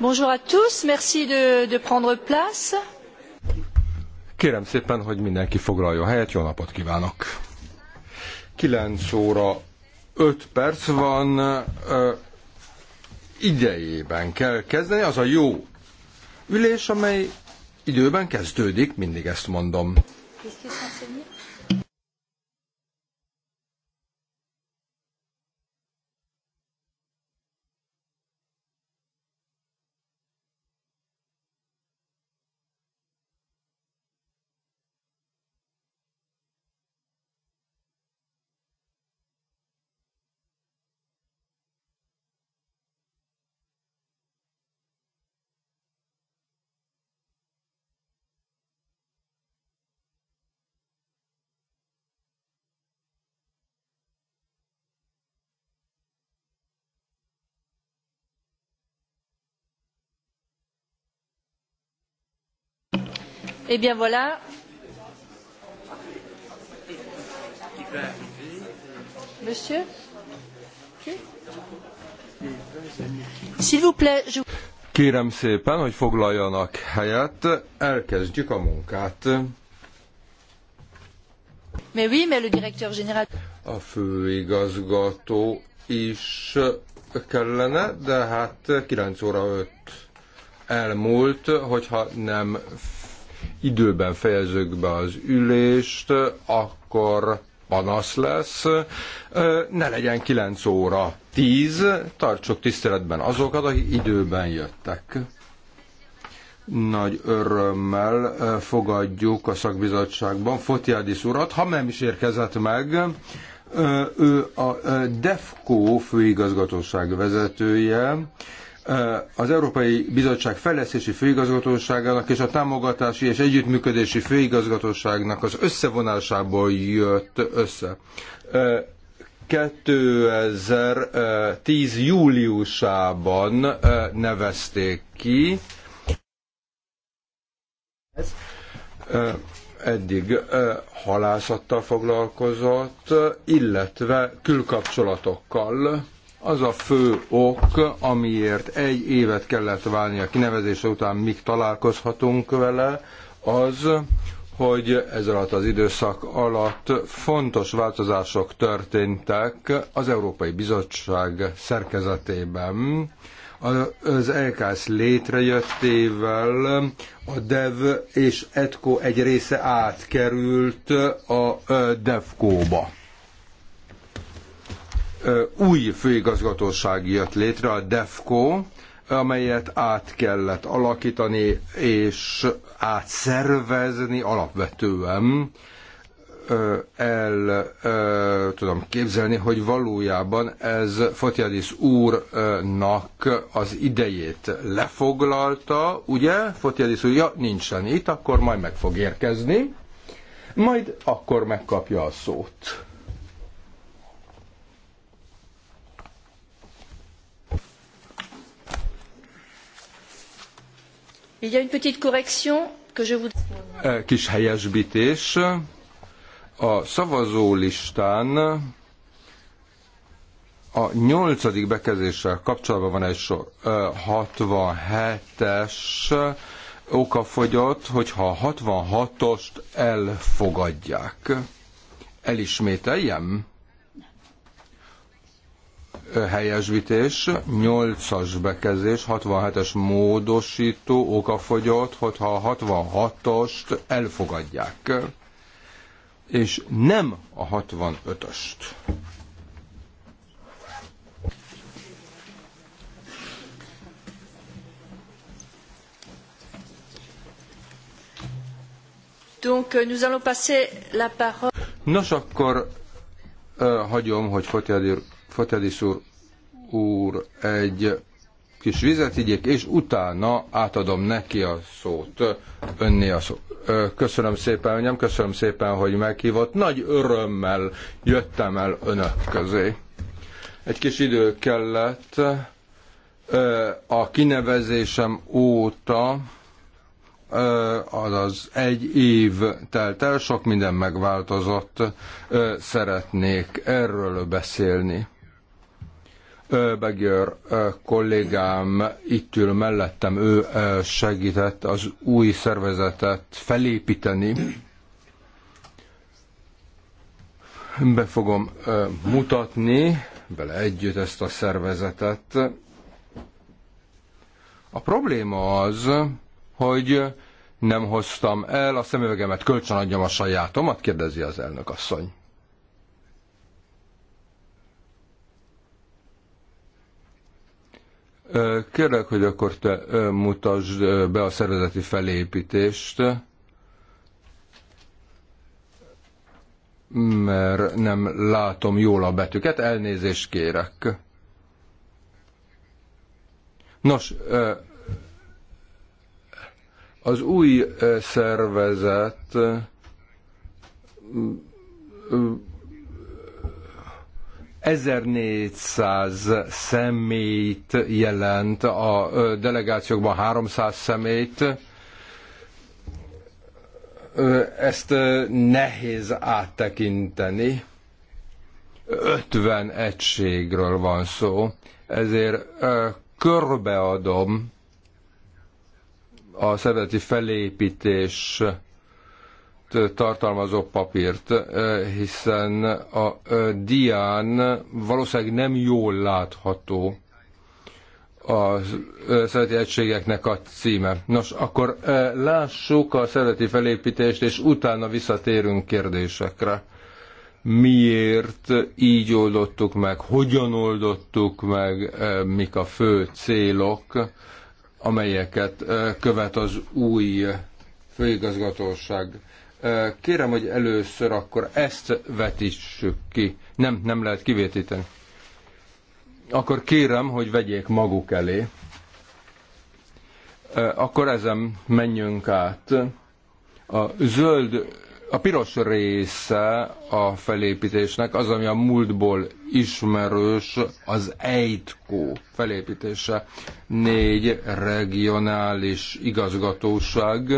Bonjour à tous, merci de, de prendre place. Kérem szépen, hogy mindenki foglaljon helyet, jó napot kívánok! 9 óra 5 perc van, ö, idejében kell kezdeni, az a jó ülés, amely időben kezdődik, mindig ezt mondom. Eh bien voilà. Monsieur S'il vous plaît, je... Kérem szépen, hogy foglaljanak helyet, elkezdjük a munkát. Mais oui, mais le directeur général... A főigazgató is kellene, de hát 9 óra 5 elmúlt, hogyha nem időben fejezzük be az ülést, akkor panasz lesz. Ne legyen 9 óra 10, tartsuk tiszteletben azokat, akik időben jöttek. Nagy örömmel fogadjuk a szakbizottságban Fotiádis urat, ha nem is érkezett meg, ő a DEFCO főigazgatóság vezetője, az Európai Bizottság Fejlesztési Főigazgatóságának és a Támogatási és Együttműködési Főigazgatóságnak az összevonásából jött össze. 2010. júliusában nevezték ki. Eddig halászattal foglalkozott, illetve külkapcsolatokkal az a fő ok, amiért egy évet kellett válni a kinevezése után, míg találkozhatunk vele, az, hogy ez alatt az időszak alatt fontos változások történtek az Európai Bizottság szerkezetében. Az EKS létrejöttével a DEV és ETCO egy része átkerült a DEVCO-ba új főigazgatóság jött létre, a DEFCO, amelyet át kellett alakítani és átszervezni alapvetően. El tudom képzelni, hogy valójában ez Fotiadis úrnak az idejét lefoglalta, ugye? Fotiadis úr, ja, nincsen itt, akkor majd meg fog érkezni, majd akkor megkapja a szót. Eh, kis helyesbítés. A szavazólistán a nyolcadik bekezdéssel kapcsolatban van egy sor. 67-es okafogyott, hogyha a 66-ost elfogadják. Elismételjem? helyesbítés, 8-as bekezdés, 67-es módosító okafogyott, hogyha a 66-ost elfogadják, és nem a 65-öst. Donc, euh, nous allons passer la parole. Nos, akkor uh, hagyom, hogy Fotiadir Fotelis úr, úr egy kis vizet igyék, és utána átadom neki a szót, önné a szót. Köszönöm szépen, anyám, köszönöm szépen, hogy meghívott. Nagy örömmel jöttem el önök közé. Egy kis idő kellett a kinevezésem óta, azaz egy év telt el, sok minden megváltozott, szeretnék erről beszélni Begyőr kollégám itt ül mellettem, ő segített az új szervezetet felépíteni. Be fogom mutatni vele együtt ezt a szervezetet. A probléma az, hogy nem hoztam el a szemüvegemet, kölcsön adjam a sajátomat, kérdezi az elnök asszony. Kérlek, hogy akkor te mutasd be a szervezeti felépítést, mert nem látom jól a betűket, elnézést kérek. Nos, az új szervezet 1400 személyt jelent, a delegációkban 300 személyt. Ezt nehéz áttekinteni. 50 egységről van szó, ezért körbeadom a szervezeti felépítés tartalmazó papírt, hiszen a dián valószínűleg nem jól látható a szereti egységeknek a címe. Nos, akkor lássuk a szereti felépítést, és utána visszatérünk kérdésekre. Miért így oldottuk meg, hogyan oldottuk meg, mik a fő célok, amelyeket követ az új főigazgatóság. Kérem, hogy először akkor ezt vetítsük ki. Nem, nem lehet kivétíteni. Akkor kérem, hogy vegyék maguk elé. Akkor ezen menjünk át. A zöld a piros része a felépítésnek az, ami a múltból ismerős, az EITKO felépítése. Négy regionális igazgatóság,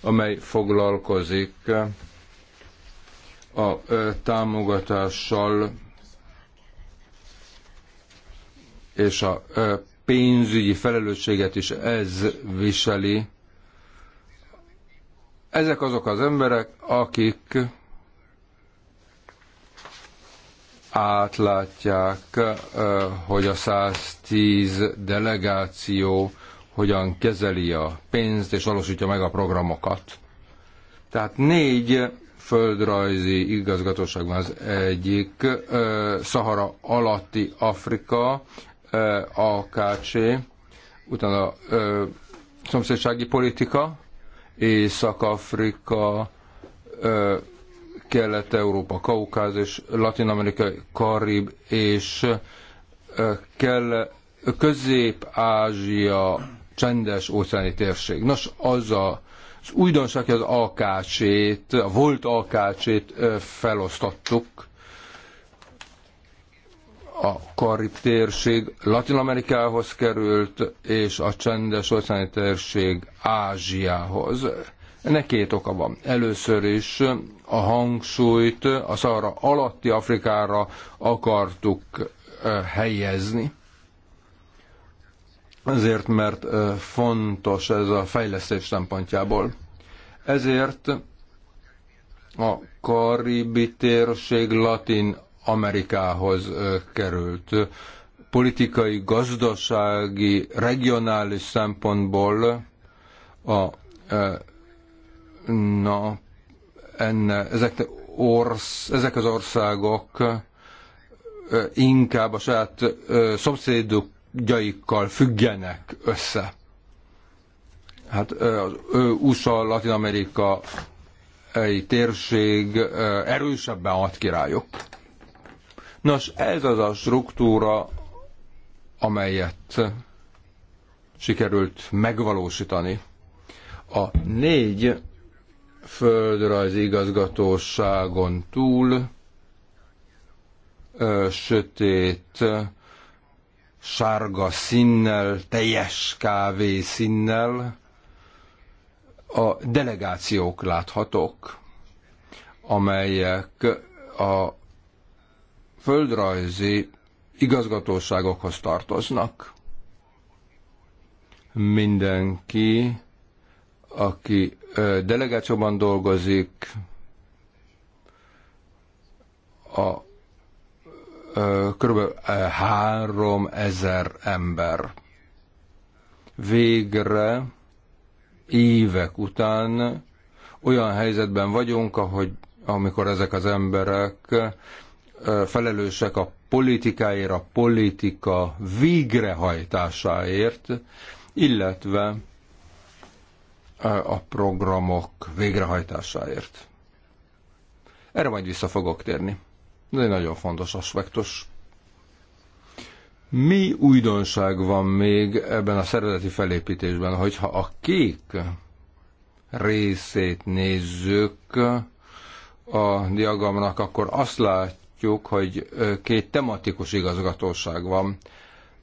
amely foglalkozik a támogatással és a pénzügyi felelősséget is ez viseli ezek azok az emberek, akik átlátják, hogy a 110 delegáció hogyan kezeli a pénzt és valósítja meg a programokat. Tehát négy földrajzi igazgatóság van az egyik, Szahara alatti Afrika, AKC, utána a szomszédsági politika, Észak-Afrika, Kelet-Európa, Kaukázus, Latin-Amerika, Karib és kell Közép-Ázsia, csendes óceáni térség. Nos, az a az újdonság, hogy az alkácsét, a volt alkácsét felosztottuk, a Karib térség Latin Amerikához került, és a csendes óceáni térség Ázsiához. Ennek két oka van. Először is a hangsúlyt a szarra alatti Afrikára akartuk helyezni. ezért mert fontos ez a fejlesztés szempontjából. Ezért a karibi térség latin Amerikához került. Politikai, gazdasági, regionális szempontból a na, enne, ezek, orsz, ezek az országok inkább a saját szomszédjaikkal függenek össze. Hát az USA, Latin Amerika térség erősebben ad királyok. Nos, ez az a struktúra, amelyet sikerült megvalósítani. A négy földrajzi igazgatóságon túl ö, sötét sárga színnel, teljes kávé színnel a delegációk láthatók, amelyek a földrajzi igazgatóságokhoz tartoznak. Mindenki, aki delegációban dolgozik, a kb. három ezer ember. Végre évek után olyan helyzetben vagyunk, ahogy amikor ezek az emberek felelősek a politikáért, a politika végrehajtásáért, illetve a programok végrehajtásáért. Erre majd vissza fogok térni. Ez egy nagyon fontos aspektus. Mi újdonság van még ebben a szervezeti felépítésben, hogyha a kék részét nézzük a diagramnak, akkor azt látjuk látjuk, hogy két tematikus igazgatóság van.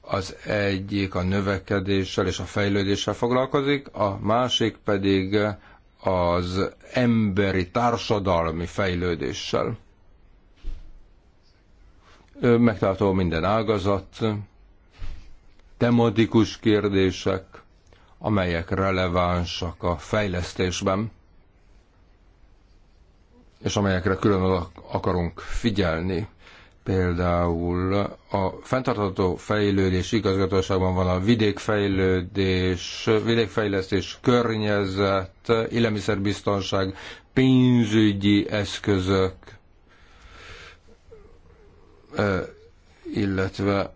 Az egyik a növekedéssel és a fejlődéssel foglalkozik, a másik pedig az emberi társadalmi fejlődéssel. Megtartó minden ágazat, tematikus kérdések, amelyek relevánsak a fejlesztésben és amelyekre külön akarunk figyelni. Például a fenntartható fejlődés igazgatóságban van a vidékfejlődés, vidékfejlesztés, környezet, élelmiszerbiztonság, pénzügyi eszközök, illetve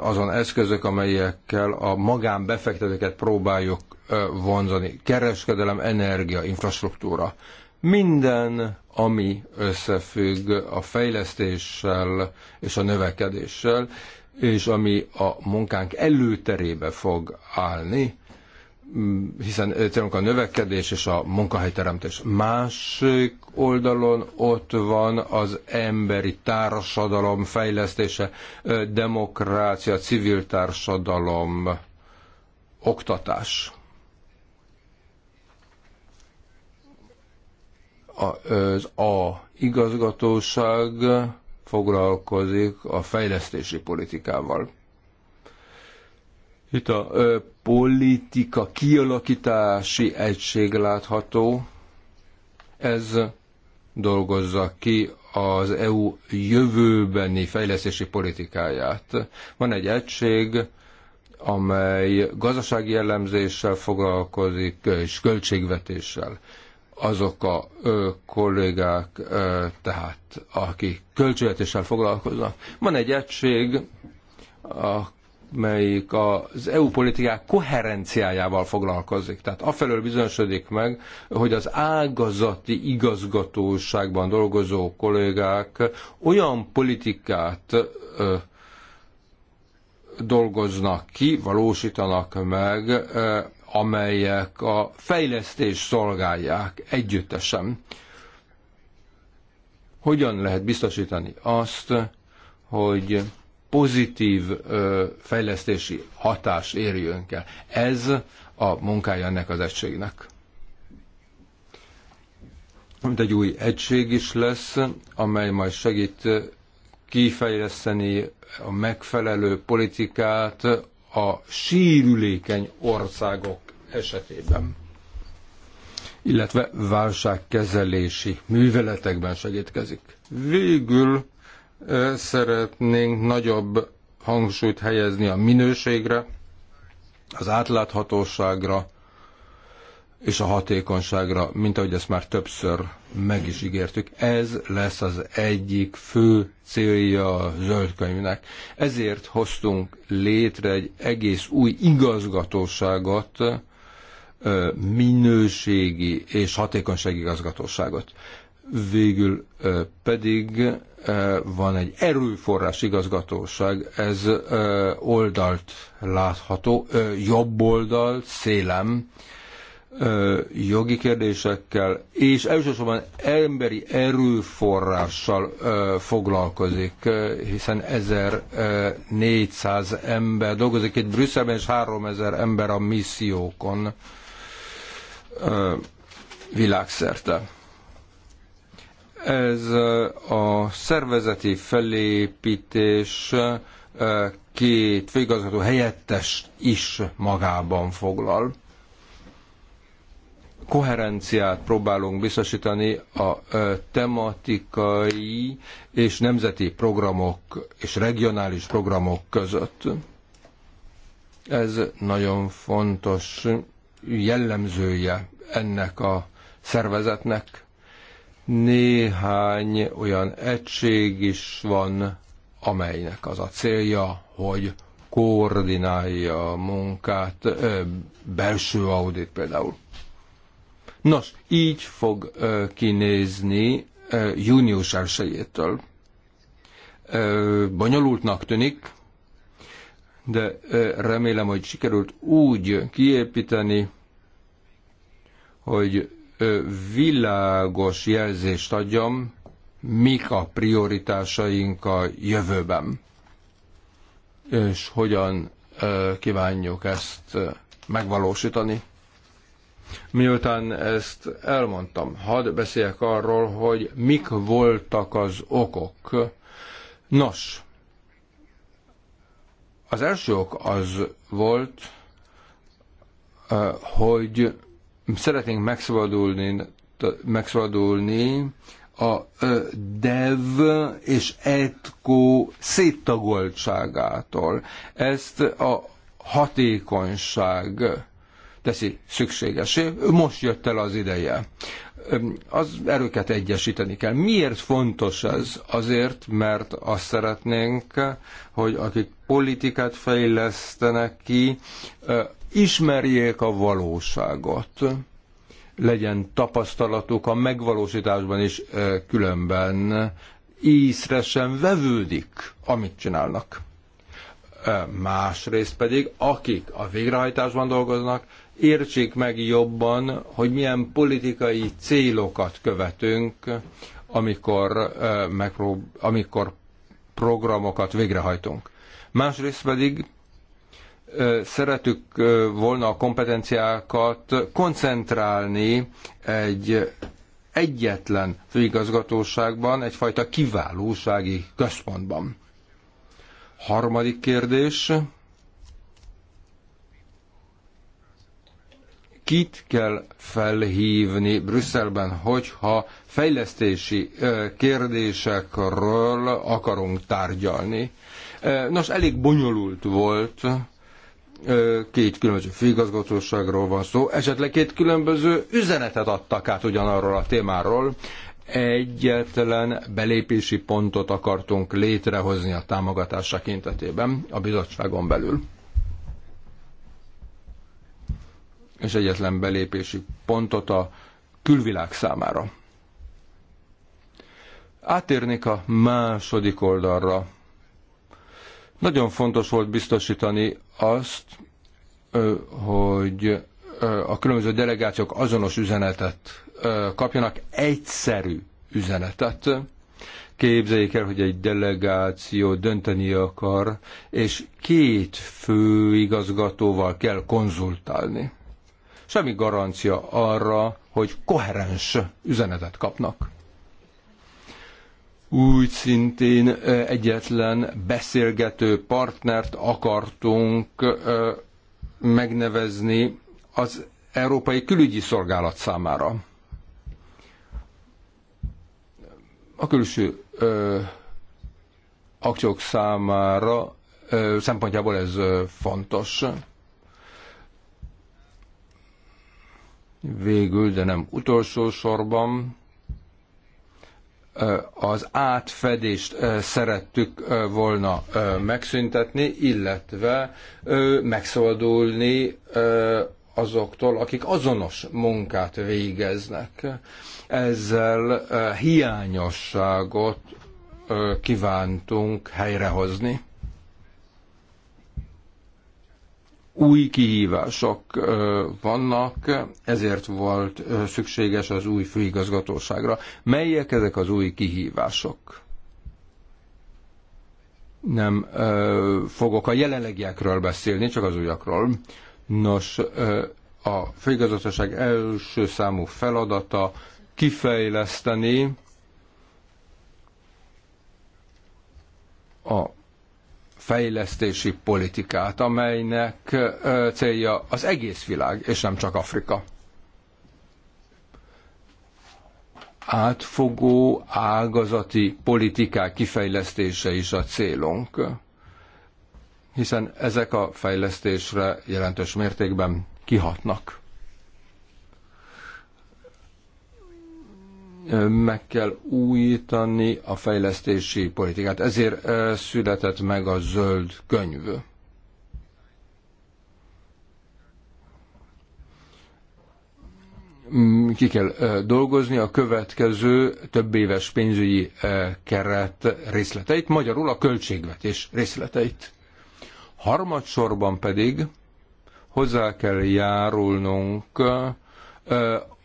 azon eszközök, amelyekkel a magánbefektetőket próbáljuk vonzani. Kereskedelem, energia, infrastruktúra. Minden, ami összefügg a fejlesztéssel és a növekedéssel, és ami a munkánk előterébe fog állni, hiszen tényleg a növekedés és a munkahelyteremtés. Másik oldalon ott van az emberi társadalom fejlesztése, demokrácia, civil társadalom, oktatás. Az A igazgatóság foglalkozik a fejlesztési politikával. Itt a ö, politika kialakítási egység látható, ez dolgozza ki az EU jövőbeni fejlesztési politikáját. Van egy egység, amely gazdasági jellemzéssel foglalkozik és költségvetéssel azok a ö, kollégák, ö, tehát akik költségvetéssel foglalkoznak. Van egy egység, amelyik az EU politikák koherenciájával foglalkozik. Tehát afelől bizonyosodik meg, hogy az ágazati igazgatóságban dolgozó kollégák olyan politikát ö, dolgoznak ki, valósítanak meg, amelyek a fejlesztést szolgálják együttesen. Hogyan lehet biztosítani azt, hogy pozitív fejlesztési hatás érjön el? Ez a munkája ennek az egységnek. Mint egy új egység is lesz, amely majd segít kifejleszteni a megfelelő politikát a sérülékeny országok esetében, illetve válságkezelési műveletekben segítkezik. Végül szeretnénk nagyobb hangsúlyt helyezni a minőségre, az átláthatóságra, és a hatékonyságra, mint ahogy ezt már többször meg is ígértük, ez lesz az egyik fő célja a zöldkönyvnek. Ezért hoztunk létre egy egész új igazgatóságot, minőségi és hatékonysági igazgatóságot. Végül pedig van egy erőforrás igazgatóság, ez oldalt látható, jobb oldalt szélem, jogi kérdésekkel, és elsősorban emberi erőforrással foglalkozik, hiszen 1400 ember dolgozik itt Brüsszelben, és 3000 ember a missziókon világszerte. Ez a szervezeti felépítés két főigazgató helyettes is magában foglal koherenciát próbálunk biztosítani a tematikai és nemzeti programok és regionális programok között. Ez nagyon fontos jellemzője ennek a szervezetnek. Néhány olyan egység is van, amelynek az a célja, hogy koordinálja a munkát, belső audit például. Nos, így fog kinézni június 1 uh, Bonyolultnak tűnik, de remélem, hogy sikerült úgy kiépíteni, hogy világos jelzést adjam, mik a prioritásaink a jövőben, és hogyan kívánjuk ezt megvalósítani. Miután ezt elmondtam, hadd beszéljek arról, hogy mik voltak az okok. Nos, az első ok az volt, hogy szeretnénk megszabadulni, megszabadulni a DEV és etko széttagoltságától. Ezt a hatékonyság teszi szükségesé. Most jött el az ideje. Az erőket egyesíteni kell. Miért fontos ez? Azért, mert azt szeretnénk, hogy akik politikát fejlesztenek ki, ismerjék a valóságot legyen tapasztalatuk a megvalósításban is, különben ízre sem vevődik, amit csinálnak. Másrészt pedig, akik a végrehajtásban dolgoznak, értsék meg jobban, hogy milyen politikai célokat követünk, amikor, megprób- amikor programokat végrehajtunk. Másrészt pedig szeretük volna a kompetenciákat koncentrálni egy egyetlen főigazgatóságban, egyfajta kiválósági központban. Harmadik kérdés, kit kell felhívni Brüsszelben, hogyha fejlesztési kérdésekről akarunk tárgyalni. Nos, elég bonyolult volt, két különböző főigazgatóságról van szó, esetleg két különböző üzenetet adtak át ugyanarról a témáról. Egyetlen belépési pontot akartunk létrehozni a támogatás tekintetében a bizottságon belül. és egyetlen belépési pontot a külvilág számára. Átérnék a második oldalra. Nagyon fontos volt biztosítani azt, hogy a különböző delegációk azonos üzenetet kapjanak, egyszerű üzenetet. Képzeljék el, hogy egy delegáció dönteni akar, és két főigazgatóval kell konzultálni semmi garancia arra, hogy koherens üzenetet kapnak. Úgy szintén egyetlen beszélgető partnert akartunk megnevezni az Európai Külügyi Szolgálat számára. A külső akciók számára szempontjából ez fontos. Végül, de nem utolsó sorban, az átfedést szerettük volna megszüntetni, illetve megszabadulni azoktól, akik azonos munkát végeznek. Ezzel hiányosságot kívántunk helyrehozni. új kihívások vannak, ezért volt szükséges az új főigazgatóságra. Melyek ezek az új kihívások? Nem fogok a jelenlegiekről beszélni, csak az újakról. Nos, a főigazgatóság első számú feladata kifejleszteni a fejlesztési politikát, amelynek célja az egész világ, és nem csak Afrika. Átfogó ágazati politikák kifejlesztése is a célunk, hiszen ezek a fejlesztésre jelentős mértékben kihatnak. meg kell újítani a fejlesztési politikát. Ezért született meg a zöld könyv. Mm, ki kell dolgozni a következő több éves pénzügyi keret részleteit, magyarul a költségvetés részleteit. Harmadsorban pedig hozzá kell járulnunk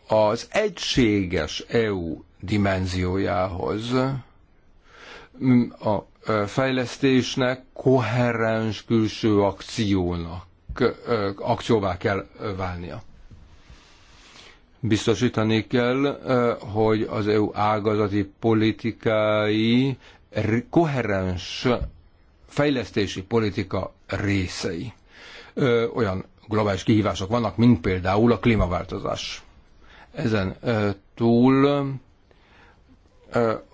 az egységes EU dimenziójához a fejlesztésnek koherens külső akciónak, akcióvá kell válnia. Biztosítani kell, hogy az EU ágazati politikái koherens fejlesztési politika részei. Olyan globális kihívások vannak, mint például a klímaváltozás ezen túl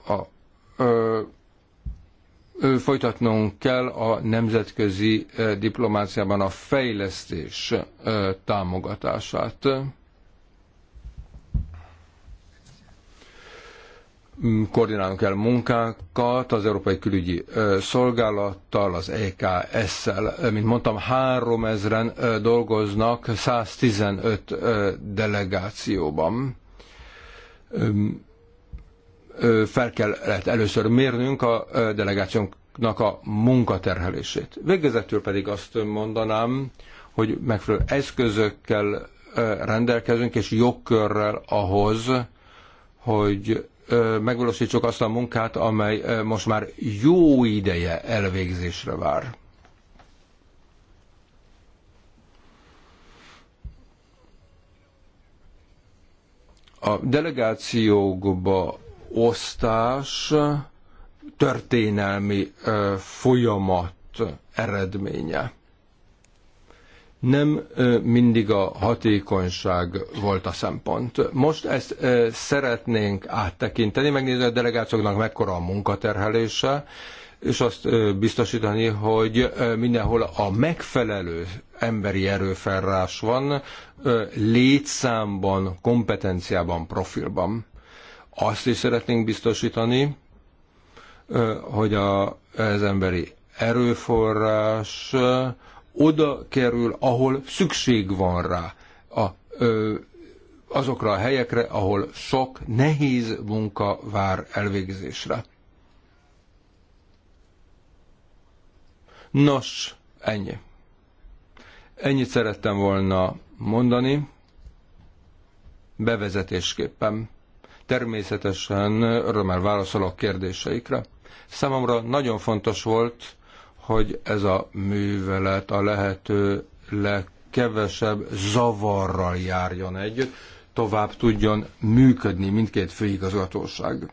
a, ö, folytatnunk kell a nemzetközi diplomáciában a fejlesztés támogatását. Mm, koordinálnunk kell munkákat az Európai Külügyi Szolgálattal, az EKS-szel. Mint mondtam, három ezren dolgoznak 115 delegációban. Fel kellett először mérnünk a delegációnknak a munkaterhelését. Végezetül pedig azt mondanám, hogy megfelelő eszközökkel rendelkezünk, és jogkörrel ahhoz, hogy megvalósítsuk azt a munkát, amely most már jó ideje elvégzésre vár. A delegációkba osztás történelmi folyamat eredménye nem mindig a hatékonyság volt a szempont. Most ezt szeretnénk áttekinteni, megnézni a delegációknak mekkora a munkaterhelése, és azt biztosítani, hogy mindenhol a megfelelő emberi erőforrás van létszámban, kompetenciában, profilban. Azt is szeretnénk biztosítani, hogy a, az emberi erőforrás oda kerül, ahol szükség van rá. A, ö, azokra a helyekre, ahol sok nehéz munka vár elvégzésre. Nos, ennyi. Ennyit szerettem volna mondani bevezetésképpen. Természetesen örömmel válaszolok kérdéseikre. Számomra nagyon fontos volt, hogy ez a művelet a lehető legkevesebb zavarral járjon együtt, tovább tudjon működni mindkét főigazgatóság.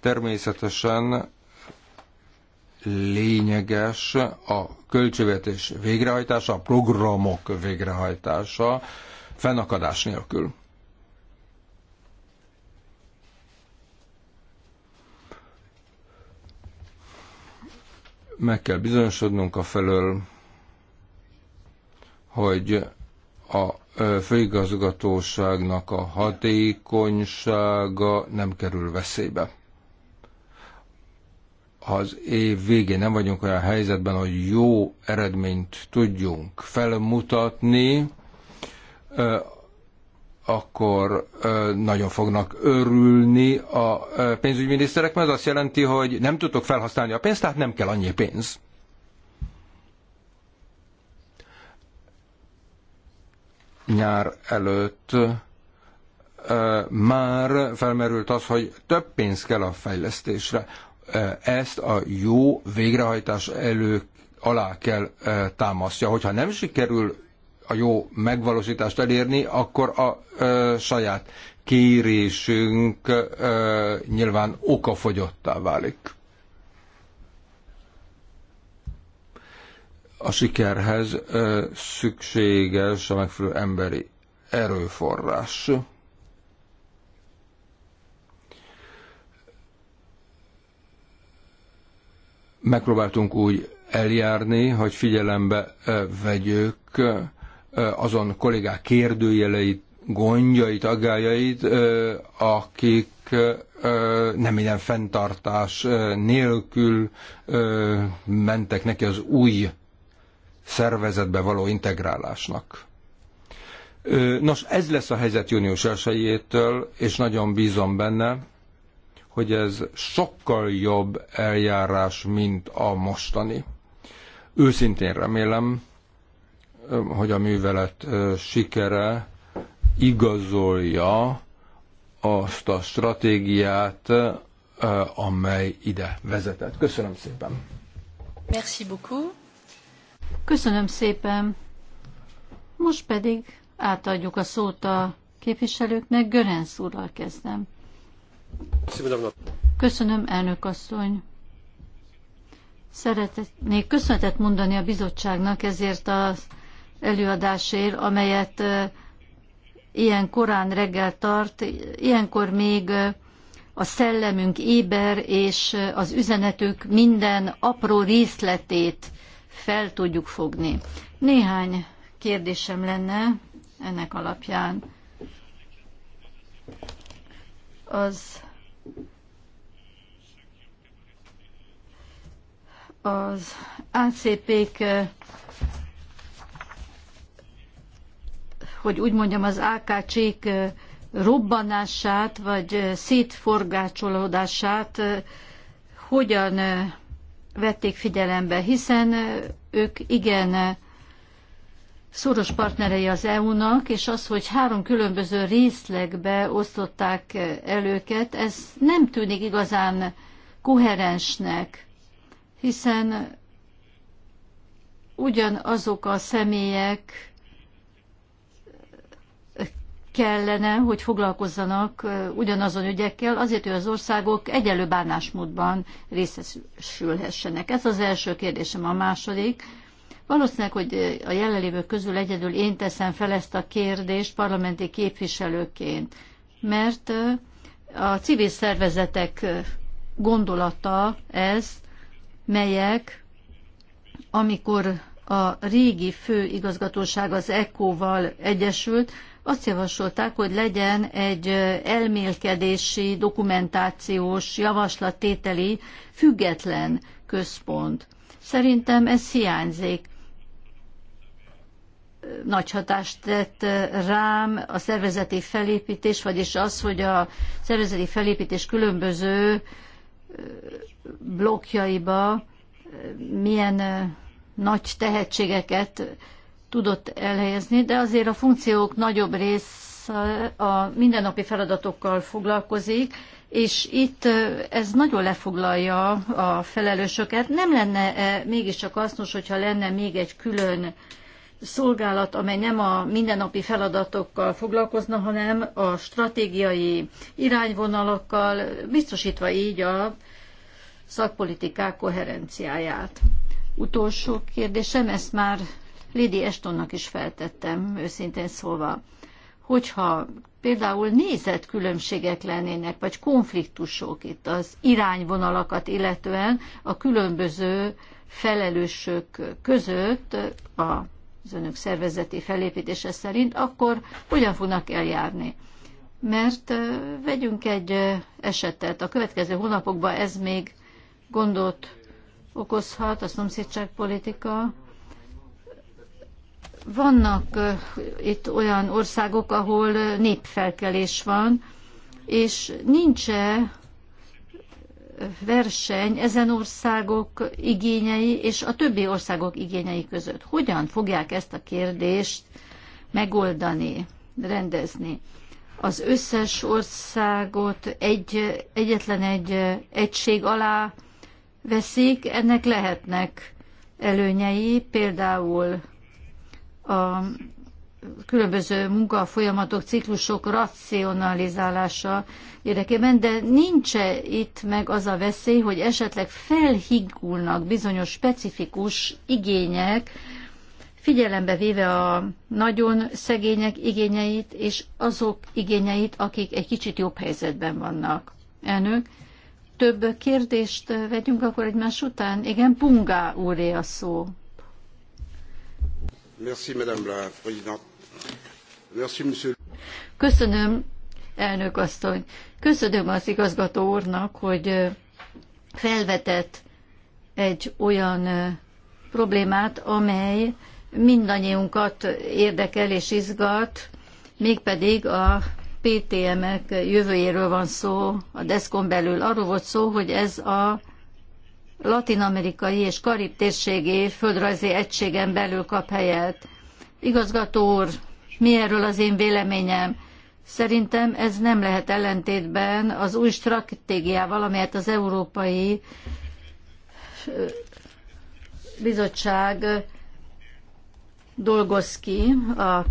Természetesen lényeges a költségvetés végrehajtása, a programok végrehajtása fennakadás nélkül. meg kell bizonyosodnunk a felől, hogy a főigazgatóságnak a hatékonysága nem kerül veszélybe. Ha az év végén nem vagyunk olyan helyzetben, hogy jó eredményt tudjunk felmutatni, akkor nagyon fognak örülni a pénzügyminiszterek, mert az azt jelenti, hogy nem tudtok felhasználni a pénzt, tehát nem kell annyi pénz. Nyár előtt már felmerült az, hogy több pénz kell a fejlesztésre. Ezt a jó végrehajtás elő alá kell támasztja. Hogyha nem sikerül a jó megvalósítást elérni, akkor a ö, saját kérésünk ö, nyilván okafogyottá válik. A sikerhez ö, szükséges a megfelelő emberi erőforrás. Megpróbáltunk úgy eljárni, hogy figyelembe vegyük azon kollégák kérdőjeleit, gondjait, aggájait, akik nem minden fenntartás nélkül mentek neki az új szervezetbe való integrálásnak. Nos, ez lesz a helyzet június 1 és nagyon bízom benne, hogy ez sokkal jobb eljárás, mint a mostani. Őszintén remélem, hogy a művelet sikere igazolja azt a stratégiát, amely ide vezetett. Köszönöm szépen. Merci beaucoup. Köszönöm szépen. Most pedig átadjuk a szót a képviselőknek. Görenc úrral kezdem. Köszönöm, elnök asszony. Szeretnék köszönetet mondani a bizottságnak ezért az előadásért, amelyet ilyen korán reggel tart. Ilyenkor még a szellemünk éber, és az üzenetük minden apró részletét fel tudjuk fogni. Néhány kérdésem lenne ennek alapján. Az az ACP-k hogy úgy mondjam, az AKC-k robbanását, vagy szétforgácsolódását hogyan vették figyelembe, hiszen ők igen szoros partnerei az EU-nak, és az, hogy három különböző részlegbe osztották el őket, ez nem tűnik igazán koherensnek, hiszen ugyanazok a személyek kellene, hogy foglalkozzanak ugyanazon ügyekkel, azért, hogy az országok egyelő bánásmódban részesülhessenek. Ez az első kérdésem. A második, valószínűleg, hogy a jelenlévők közül egyedül én teszem fel ezt a kérdést parlamenti képviselőként, mert a civil szervezetek gondolata ez, melyek, amikor a régi főigazgatóság az ECO-val egyesült, azt javasolták, hogy legyen egy elmélkedési, dokumentációs, javaslattételi, független központ. Szerintem ez hiányzik. Nagy hatást tett rám a szervezeti felépítés, vagyis az, hogy a szervezeti felépítés különböző blokkjaiba milyen nagy tehetségeket tudott elhelyezni, de azért a funkciók nagyobb rész a mindennapi feladatokkal foglalkozik, és itt ez nagyon lefoglalja a felelősöket. Nem lenne -e mégiscsak hasznos, hogyha lenne még egy külön szolgálat, amely nem a mindennapi feladatokkal foglalkozna, hanem a stratégiai irányvonalakkal, biztosítva így a szakpolitikák koherenciáját. Utolsó kérdésem, ezt már Lidi Estonnak is feltettem, őszintén szólva, hogyha például nézetkülönbségek lennének, vagy konfliktusok itt az irányvonalakat illetően a különböző felelősök között az önök szervezeti felépítése szerint, akkor hogyan fognak eljárni? Mert vegyünk egy esetet, a következő hónapokban ez még gondot okozhat, a szomszédságpolitika, vannak itt olyan országok, ahol népfelkelés van, és nincs -e verseny ezen országok igényei és a többi országok igényei között. Hogyan fogják ezt a kérdést megoldani, rendezni? Az összes országot egy, egyetlen egy egység alá veszik, ennek lehetnek előnyei, például a különböző munkafolyamatok, ciklusok racionalizálása érdekében, de nincs -e itt meg az a veszély, hogy esetleg felhigulnak bizonyos specifikus igények, figyelembe véve a nagyon szegények igényeit, és azok igényeit, akik egy kicsit jobb helyzetben vannak. Elnök, több kérdést vegyünk akkor egymás után? Igen, Punga úré a szó. Köszönöm, elnök asszony. Köszönöm az igazgató úrnak, hogy felvetett egy olyan problémát, amely mindannyiunkat érdekel és izgat, mégpedig a PTM-ek jövőjéről van szó, a deszkon belül arról volt szó, hogy ez a latin-amerikai és karib térségi földrajzi egységen belül kap helyet. Igazgató úr, mi erről az én véleményem? Szerintem ez nem lehet ellentétben az új stratégiával, amelyet az Európai Bizottság dolgoz ki a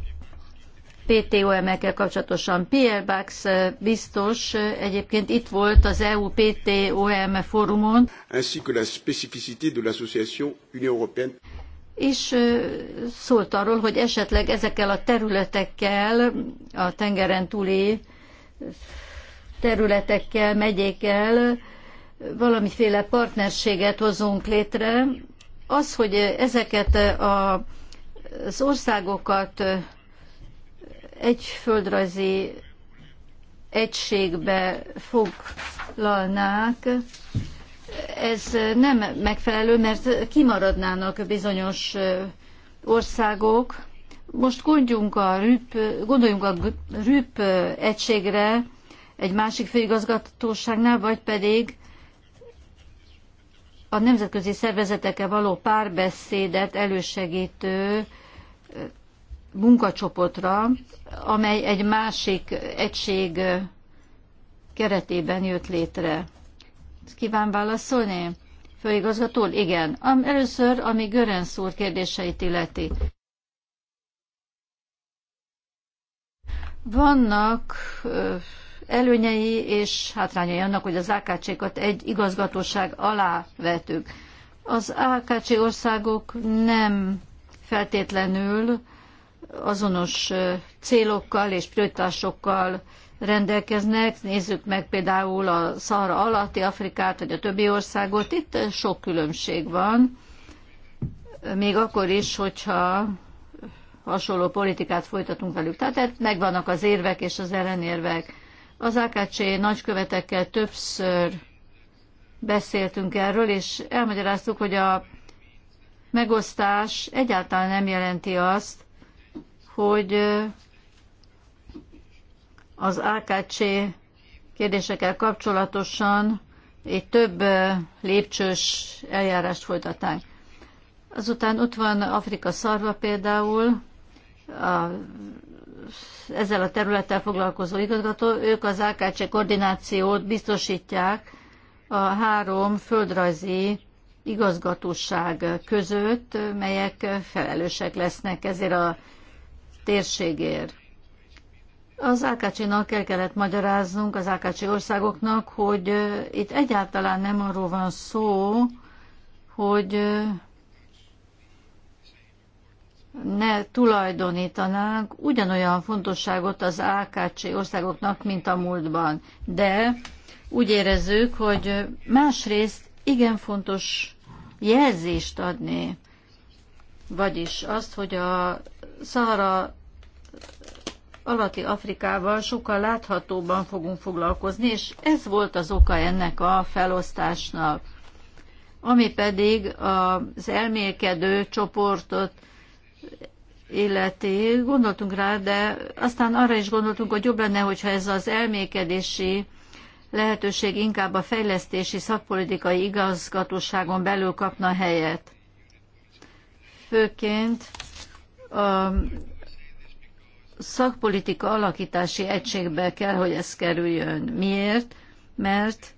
PTOM-ekkel kapcsolatosan. Pierre Bax eh, biztos eh, egyébként itt volt az EU PTOM fórumon. Ainsi que la spécificité de l'association Union Européenne és eh, szólt arról, hogy esetleg ezekkel a területekkel, a tengeren túli területekkel, megyékkel valamiféle partnerséget hozunk létre. Az, hogy ezeket a, az országokat egy földrajzi egységbe foglalnák, ez nem megfelelő, mert kimaradnának bizonyos országok. Most gondoljunk a RÜP, gondoljunk a RÜP egységre egy másik főigazgatóságnál, vagy pedig a nemzetközi szervezetekkel való párbeszédet elősegítő munkacsoportra, amely egy másik egység keretében jött létre. Kíván válaszolni? Főigazgató igen. Először, ami Görensz úr kérdéseit illeti. Vannak előnyei és hátrányai annak, hogy az AKC-kat egy igazgatóság alá vetük. Az AKC országok nem feltétlenül azonos célokkal és prioritásokkal rendelkeznek. Nézzük meg például a Szahara alatti Afrikát, vagy a többi országot. Itt sok különbség van, még akkor is, hogyha hasonló politikát folytatunk velük. Tehát megvannak az érvek és az ellenérvek. Az AKC nagykövetekkel többször beszéltünk erről, és elmagyaráztuk, hogy a megosztás egyáltalán nem jelenti azt, hogy az AKC kérdésekkel kapcsolatosan egy több lépcsős eljárást folytatnánk. Azután ott van Afrika szarva például, a, ezzel a területtel foglalkozó igazgató, ők az AKC koordinációt biztosítják a három földrajzi igazgatóság között, melyek felelősek lesznek ezért a térségért. Az Ákácsinak el kellett magyaráznunk, az Ákácsi országoknak, hogy itt egyáltalán nem arról van szó, hogy ne tulajdonítanánk ugyanolyan fontosságot az AKC országoknak, mint a múltban. De úgy érezzük, hogy másrészt igen fontos jelzést adni, vagyis azt, hogy a Szahara alatti Afrikával sokkal láthatóban fogunk foglalkozni, és ez volt az oka ennek a felosztásnak. Ami pedig az elmélkedő csoportot illeti, gondoltunk rá, de aztán arra is gondoltunk, hogy jobb lenne, hogyha ez az elmélkedési lehetőség inkább a fejlesztési szakpolitikai igazgatóságon belül kapna helyet. Főként a szakpolitika alakítási egységbe kell, hogy ez kerüljön. Miért? Mert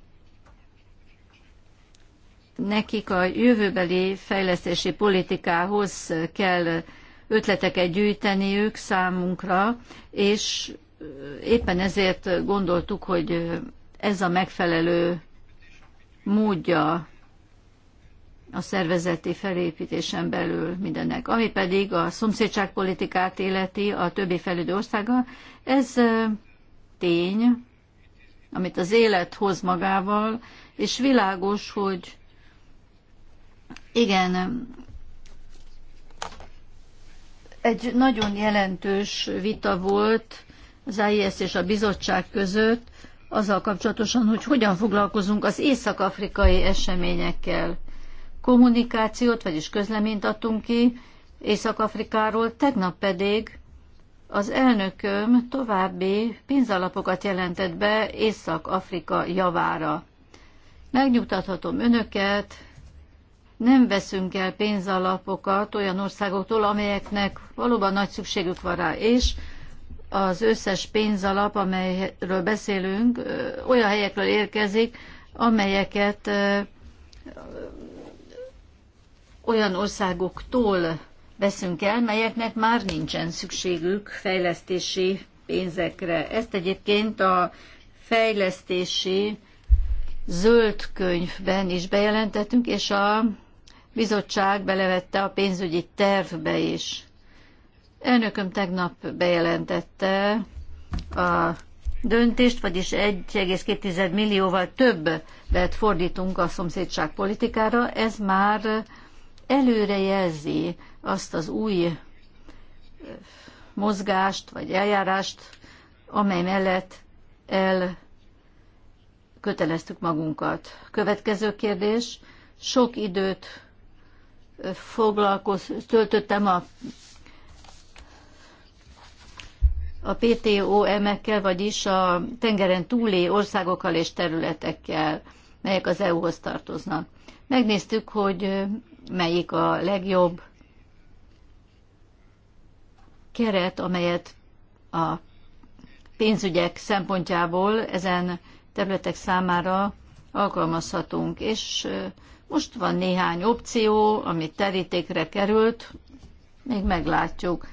nekik a jövőbeli fejlesztési politikához kell ötleteket gyűjteniük számunkra, és éppen ezért gondoltuk, hogy ez a megfelelő módja a szervezeti felépítésen belül mindennek. Ami pedig a szomszédságpolitikát életi a többi felüldő országa, ez tény, amit az élet hoz magával, és világos, hogy igen, egy nagyon jelentős vita volt az AIS e és a bizottság között azzal kapcsolatosan, hogy hogyan foglalkozunk az észak-afrikai eseményekkel kommunikációt, vagyis közleményt adtunk ki Észak-Afrikáról, tegnap pedig az elnököm további pénzalapokat jelentett be Észak-Afrika javára. Megnyugtathatom önöket, nem veszünk el pénzalapokat olyan országoktól, amelyeknek valóban nagy szükségük van rá, és az összes pénzalap, amelyről beszélünk, olyan helyekről érkezik, amelyeket olyan országoktól veszünk el, melyeknek már nincsen szükségük fejlesztési pénzekre. Ezt egyébként a fejlesztési zöld könyvben is bejelentettünk, és a bizottság belevette a pénzügyi tervbe is. Elnököm tegnap bejelentette a döntést, vagyis 1,2 millióval többet fordítunk a szomszédság politikára. Ez már Előre jelzi azt az új eh, mozgást vagy eljárást, amely mellett el köteleztük magunkat. Következő kérdés. Sok időt eh, foglalkoz, töltöttem a, a PTOM-ekkel, vagyis a tengeren túli országokkal és területekkel, melyek az EU-hoz tartoznak. Megnéztük, hogy eh, melyik a legjobb keret, amelyet a pénzügyek szempontjából ezen területek számára alkalmazhatunk. És most van néhány opció, amit terítékre került, még meglátjuk.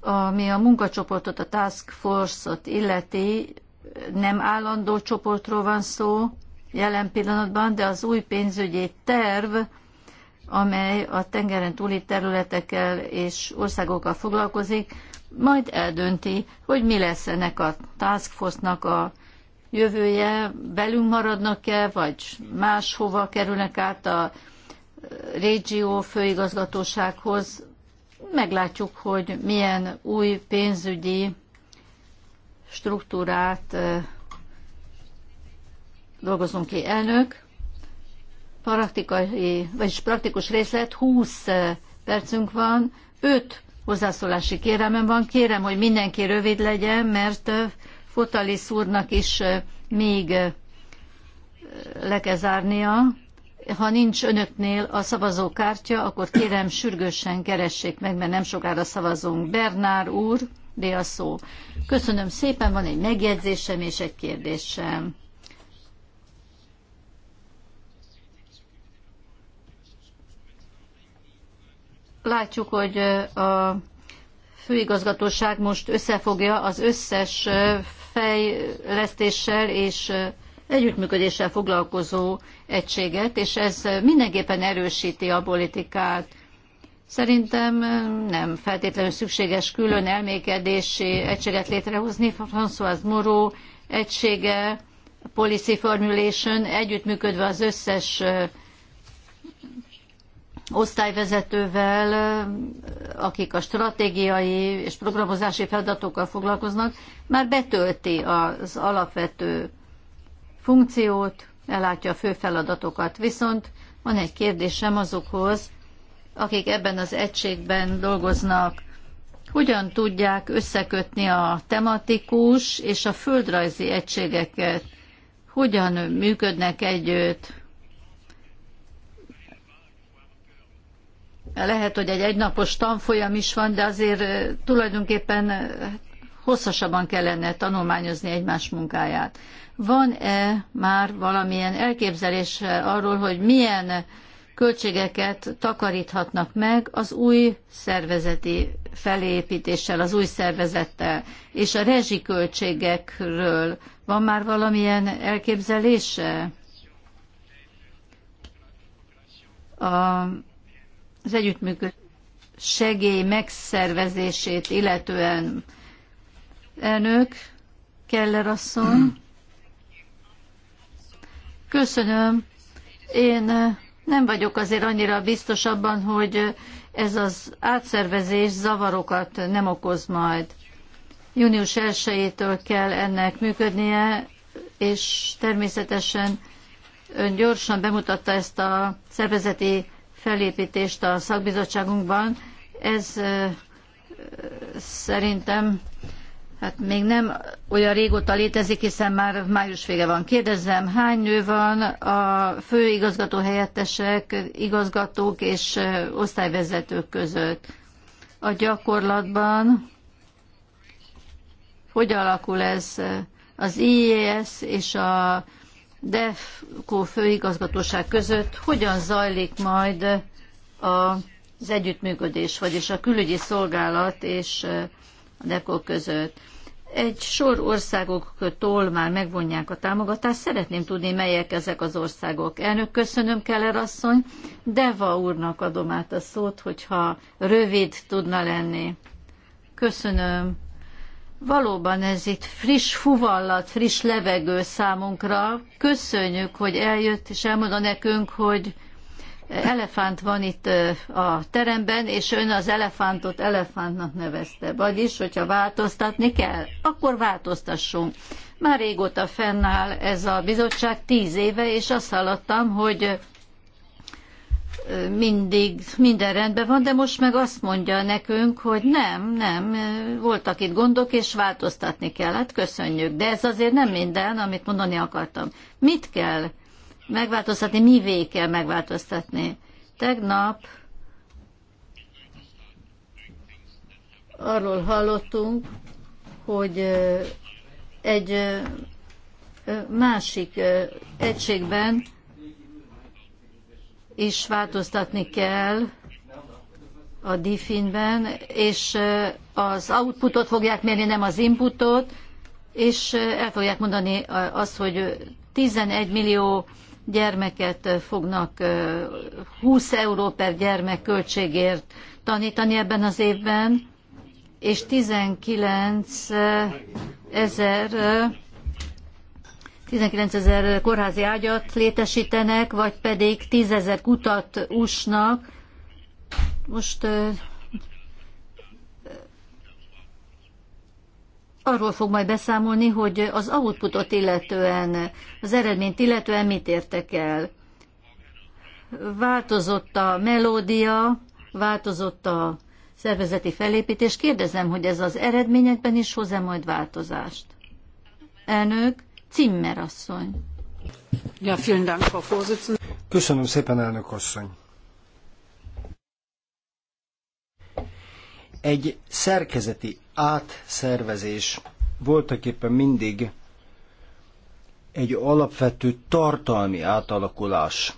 Ami a munkacsoportot, a task force-ot illeti, nem állandó csoportról van szó jelen pillanatban, de az új pénzügyi terv amely a tengeren túli területekkel és országokkal foglalkozik, majd eldönti, hogy mi lesz ennek a task force-nak a jövője, belünk maradnak-e, vagy máshova kerülnek át a régió főigazgatósághoz. Meglátjuk, hogy milyen új pénzügyi struktúrát eh, dolgozunk ki. Elnök, praktikai, vagyis praktikus részlet, 20 eh, percünk van, 5 hozzászólási kérelmem van. Kérem, hogy mindenki rövid legyen, mert eh, Fotalis úrnak is eh, még le kell zárnia. Ha nincs önöknél a szavazókártya, akkor kérem sürgősen keressék meg, mert nem sokára szavazunk. Bernár úr, de a szó. Köszönöm szépen, van egy megjegyzésem és egy kérdésem. Látjuk, hogy a főigazgatóság most összefogja az összes fejlesztéssel és együttműködéssel foglalkozó egységet, és ez mindenképpen erősíti a politikát. Szerintem nem feltétlenül szükséges külön elmékedési egységet létrehozni. François Moreau egysége, Policy Formulation, együttműködve az összes osztályvezetővel, akik a stratégiai és programozási feladatokkal foglalkoznak, már betölti az alapvető funkciót, ellátja a fő feladatokat. Viszont van egy kérdésem azokhoz, akik ebben az egységben dolgoznak, hogyan tudják összekötni a tematikus és a földrajzi egységeket, hogyan működnek együtt, lehet, hogy egy egynapos tanfolyam is van, de azért tulajdonképpen hosszasabban kellene tanulmányozni egymás munkáját. Van-e már valamilyen elképzelés arról, hogy milyen költségeket takaríthatnak meg az új szervezeti felépítéssel, az új szervezettel, és a rezsiköltségekről van már valamilyen elképzelése? A az együttműködés segély megszervezését illetően. Elnök, Keller asszony. Köszönöm. Én eh, nem vagyok azért annyira biztos abban, hogy ez az átszervezés zavarokat nem okoz majd. Június 1-től kell ennek működnie, és természetesen ön gyorsan bemutatta ezt a szervezeti felépítést a szakbizottságunkban. Ez szerintem hát még nem olyan régóta létezik, hiszen már május vége van. Kérdezzem, hány nő van a főigazgató helyettesek, igazgatók és osztályvezetők között? A gyakorlatban hogy alakul ez az IES és a DEFCO főigazgatóság között hogyan zajlik majd az együttműködés, vagyis a külügyi szolgálat és a DEFCO között. Egy sor országoktól már megvonják a támogatást. Szeretném tudni, melyek ezek az országok. Elnök, köszönöm, Keller asszony. Deva úrnak adom át a szót, hogyha rövid tudna lenni. Köszönöm. Valóban ez itt friss fuvallat, friss levegő számunkra. Köszönjük, hogy eljött és elmondta nekünk, hogy elefánt van itt a teremben, és ön az elefántot elefántnak nevezte. Vagyis, hogyha változtatni kell, akkor változtassunk. Már régóta fennáll ez a bizottság, tíz éve, és azt hallottam, hogy mindig minden rendben van, de most meg azt mondja nekünk, hogy nem, nem, voltak itt gondok, és változtatni kell. Hát köszönjük, de ez azért nem minden, amit mondani akartam. Mit kell megváltoztatni, mivé kell megváltoztatni? Tegnap arról hallottunk, hogy egy másik egységben és változtatni kell a diffinben, és az outputot fogják mérni, nem az inputot, és el fogják mondani azt, hogy 11 millió gyermeket fognak 20 euró per gyermek költségért tanítani ebben az évben, és 19 ezer 19 ezer kórházi ágyat létesítenek, vagy pedig 10 ezer kutat úsnak. Most arról fog majd beszámolni, hogy az outputot illetően, az eredményt illetően mit értek el. Változott a melódia, változott a szervezeti felépítés. Kérdezem, hogy ez az eredményekben is hoz-e majd változást? Elnök, Zimmer asszony. Ja, vielen Dank, Frau Vorsitzende. Köszönöm szépen, elnök asszony. Egy szerkezeti átszervezés voltak éppen mindig egy alapvető tartalmi átalakulás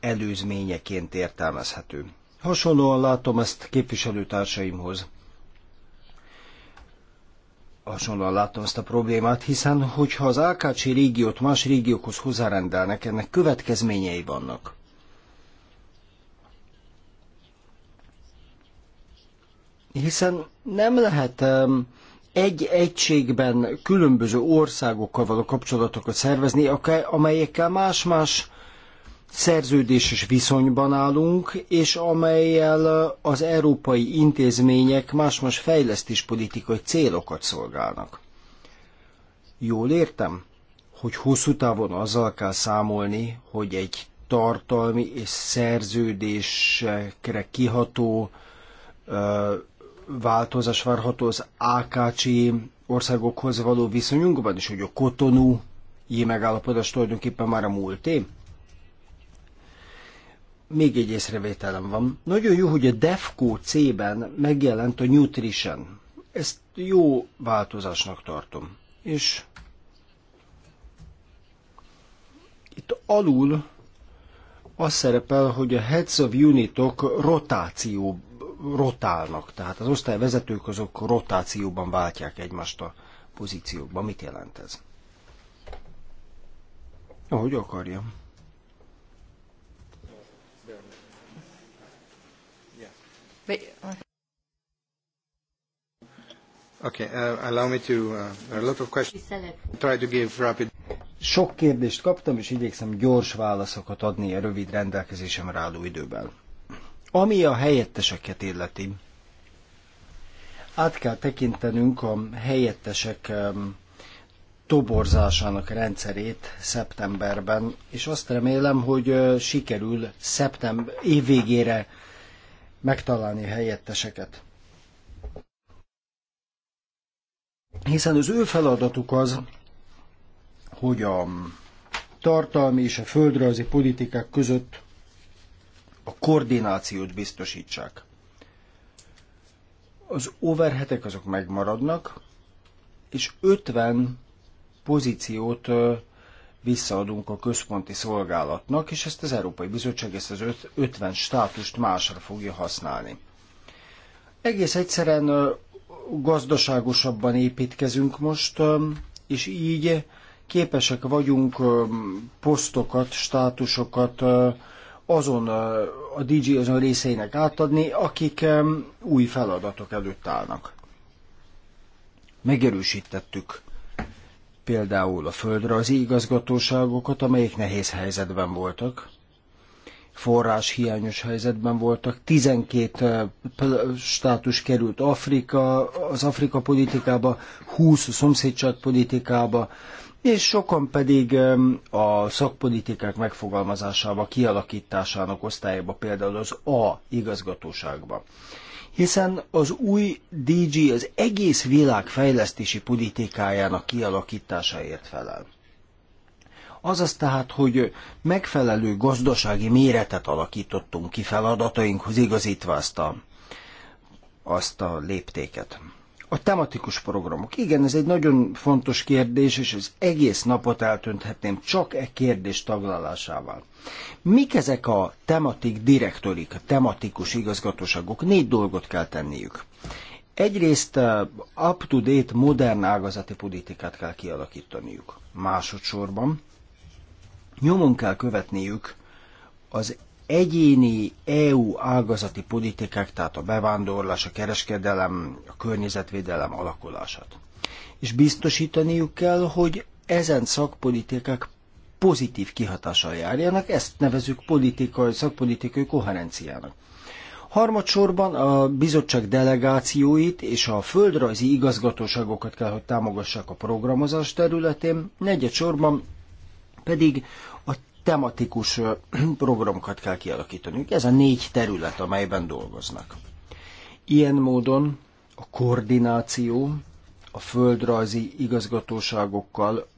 előzményeként értelmezhető. Hasonlóan látom ezt képviselőtársaimhoz hasonlóan látom ezt a problémát, hiszen hogyha az Ákácsi régiót más régiókhoz hozzárendelnek, ennek következményei vannak. Hiszen nem lehet egy egységben különböző országokkal való kapcsolatokat szervezni, amelyekkel más-más szerződéses viszonyban állunk, és amelyel az európai intézmények más-más fejlesztéspolitikai célokat szolgálnak. Jól értem, hogy hosszú távon azzal kell számolni, hogy egy tartalmi és szerződésekre kiható ö, változás várható az AKC országokhoz való viszonyunkban, és hogy a kotonú megállapodás tulajdonképpen már a múlté még egy észrevételem van. Nagyon jó, hogy a DEFCO C-ben megjelent a Nutrition. Ezt jó változásnak tartom. És itt alul az szerepel, hogy a heads of unitok rotáció rotálnak, tehát az osztályvezetők azok rotációban váltják egymást a pozíciókban. Mit jelent ez? Ahogy akarja. Okay, uh, allow me to, uh, a lot of questions. Try to give rapid. Sok kérdést kaptam, és igyekszem gyors válaszokat adni a rövid rendelkezésem álló időben. Ami a helyetteseket illeti, át kell tekintenünk a helyettesek um, toborzásának rendszerét szeptemberben, és azt remélem, hogy uh, sikerül szeptember évvégére megtalálni helyetteseket. Hiszen az ő feladatuk az, hogy a tartalmi és a földrajzi politikák között a koordinációt biztosítsák. Az overhetek azok megmaradnak, és 50 pozíciót visszaadunk a központi szolgálatnak, és ezt az Európai Bizottság ezt az 50 státust másra fogja használni. Egész egyszerűen gazdaságosabban építkezünk most, és így képesek vagyunk posztokat, státusokat azon a DJ azon részeinek átadni, akik új feladatok előtt állnak. Megerősítettük például a földrajzi igazgatóságokat, amelyek nehéz helyzetben voltak, forrás hiányos helyzetben voltak. 12 státus került Afrika, az Afrika politikába, 20 szomszédság politikába, és sokan pedig a szakpolitikák megfogalmazásába, kialakításának osztályába, például az A igazgatóságba hiszen az új DG az egész világ fejlesztési politikájának kialakításáért felel. Azaz tehát, hogy megfelelő gazdasági méretet alakítottunk ki feladatainkhoz igazítva azt a, azt a léptéket. A tematikus programok. Igen, ez egy nagyon fontos kérdés, és az egész napot eltönthetném csak e kérdés taglalásával. Mik ezek a tematik direktorik, a tematikus igazgatóságok? Négy dolgot kell tenniük. Egyrészt eh, up-to-date, modern ágazati politikát kell kialakítaniuk. Másodszorban nyomon kell követniük az egyéni EU ágazati politikák, tehát a bevándorlás, a kereskedelem, a környezetvédelem alakulását. És biztosítaniuk kell, hogy ezen szakpolitikák pozitív kihatással járjanak, ezt nevezük politikai, szakpolitikai koherenciának. Harmadsorban a bizottság delegációit és a földrajzi igazgatóságokat kell, hogy támogassák a programozás területén, negyedsorban pedig tematikus programokat kell kialakítani. Ez a négy terület, amelyben dolgoznak. Ilyen módon a koordináció a földrajzi igazgatóságokkal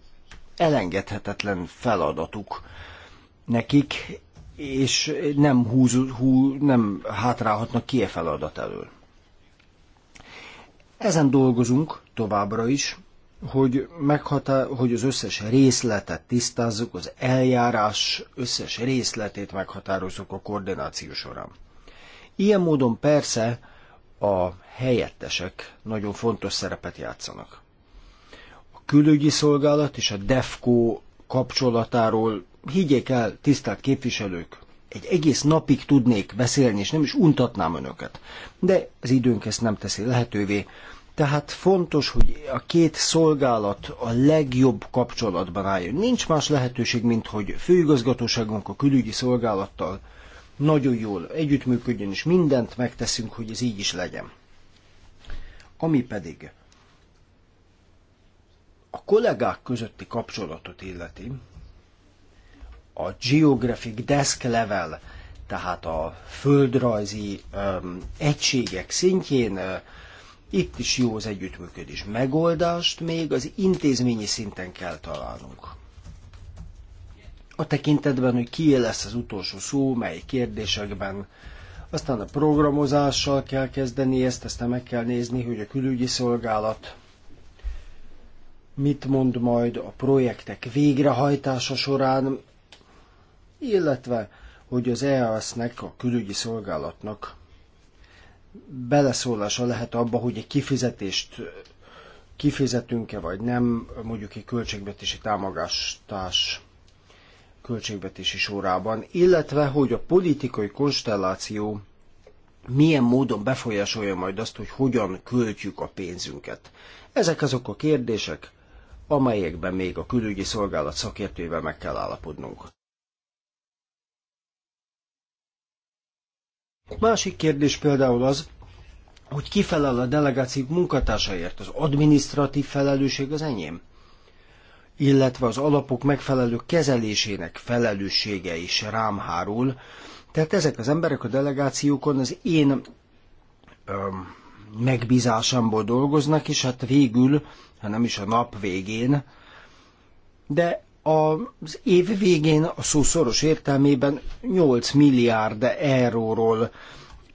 elengedhetetlen feladatuk nekik, és nem, húz, hú, nem hátrálhatnak ki a e feladat elől. Ezen dolgozunk továbbra is, hogy, meghatá- hogy az összes részletet tisztázzuk, az eljárás összes részletét meghatározzuk a koordináció során. Ilyen módon persze a helyettesek nagyon fontos szerepet játszanak. A külügyi szolgálat és a DEFCO kapcsolatáról higgyék el, tisztelt képviselők, egy egész napig tudnék beszélni, és nem is untatnám önöket. De az időnk ezt nem teszi lehetővé, tehát fontos, hogy a két szolgálat a legjobb kapcsolatban álljon. Nincs más lehetőség, mint hogy főigazgatóságunk a külügyi szolgálattal nagyon jól együttműködjön, és mindent megteszünk, hogy ez így is legyen. Ami pedig a kollégák közötti kapcsolatot illeti, a Geographic Desk Level, tehát a földrajzi um, egységek szintjén uh, itt is jó az együttműködés. Megoldást még az intézményi szinten kell találnunk. A tekintetben, hogy kié lesz az utolsó szó, mely kérdésekben, aztán a programozással kell kezdeni ezt, aztán meg kell nézni, hogy a külügyi szolgálat mit mond majd a projektek végrehajtása során, illetve hogy az EAS-nek, a külügyi szolgálatnak beleszólása lehet abba, hogy egy kifizetést kifizetünk-e vagy nem, mondjuk egy költségvetési támogatás költségvetési sorában, illetve hogy a politikai konstelláció milyen módon befolyásolja majd azt, hogy hogyan költjük a pénzünket. Ezek azok a kérdések, amelyekben még a külügyi szolgálat szakértőjével meg kell állapodnunk. Másik kérdés például az, hogy ki felel a delegáció munkatársaért, az administratív felelősség az enyém, illetve az alapok megfelelő kezelésének felelőssége is rám hárul. Tehát ezek az emberek a delegációkon az én öm, megbízásamból dolgoznak, és hát végül, ha nem is a nap végén, de az év végén a szoros értelmében 8 milliárd euróról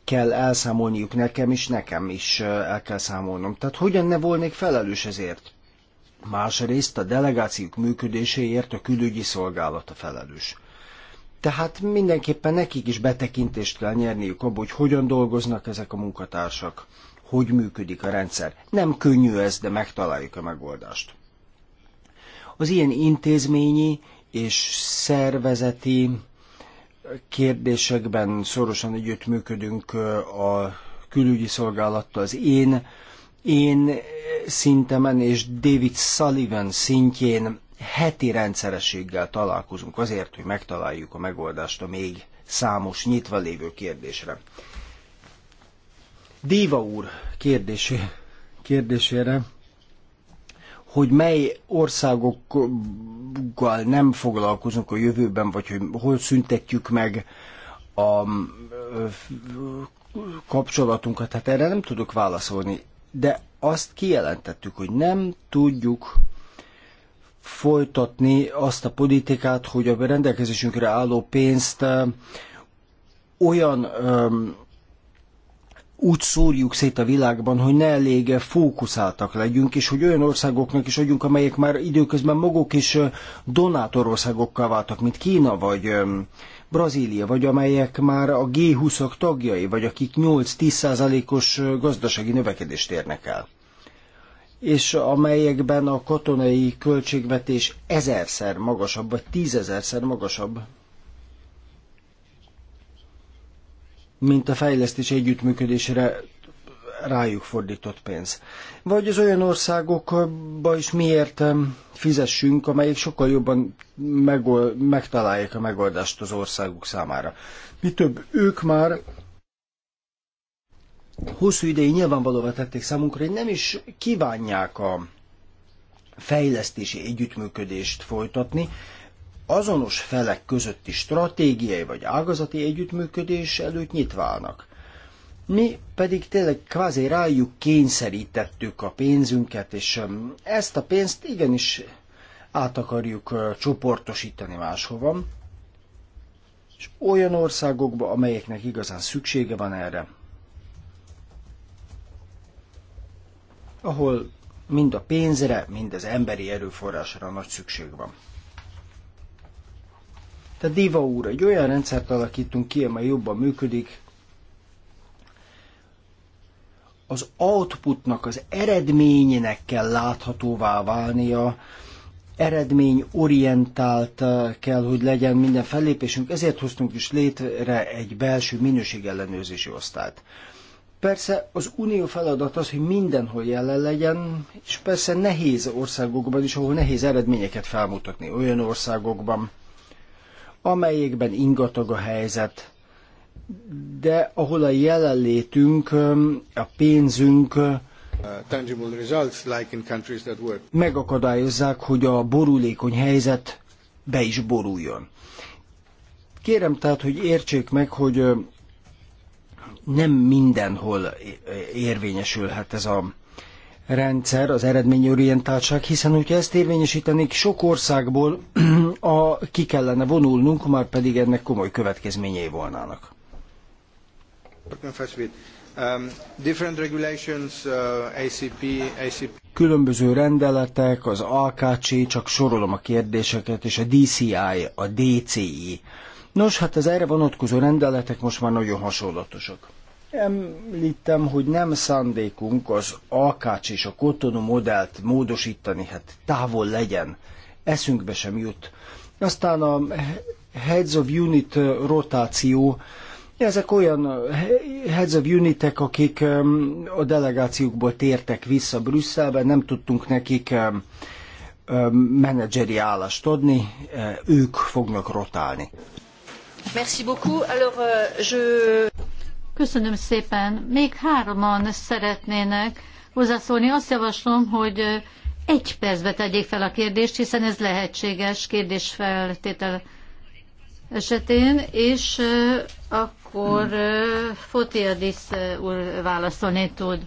kell elszámolniuk nekem és nekem is el kell számolnom. Tehát hogyan ne volnék felelős ezért? Másrészt a delegációk működéséért a külügyi szolgálata felelős. Tehát mindenképpen nekik is betekintést kell nyerniük abba, hogy hogyan dolgoznak ezek a munkatársak, hogy működik a rendszer. Nem könnyű ez, de megtaláljuk a megoldást. Az ilyen intézményi és szervezeti kérdésekben szorosan együttműködünk a külügyi szolgálattal. Az én, én szintemen és David Sullivan szintjén heti rendszerességgel találkozunk azért, hogy megtaláljuk a megoldást a még számos nyitva lévő kérdésre. Diva úr kérdésé, kérdésére hogy mely országokkal nem foglalkozunk a jövőben, vagy hogy hol szüntetjük meg a kapcsolatunkat, hát erre nem tudok válaszolni. De azt kijelentettük, hogy nem tudjuk folytatni azt a politikát, hogy a rendelkezésünkre álló pénzt olyan öm, úgy szórjuk szét a világban, hogy ne elég fókuszáltak legyünk, és hogy olyan országoknak is adjunk, amelyek már időközben maguk is donátorországokká váltak, mint Kína vagy Brazília, vagy amelyek már a G20-ak tagjai, vagy akik 8-10%-os gazdasági növekedést érnek el és amelyekben a katonai költségvetés ezerszer magasabb, vagy tízezerszer magasabb, mint a fejlesztés együttműködésre rájuk fordított pénz. Vagy az olyan országokba is miért fizessünk, amelyek sokkal jobban megol, megtalálják a megoldást az országuk számára. Mi több, ők már hosszú ideig nyilvánvalóvá tették számunkra, hogy nem is kívánják a fejlesztési együttműködést folytatni, azonos felek közötti stratégiai vagy ágazati együttműködés előtt nyitva állnak. Mi pedig tényleg kvázi rájuk kényszerítettük a pénzünket, és um, ezt a pénzt igenis át akarjuk uh, csoportosítani máshova, és olyan országokba, amelyeknek igazán szüksége van erre, ahol mind a pénzre, mind az emberi erőforrásra nagy szükség van. Tehát diva úr, egy olyan rendszert alakítunk ki, amely jobban működik, az outputnak, az eredménynek kell láthatóvá válnia, eredményorientált eh, kell, hogy legyen minden fellépésünk, ezért hoztunk is létre egy belső minőségellenőrzési osztályt. Persze az unió feladat az, hogy mindenhol jelen legyen, és persze nehéz országokban is, ahol nehéz eredményeket felmutatni, olyan országokban, amelyekben ingatag a helyzet, de ahol a jelenlétünk, a pénzünk megakadályozzák, hogy a borulékony helyzet be is boruljon. Kérem tehát, hogy értsék meg, hogy nem mindenhol érvényesülhet ez a rendszer, az eredményorientáltság, hiszen hogyha ezt érvényesítenék, sok országból a, ki kellene vonulnunk, már pedig ennek komoly következményei volnának. Um, uh, Különböző rendeletek, az AKC, csak sorolom a kérdéseket, és a DCI, a DCI. Nos, hát az erre vonatkozó rendeletek most már nagyon hasonlatosak. Említem, hogy nem szándékunk az Alkács és a Kotonó modellt módosítani, hát távol legyen. Eszünkbe sem jut. Aztán a Heads of Unit rotáció, ezek olyan heads of unitek, akik a delegációkból tértek vissza Brüsszelbe, nem tudtunk nekik menedzseri állást adni, e, ők fognak rotálni. Merci beaucoup. Alors, euh, je Köszönöm szépen. Még hároman szeretnének hozzászólni. Azt javaslom, hogy egy percbe tegyék fel a kérdést, hiszen ez lehetséges kérdésfeltétel esetén, és akkor Fotiadis úr válaszolni tud.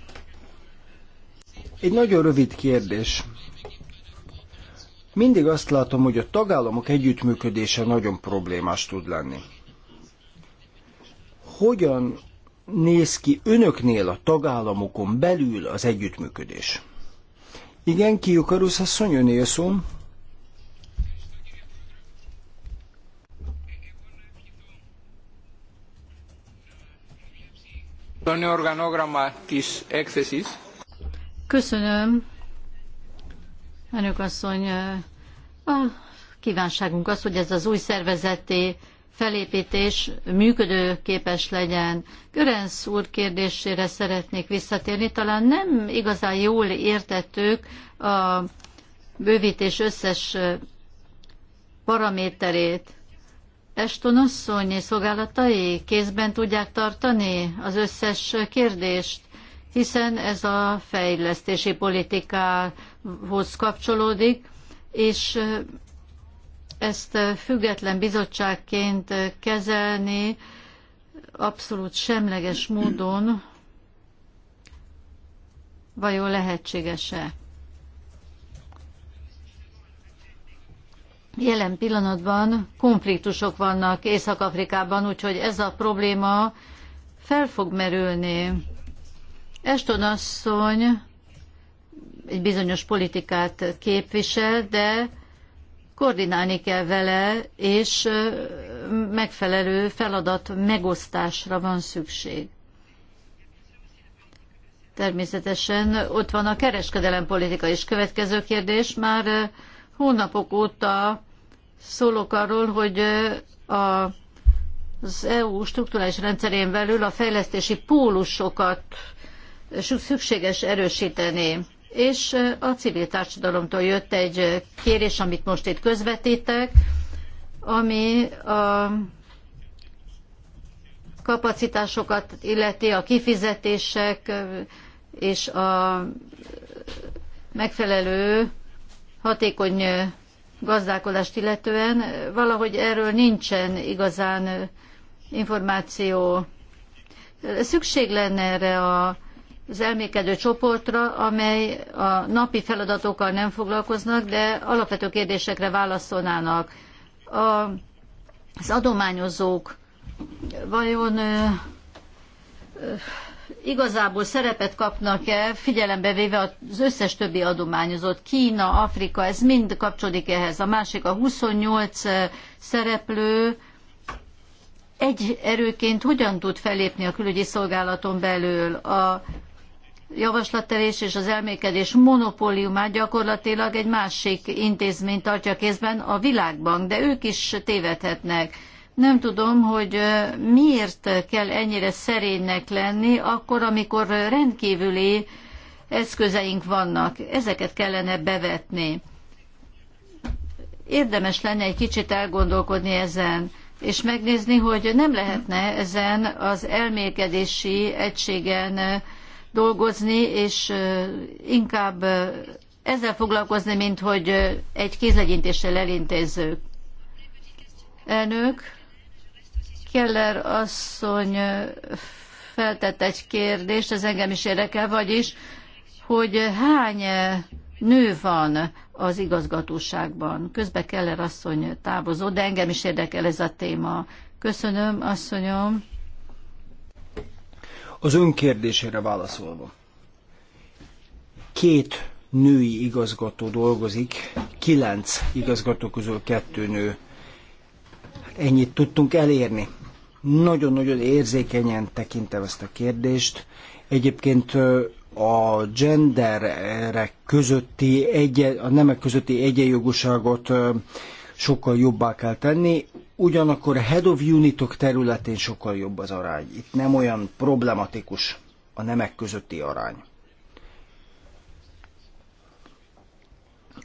Egy nagyon rövid kérdés. Mindig azt látom, hogy a tagállamok együttműködése nagyon problémás tud lenni. Hogyan néz ki önöknél a tagállamokon belül az együttműködés? Igen, Kiukarusz asszony, öné a szó. Köszönöm. elnök asszony, a kívánságunk az, hogy ez az új szervezeti felépítés működőképes legyen. Görenc úr kérdésére szeretnék visszatérni. Talán nem igazán jól értettük a bővítés összes paraméterét. Eston asszony szolgálatai kézben tudják tartani az összes kérdést, hiszen ez a fejlesztési politikához kapcsolódik, és ezt eh, független bizottságként eh, kezelni abszolút semleges módon vajon lehetséges-e? Jelen pillanatban konfliktusok vannak Észak-Afrikában, úgyhogy ez a probléma fel fog merülni. Eston asszony egy bizonyos politikát képvisel, de koordinálni kell vele, és megfelelő feladat megosztásra van szükség. Természetesen ott van a politika is. Következő kérdés már hónapok óta szólok arról, hogy a, az EU struktúrális rendszerén belül a fejlesztési pólusokat szükséges erősíteni és a civil társadalomtól jött egy kérés, amit most itt közvetítek, ami a kapacitásokat illeti, a kifizetések és a megfelelő hatékony gazdálkodást illetően valahogy erről nincsen igazán információ. Szükség lenne erre a az elmékedő csoportra, amely a napi feladatokkal nem foglalkoznak, de alapvető kérdésekre válaszolnának. A, az adományozók vajon ö, ö, igazából szerepet kapnak-e, figyelembe véve az összes többi adományozót Kína, Afrika, ez mind kapcsolódik ehhez. A másik a 28 szereplő egy erőként hogyan tud felépni a külügyi szolgálaton belül a javaslattevés és az elmékedés monopóliumát gyakorlatilag egy másik intézmény tartja kézben a Világbank, de ők is tévedhetnek. Nem tudom, hogy miért kell ennyire szerénynek lenni, akkor, amikor rendkívüli eszközeink vannak. Ezeket kellene bevetni. Érdemes lenne egy kicsit elgondolkodni ezen és megnézni, hogy nem lehetne ezen az elmélkedési egységen dolgozni, és inkább ezzel foglalkozni, mint hogy egy kézlegyintéssel elintézzük. Elnök, Keller asszony feltett egy kérdést, ez engem is érdekel, vagyis, hogy hány nő van az igazgatóságban. Közbe Keller asszony távozott, de engem is érdekel ez a téma. Köszönöm, asszonyom. Az önkérdésére válaszolva. Két női igazgató dolgozik, kilenc igazgató közül kettő nő. ennyit tudtunk elérni. Nagyon-nagyon érzékenyen tekintem ezt a kérdést. Egyébként a genderek közötti, egyen, a nemek közötti egyenjogúságot sokkal jobbá kell tenni ugyanakkor a head of unitok területén sokkal jobb az arány. Itt nem olyan problematikus a nemek közötti arány.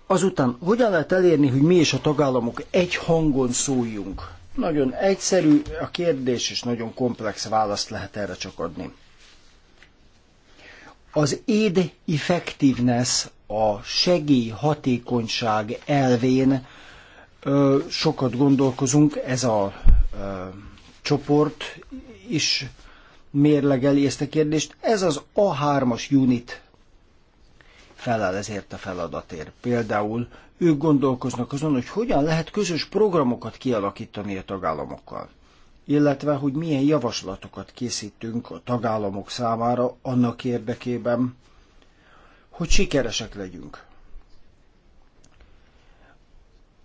Azután hogyan lehet elérni, hogy mi és a tagállamok egy hangon szóljunk? Nagyon egyszerű a kérdés, és nagyon komplex választ lehet erre csak adni. Az aid effectiveness, a segély hatékonyság elvén sokat gondolkozunk, ez a csoport is mérlegeli ezt a kérdést. Ez az A3-as unit felel ezért a feladatért. Például ők gondolkoznak azon, hogy hogyan lehet közös programokat kialakítani a tagállamokkal, illetve hogy milyen javaslatokat készítünk a tagállamok számára annak érdekében, hogy sikeresek legyünk.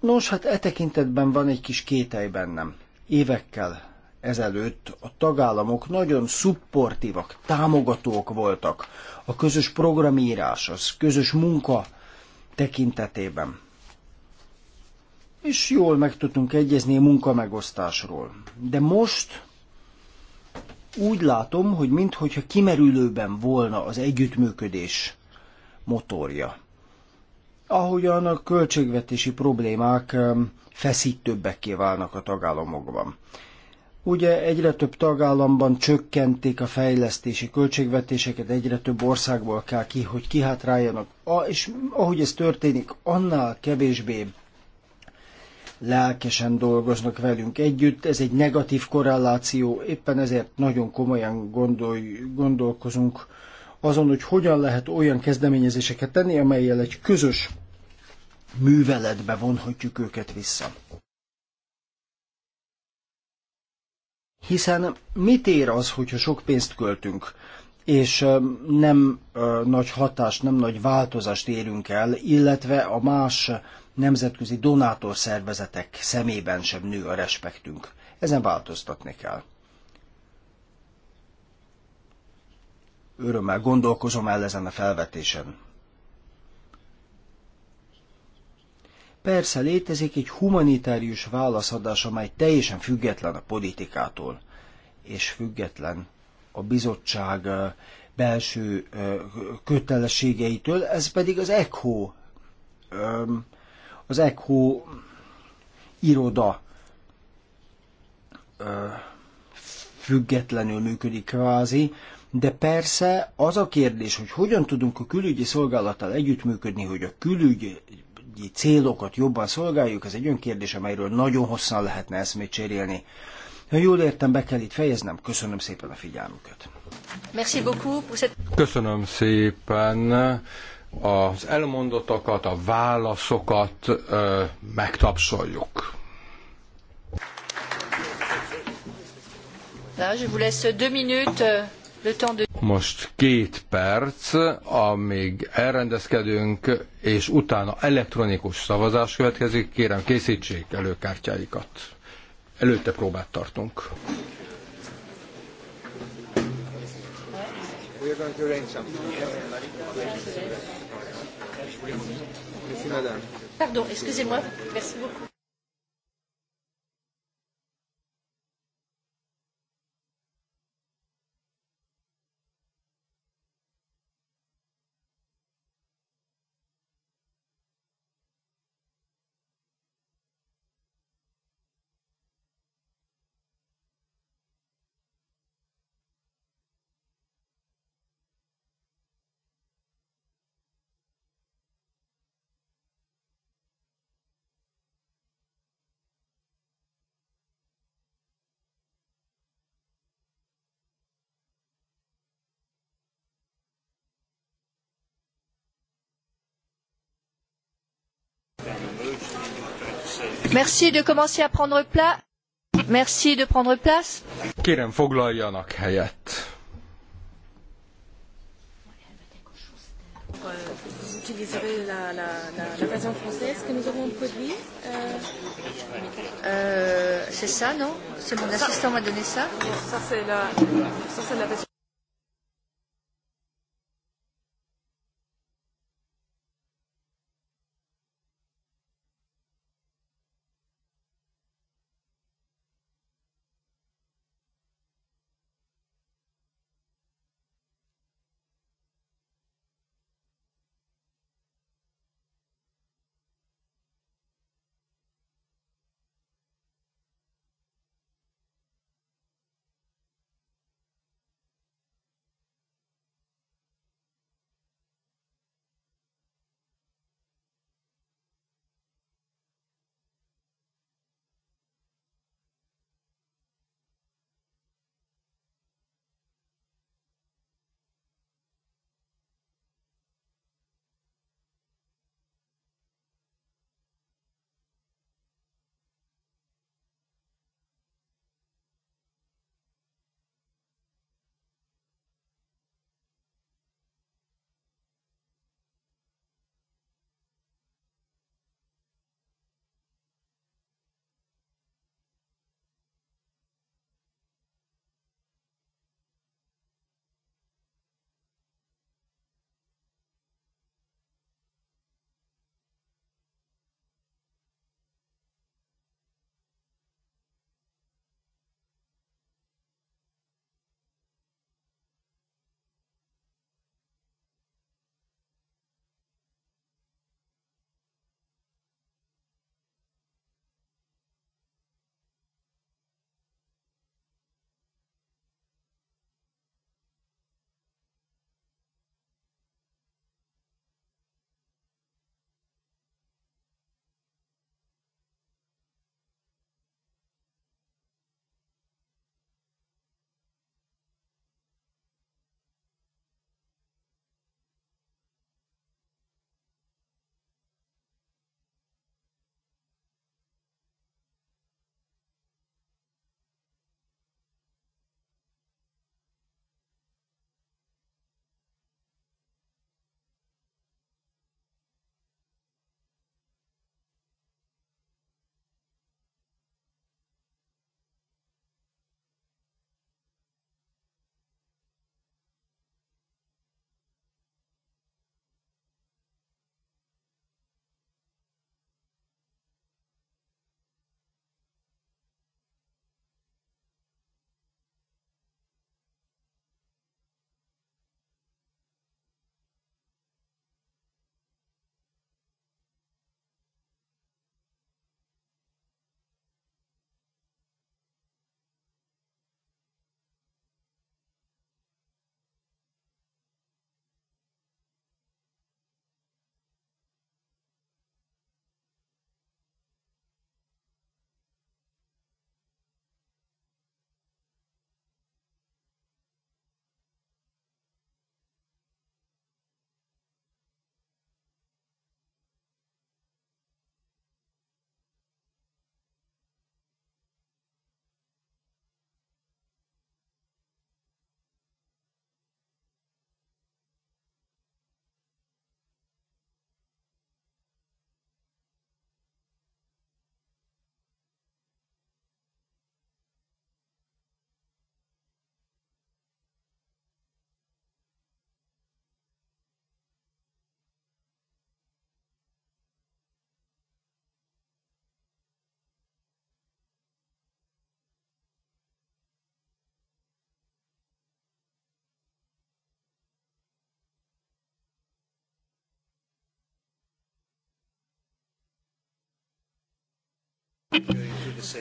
Nos, hát e tekintetben van egy kis kételj bennem. Évekkel ezelőtt a tagállamok nagyon szupportívak, támogatók voltak a közös programírás, az közös munka tekintetében. És jól meg tudtunk egyezni a munkamegosztásról. De most úgy látom, hogy minthogyha kimerülőben volna az együttműködés motorja ahogyan a költségvetési problémák feszítőbbekké válnak a tagállamokban. Ugye egyre több tagállamban csökkentik a fejlesztési költségvetéseket, egyre több országból kell ki, hogy kihátráljanak, és ahogy ez történik, annál kevésbé lelkesen dolgoznak velünk együtt, ez egy negatív korreláció, éppen ezért nagyon komolyan gondolj, gondolkozunk azon, hogy hogyan lehet olyan kezdeményezéseket tenni, amelyel egy közös műveletbe vonhatjuk őket vissza. Hiszen mit ér az, hogyha sok pénzt költünk, és nem nagy hatást, nem nagy változást érünk el, illetve a más nemzetközi donátor szervezetek szemében sem nő a respektünk. Ezen változtatni kell. örömmel gondolkozom el ezen a felvetésen. Persze létezik egy humanitárius válaszadás, amely teljesen független a politikától, és független a bizottság belső kötelességeitől, ez pedig az ECHO, az ECHO iroda függetlenül működik kvázi, de persze az a kérdés, hogy hogyan tudunk a külügyi szolgálattal együttműködni, hogy a külügyi célokat jobban szolgáljuk, ez egy olyan kérdés, amelyről nagyon hosszan lehetne eszmét cserélni. Ha jól értem, be kell itt fejeznem. Köszönöm szépen a figyelmüket. Köszönöm szépen az elmondottakat, a válaszokat ö, megtapsoljuk. Là, je vous laisse deux minutes. Euh, most két perc, amíg elrendezkedünk, és utána elektronikus szavazás következik. Kérem, készítsék előkártyáikat. Előtte próbát tartunk. Pardon, excusez-moi. Merci beaucoup. Merci de commencer à prendre place. Merci de prendre place. Kérem, foglaljanak helyet. Euh, utiliserez la, la, la, la version française que nous avons produite. Euh, euh, c'est ça, non C'est mon assistant m'a donné ça. Ça, c'est la, la version.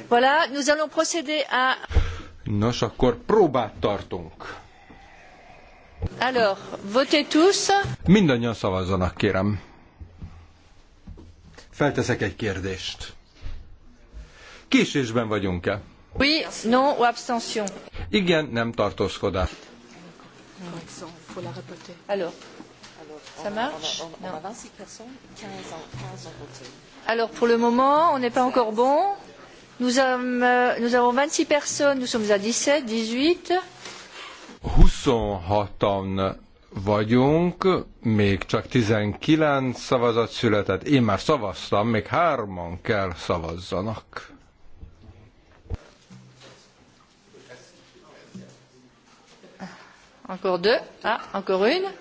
Voilà, nous allons procéder à... Nos, akkor próbát tartunk. Alors, votez tous. Mindannyian szavazzanak, kérem. Felteszek egy kérdést. Késésben vagyunk-e? Oui, non ou abstention. Igen, nem tartózkodás. Alors, Ça marche on on a 26 personnes, 15 ans, 15 ans Alors pour le moment, on n'est pas encore bon. Nous, am, euh, nous avons 26 personnes, nous sommes à 17, 18. 26-an vagyunk, még csak 19 szavazat született. Én már szavaztam, még hárman kell szavazzanak. Encore deux. Ah, encore une.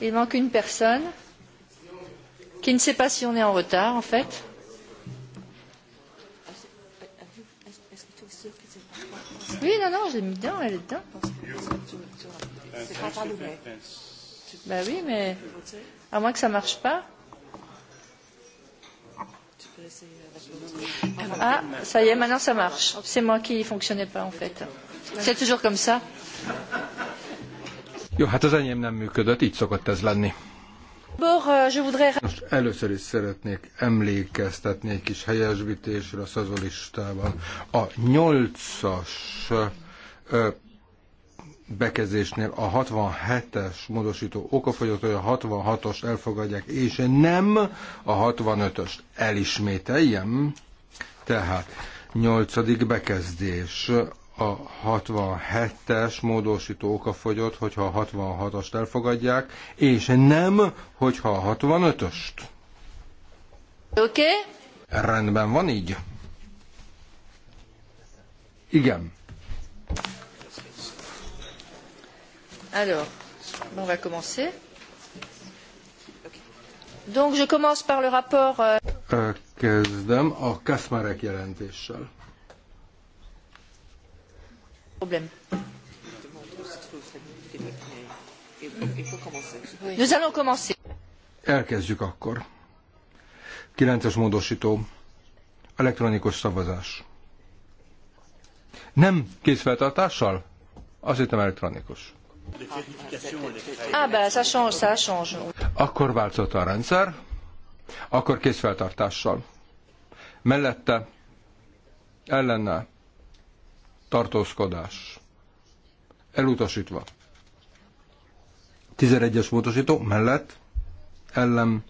Il manque une personne qui ne sait pas si on est en retard, en fait. Oui, non, non, je l'ai mis dedans, elle est dedans. Ben oui, mais à moins que ça ne marche pas. Ah, ça y est, maintenant ça marche. C'est moi qui ne fonctionnais pas en fait. C'est toujours comme ça. Jó, hát az enyém nem működött, így szokott ez lenni. Euh, Most először is szeretnék emlékeztetni egy kis helyesbítésre a szazolistában. A nyolcas bekezésnél a 67-es módosító okafogyott, hogy a 66-ost elfogadják, és nem a 65-öst. Elismételjem. Tehát nyolcadik bekezdés a 67-es módosító oka fogyott, hogyha a 66-ast elfogadják, és nem, hogyha a 65-öst. Oké? Okay. Rendben van így? Igen. Alors, on va commencer. Donc je commence par le rapport... Euh, kezdem a Kaszmarek jelentéssel problème. Nous allons commencer. Elkezdjük akkor. Kilences es módosító. Elektronikus szavazás. Nem készfeltartással? Azt hittem elektronikus. Ah, akkor változott a rendszer, akkor készfeltartással. Mellette, ellennel, tartózkodás elutasítva. 11-es módosító mellett ellen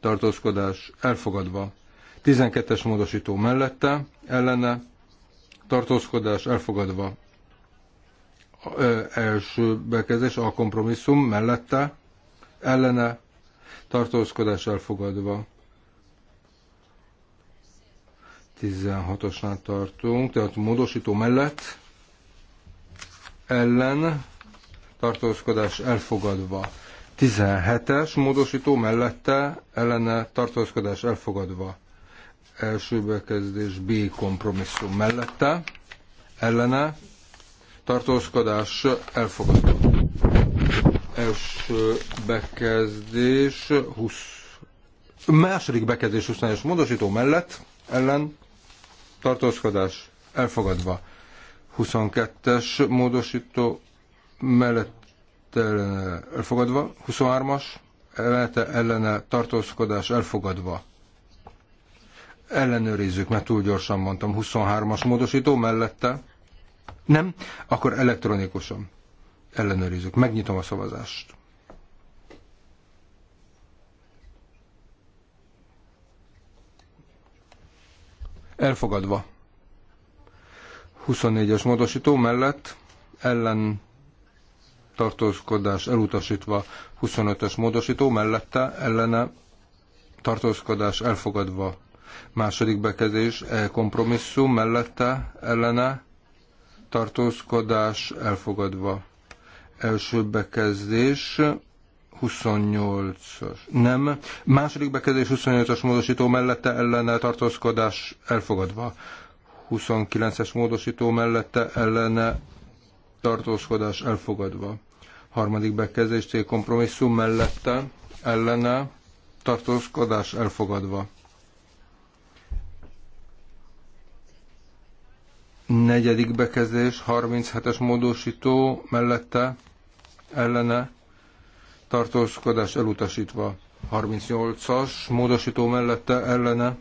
tartózkodás elfogadva. 12-es módosító mellette ellene tartózkodás elfogadva. Ö, első bekezdés a kompromisszum mellette ellene tartózkodás elfogadva. 16-osnál tartunk, tehát módosító mellett ellen tartózkodás elfogadva. 17-es módosító mellette ellene tartózkodás elfogadva. Első bekezdés B kompromisszum mellette ellene tartózkodás elfogadva. Első bekezdés 20 második bekezdés 21-es módosító mellett ellen tartózkodás elfogadva. 22-es módosító mellett ellene elfogadva, 23-as mellette ellene tartózkodás elfogadva. Ellenőrizzük, mert túl gyorsan mondtam. 23-as módosító mellette. Nem? Akkor elektronikusan ellenőrizzük. Megnyitom a szavazást. Elfogadva. 24-es módosító mellett ellen tartózkodás elutasítva 25-ös módosító mellette ellene tartózkodás elfogadva második bekezdés e kompromisszum mellette ellene tartózkodás elfogadva első bekezdés 28-as. Nem. Második bekezdés 28-as módosító mellette ellene tartózkodás elfogadva. 29-es módosító mellette ellene tartózkodás elfogadva. Harmadik bekezdés C kompromisszum mellette ellene tartózkodás elfogadva. Negyedik bekezdés 37-es módosító mellette ellene tartózkodás elutasítva. 38-as módosító mellette ellene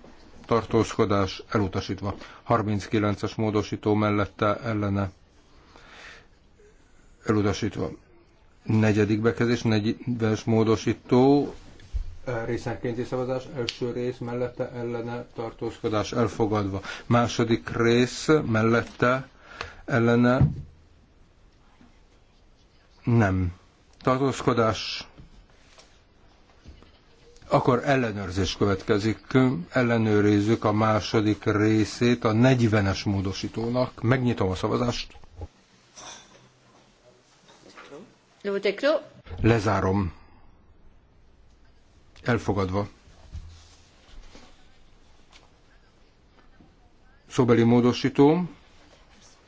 tartózkodás elutasítva. 39 as módosító mellette ellene elutasítva. Negyedik bekezdés, negyedves módosító, eh, részenkénti szavazás, első rész mellette ellene tartózkodás elfogadva. Második rész mellette ellene nem tartózkodás, akkor ellenőrzés következik. Ellenőrizzük a második részét a 40-es módosítónak. Megnyitom a szavazást. Lezárom. Elfogadva. Szobeli módosító.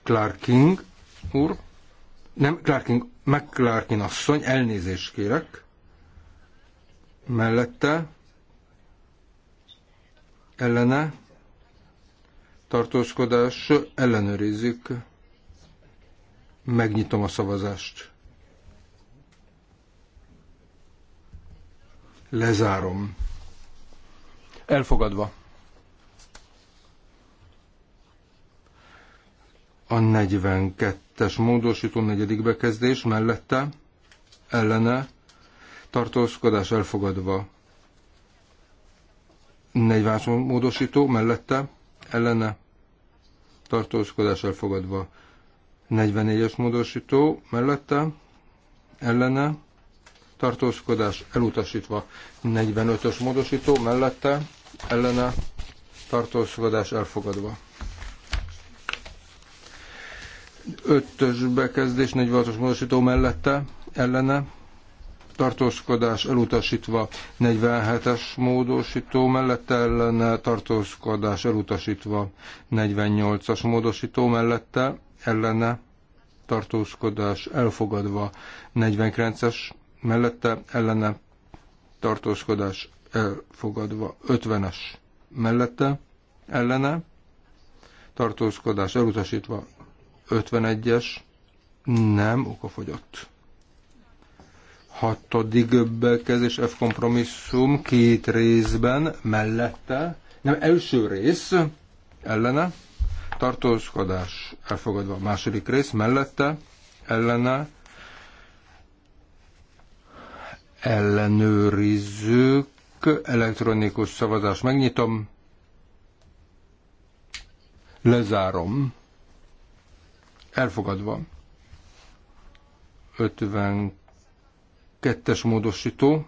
Clark King úr. Nem, Clark King McClarkin asszony, elnézést kérek, mellette, ellene, tartózkodás, ellenőrizzük, megnyitom a szavazást. Lezárom. Elfogadva. A 42 2-es módosító negyedik bekezdés mellette ellene tartózkodás elfogadva. 40-as módosító mellette ellene tartózkodás elfogadva. 44-es módosító mellette ellene tartózkodás elutasítva. 45-ös módosító mellette ellene tartózkodás elfogadva ötös bekezdés 46-os módosító mellette ellene tartózkodás elutasítva 47-es módosító mellette ellene tartózkodás elutasítva 48-as módosító mellette ellene tartózkodás elfogadva 49-es mellette ellene tartózkodás elfogadva 50-es mellette ellene tartózkodás elutasítva 51-es nem okafogyott. Hatodik bekezés F kompromisszum két részben mellette, nem első rész ellene, tartózkodás elfogadva a második rész mellette, ellene, ellenőrizzük, elektronikus szavazás megnyitom, lezárom. Elfogadva. 52-es módosító.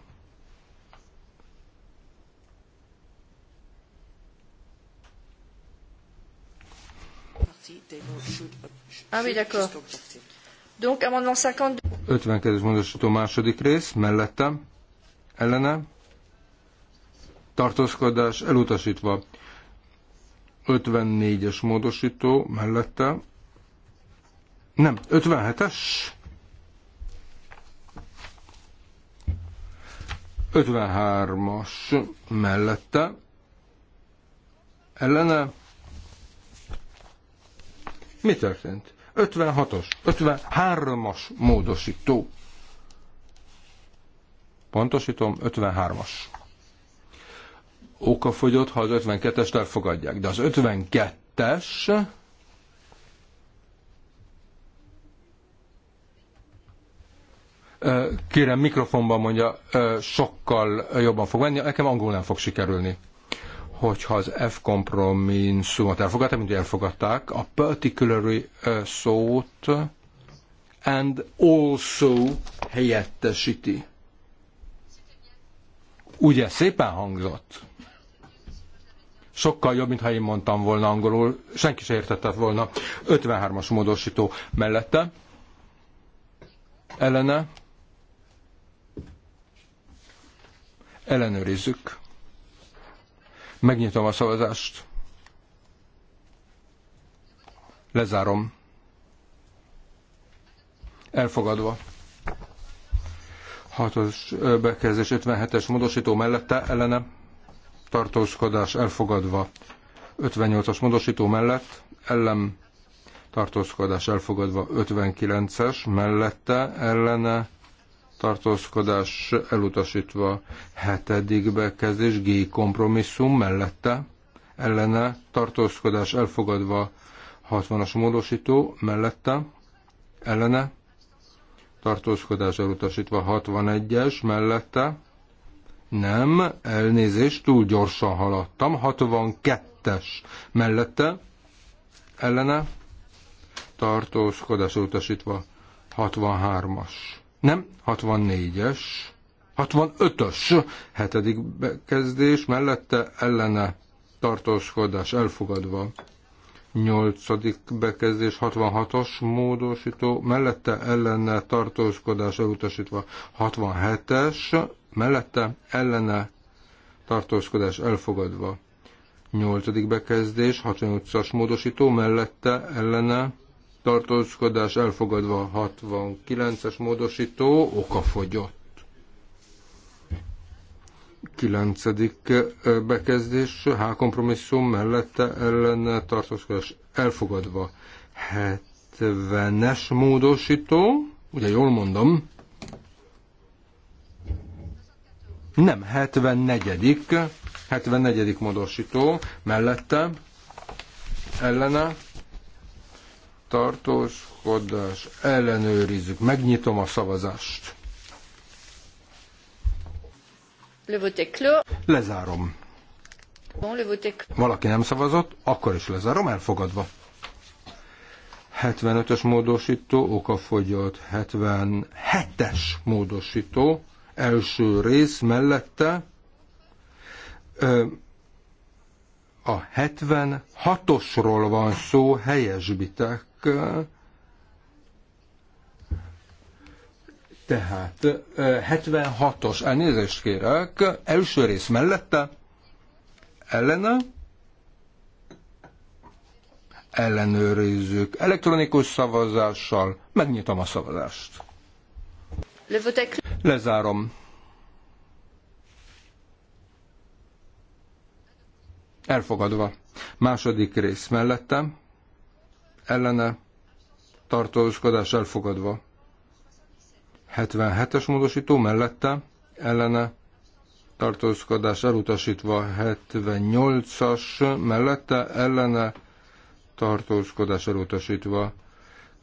Ah oui, d'accord. Donc, amendement 52. 52-es módosító második rész, mellettem, ellene, tartózkodás elutasítva. 54-es módosító mellette, nem, 57-es. 53-as mellette ellene mi történt? 56-os, 53-as módosító. Pontosítom, 53-as. Okafogyott, ha az 52-est elfogadják, de az 52-es Kérem, mikrofonban mondja, sokkal jobban fog menni, nekem angol nem fog sikerülni. Hogyha az F kompromisszumot elfogadták, mint elfogadták, a particularly szót and also helyettesíti. Ugye szépen hangzott? Sokkal jobb, mintha én mondtam volna angolul, senki se értette volna. 53-as módosító mellette. Ellene Ellenőrizzük. Megnyitom a szavazást. Lezárom. Elfogadva. 6-os bekezdés 57-es módosító mellette ellene tartózkodás elfogadva. 58-as módosító mellett ellen tartózkodás elfogadva 59-es, mellette ellene tartózkodás elutasítva. Hetedik bekezdés G kompromisszum mellette ellene tartózkodás elfogadva. 60-as módosító mellette ellene tartózkodás elutasítva. 61-es mellette nem, elnézést, túl gyorsan haladtam. 62-es mellette ellene tartózkodás elutasítva. 63-as nem, 64-es, 65-ös, hetedik bekezdés, mellette ellene tartózkodás elfogadva. nyolcadik bekezdés 66-os módosító, mellette ellene tartózkodás elutasítva 67-es, mellette ellene tartózkodás elfogadva. nyolcadik bekezdés 68-as módosító, mellette ellene tartózkodás elfogadva 69-es módosító, okafogyott. 9. bekezdés, H kompromisszum mellette ellen tartózkodás elfogadva 70-es módosító, ugye jól mondom, nem 74. 74. módosító mellette ellene tartózkodás, ellenőrizzük, megnyitom a szavazást. Le vote Lezárom. Bon, le vote Valaki nem szavazott, akkor is lezárom, elfogadva. 75-ös módosító, okafogyott 77-es módosító, első rész mellette ö, a 76-osról van szó helyesbitek, tehát 76-os elnézést kérek, első rész mellette, ellene, ellenőrizzük elektronikus szavazással, megnyitom a szavazást. Lezárom. Elfogadva. Második rész mellettem ellene tartózkodás elfogadva. 77-es módosító mellette ellene tartózkodás elutasítva 78-as mellette ellene tartózkodás elutasítva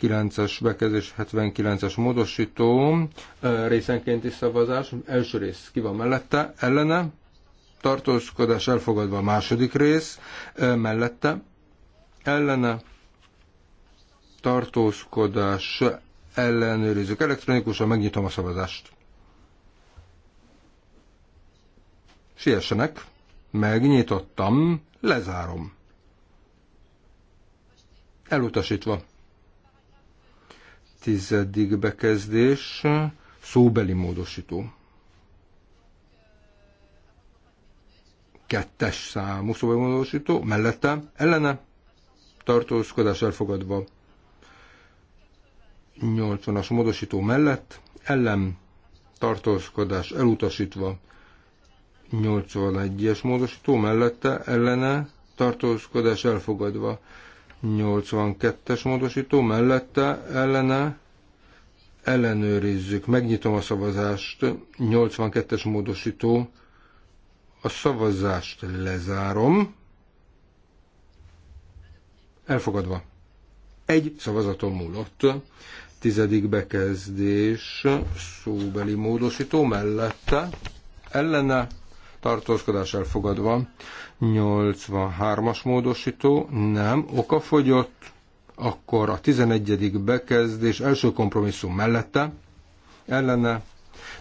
9-es bekezdés 79-es módosító részenkénti szavazás első rész ki van mellette ellene tartózkodás elfogadva a második rész mellette ellene tartózkodás ellenőrizzük elektronikusan, megnyitom a szavazást. Siessenek, megnyitottam, lezárom. Elutasítva. Tizedik bekezdés, szóbeli módosító. Kettes számú szóbeli módosító, mellette, ellene, tartózkodás elfogadva 80-as módosító mellett ellen tartózkodás elutasítva 81-es módosító mellette ellene tartózkodás elfogadva 82-es módosító mellette ellene ellenőrizzük. Megnyitom a szavazást. 82-es módosító. A szavazást lezárom. Elfogadva. Egy szavazaton múlott tizedik bekezdés szóbeli módosító mellette ellene tartózkodás elfogadva. 83-as módosító nem okafogyott, akkor a 11. bekezdés első kompromisszum mellette ellene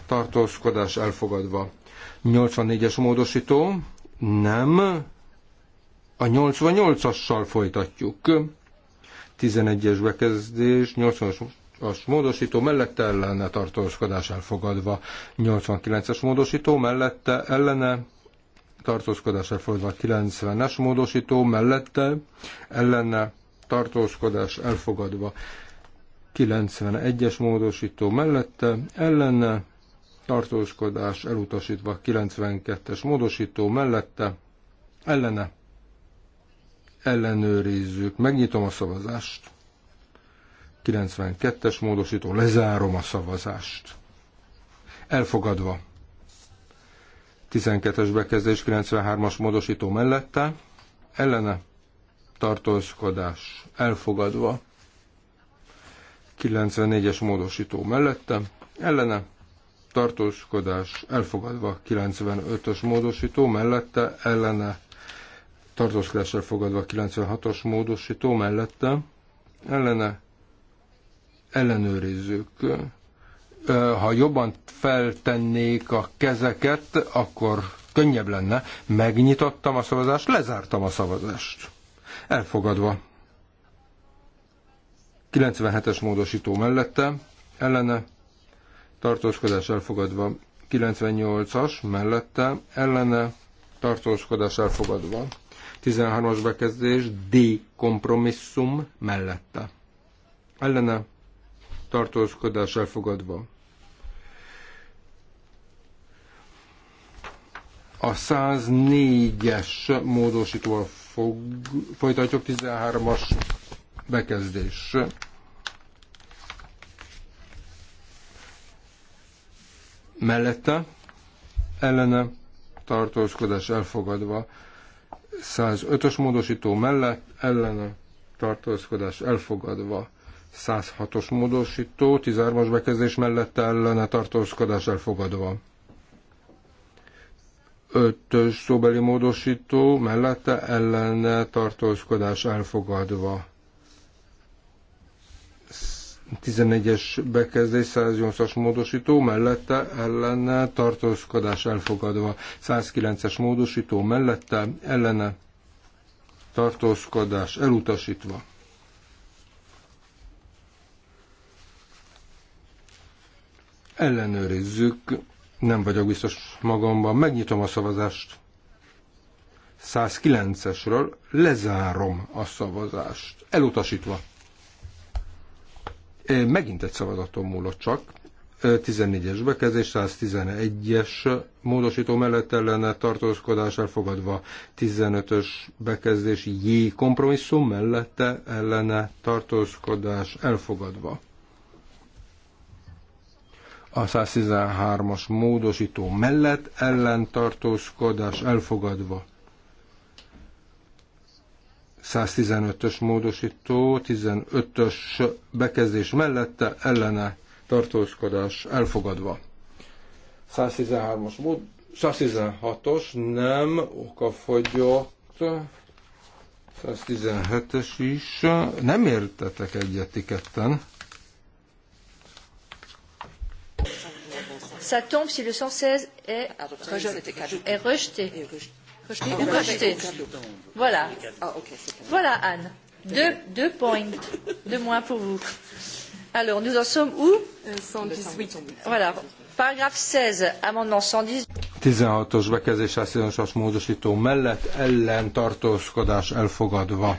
tartózkodás elfogadva. 84-es módosító nem, a 88-assal folytatjuk. 11-es bekezdés, 80-as 89-es módosító mellette ellene tartózkodás elfogadva, 89-es módosító mellette ellene tartózkodás elfogadva, 90-es módosító mellette ellene tartózkodás elfogadva, 91-es módosító mellette ellene tartózkodás elutasítva, 92-es módosító mellette ellene ellenőrizzük. Megnyitom a szavazást. 92-es módosító, lezárom a szavazást. Elfogadva. 12-es bekezdés 93-as módosító mellette, ellene tartózkodás elfogadva. 94-es módosító mellette, ellene tartózkodás elfogadva. 95-ös módosító mellette, ellene tartózkodás elfogadva. 96-os módosító mellette, ellene ellenőrizzük. Ha jobban feltennék a kezeket, akkor könnyebb lenne. Megnyitottam a szavazást, lezártam a szavazást. Elfogadva. 97-es módosító mellette, ellene, tartózkodás elfogadva. 98-as mellette, ellene, tartózkodás elfogadva. 13-as bekezdés, D kompromisszum mellette. Ellene, tartózkodás elfogadva. A 104-es módosítóval fog, folytatjuk 13-as bekezdés. Mellette ellene tartózkodás elfogadva 105-ös módosító mellett ellene tartózkodás elfogadva 106-os módosító, 13-as bekezdés mellett ellene tartózkodás elfogadva. 5-ös szóbeli módosító mellette ellene tartózkodás elfogadva. 14 es bekezdés 108-as módosító mellette ellene tartózkodás elfogadva. 109-es módosító mellette ellene tartózkodás elutasítva. Ellenőrizzük, nem vagyok biztos magamban, megnyitom a szavazást. 109-esről lezárom a szavazást, elutasítva. Megint egy szavazatom múlott csak. 14-es bekezdés, 111-es módosító mellett ellene tartózkodás elfogadva, 15-ös bekezdés J kompromisszum mellette ellene tartózkodás elfogadva a 113-as módosító mellett ellentartózkodás elfogadva. 115-ös módosító, 15-ös bekezdés mellette ellene tartózkodás elfogadva. 113-as mód, 116-os nem okafogyott, 117-es is, nem értetek egyet ça tombe si le 116 ah, est rejeté. rejeté. Ah, rejeté. ou rejeté. Voilà. Ah, voilà, Anne. Deux, deux points. de moins pour vous. Alors, nous en sommes où 118. Voilà. Paragraphe 16, amendement 110. 16-os bekezdés 116-as módosító mellett ellen tartózkodás elfogadva.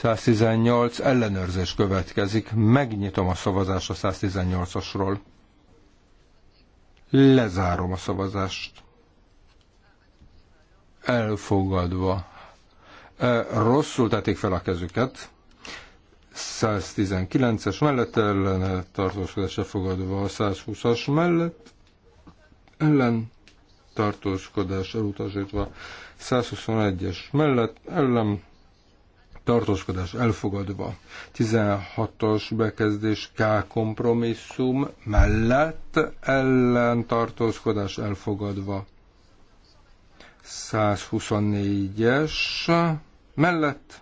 118 ellenőrzés következik. Megnyitom a szavazás a 118 osról Lezárom a szavazást. Elfogadva. Rosszul tették fel a kezüket. 119-es mellett ellen tartózkodás elfogadva a 120-as mellett ellen tartózkodás elutasítva 121-es mellett ellen tartózkodás elfogadva. 16-os bekezdés K kompromisszum mellett ellen tartózkodás elfogadva. 124-es mellett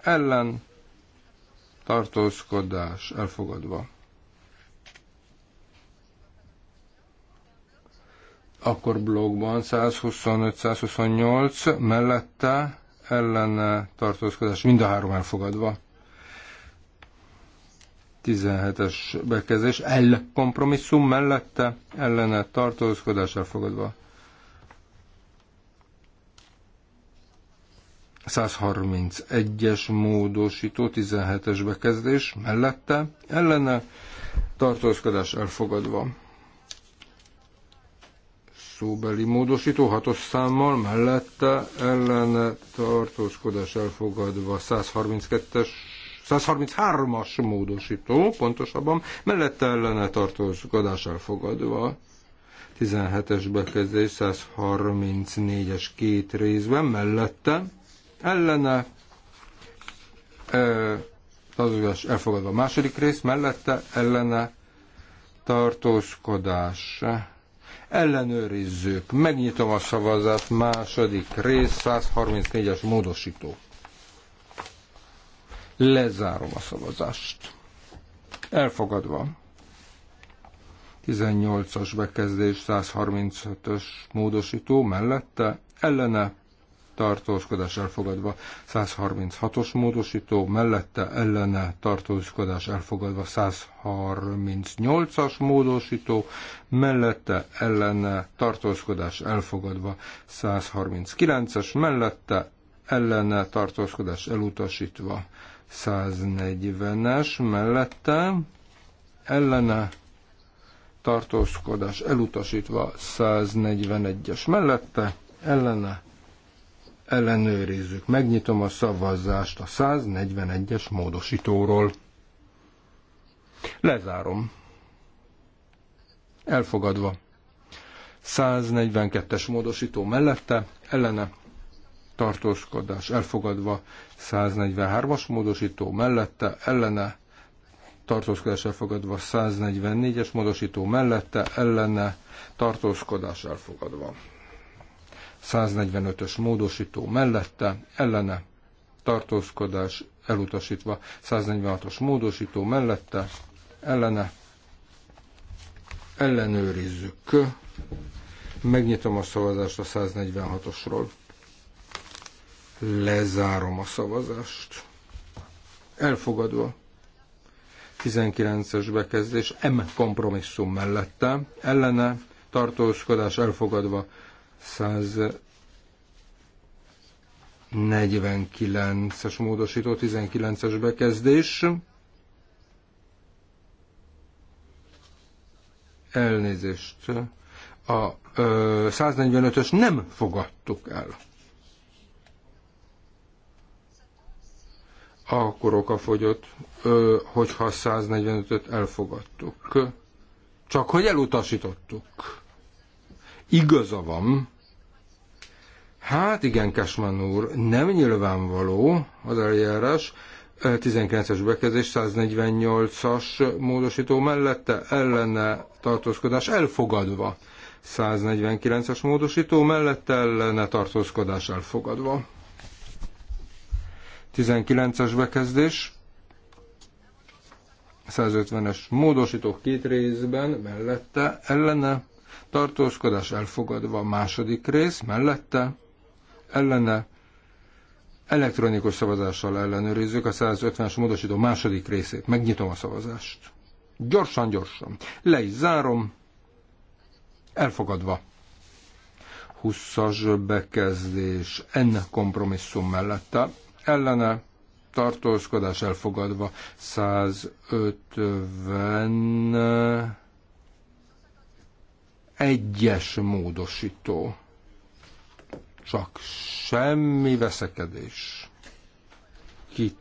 ellen tartózkodás elfogadva. Akkor blogban 125-128 mellette ellen tartózkodás mind a három elfogadva. 17-es bekezdés L kompromisszum mellette ellene tartózkodás elfogadva. 131-es módosító 17-es bekezdés mellette ellene tartózkodás elfogadva szóbeli módosító hatos számmal, mellette ellene tartózkodás elfogadva 132-es 133-as módosító, pontosabban, mellette ellene tartózkodás elfogadva 17-es bekezdés 134-es két részben, mellette ellene e, tartózkodás elfogadva. A második rész mellette ellene tartózkodás Ellenőrizzük. Megnyitom a szavazat. Második rész, 134-es módosító. Lezárom a szavazást. Elfogadva. 18-as bekezdés, 135-ös módosító mellette, ellene tartózkodás elfogadva 136-os módosító, mellette ellene tartózkodás elfogadva 138-as módosító, mellette ellene tartózkodás elfogadva 139-es, mellette ellene tartózkodás elutasítva 140-es, mellette ellene tartózkodás elutasítva 141-es mellette, ellene ellenőrizzük. Megnyitom a szavazást a 141-es módosítóról. Lezárom. Elfogadva. 142-es módosító mellette, ellene tartózkodás elfogadva, 143-as módosító mellette, ellene tartózkodás elfogadva, 144-es módosító mellette, ellene tartózkodás elfogadva. 145-ös módosító mellette, ellene tartózkodás elutasítva, 146-os módosító mellette, ellene ellenőrizzük. Megnyitom a szavazást a 146-osról. Lezárom a szavazást. Elfogadva. 19-es bekezdés M kompromisszum mellette, ellene tartózkodás elfogadva 149-es módosító, 19-es bekezdés. Elnézést. A 145-ös nem fogadtuk el. Akkor oka fogyott, hogyha 145-öt elfogadtuk. Csak hogy elutasítottuk. Igaza van, Hát igen, Kesman úr, nem nyilvánvaló az eljárás, 19-es bekezdés, 148-as módosító mellette ellene tartózkodás elfogadva. 149-es módosító mellette ellene tartózkodás elfogadva. 19-es bekezdés, 150-es módosító két részben mellette ellene tartózkodás elfogadva. Második rész mellette ellene elektronikus szavazással ellenőrizzük a 150-es módosító második részét. Megnyitom a szavazást. Gyorsan, gyorsan. Le is zárom. Elfogadva. 20-as bekezdés N kompromisszum mellette. Ellene tartózkodás elfogadva 150 egyes módosító csak semmi veszekedés. Ki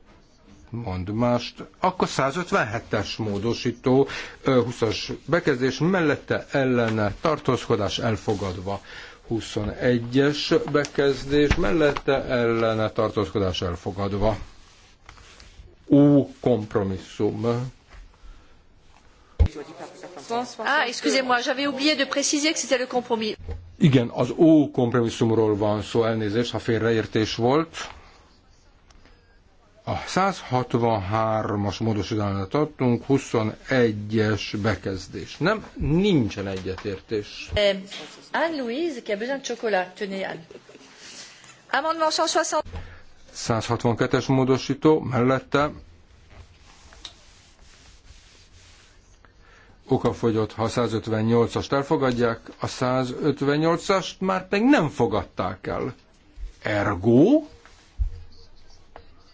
mond mást, akkor 157-es módosító, 20-as bekezdés mellette ellene tartózkodás elfogadva. 21-es bekezdés mellette ellene tartózkodás elfogadva. Ú, kompromisszum. Ah, excusez-moi, j'avais oublié de préciser que c'était le compromis. Igen, az ó kompromisszumról van szó, elnézést, ha félreértés volt. A 163-as módosítanál tartunk, 21-es bekezdés. Nem, nincsen egyetértés. Eh, Anne-Louise, qui a besoin de chocolat, tenez Anne. Amendement 162-es módosító, mellette okafogyott, ha 158-ast elfogadják, a 158-ast már pedig nem fogadták el. Ergo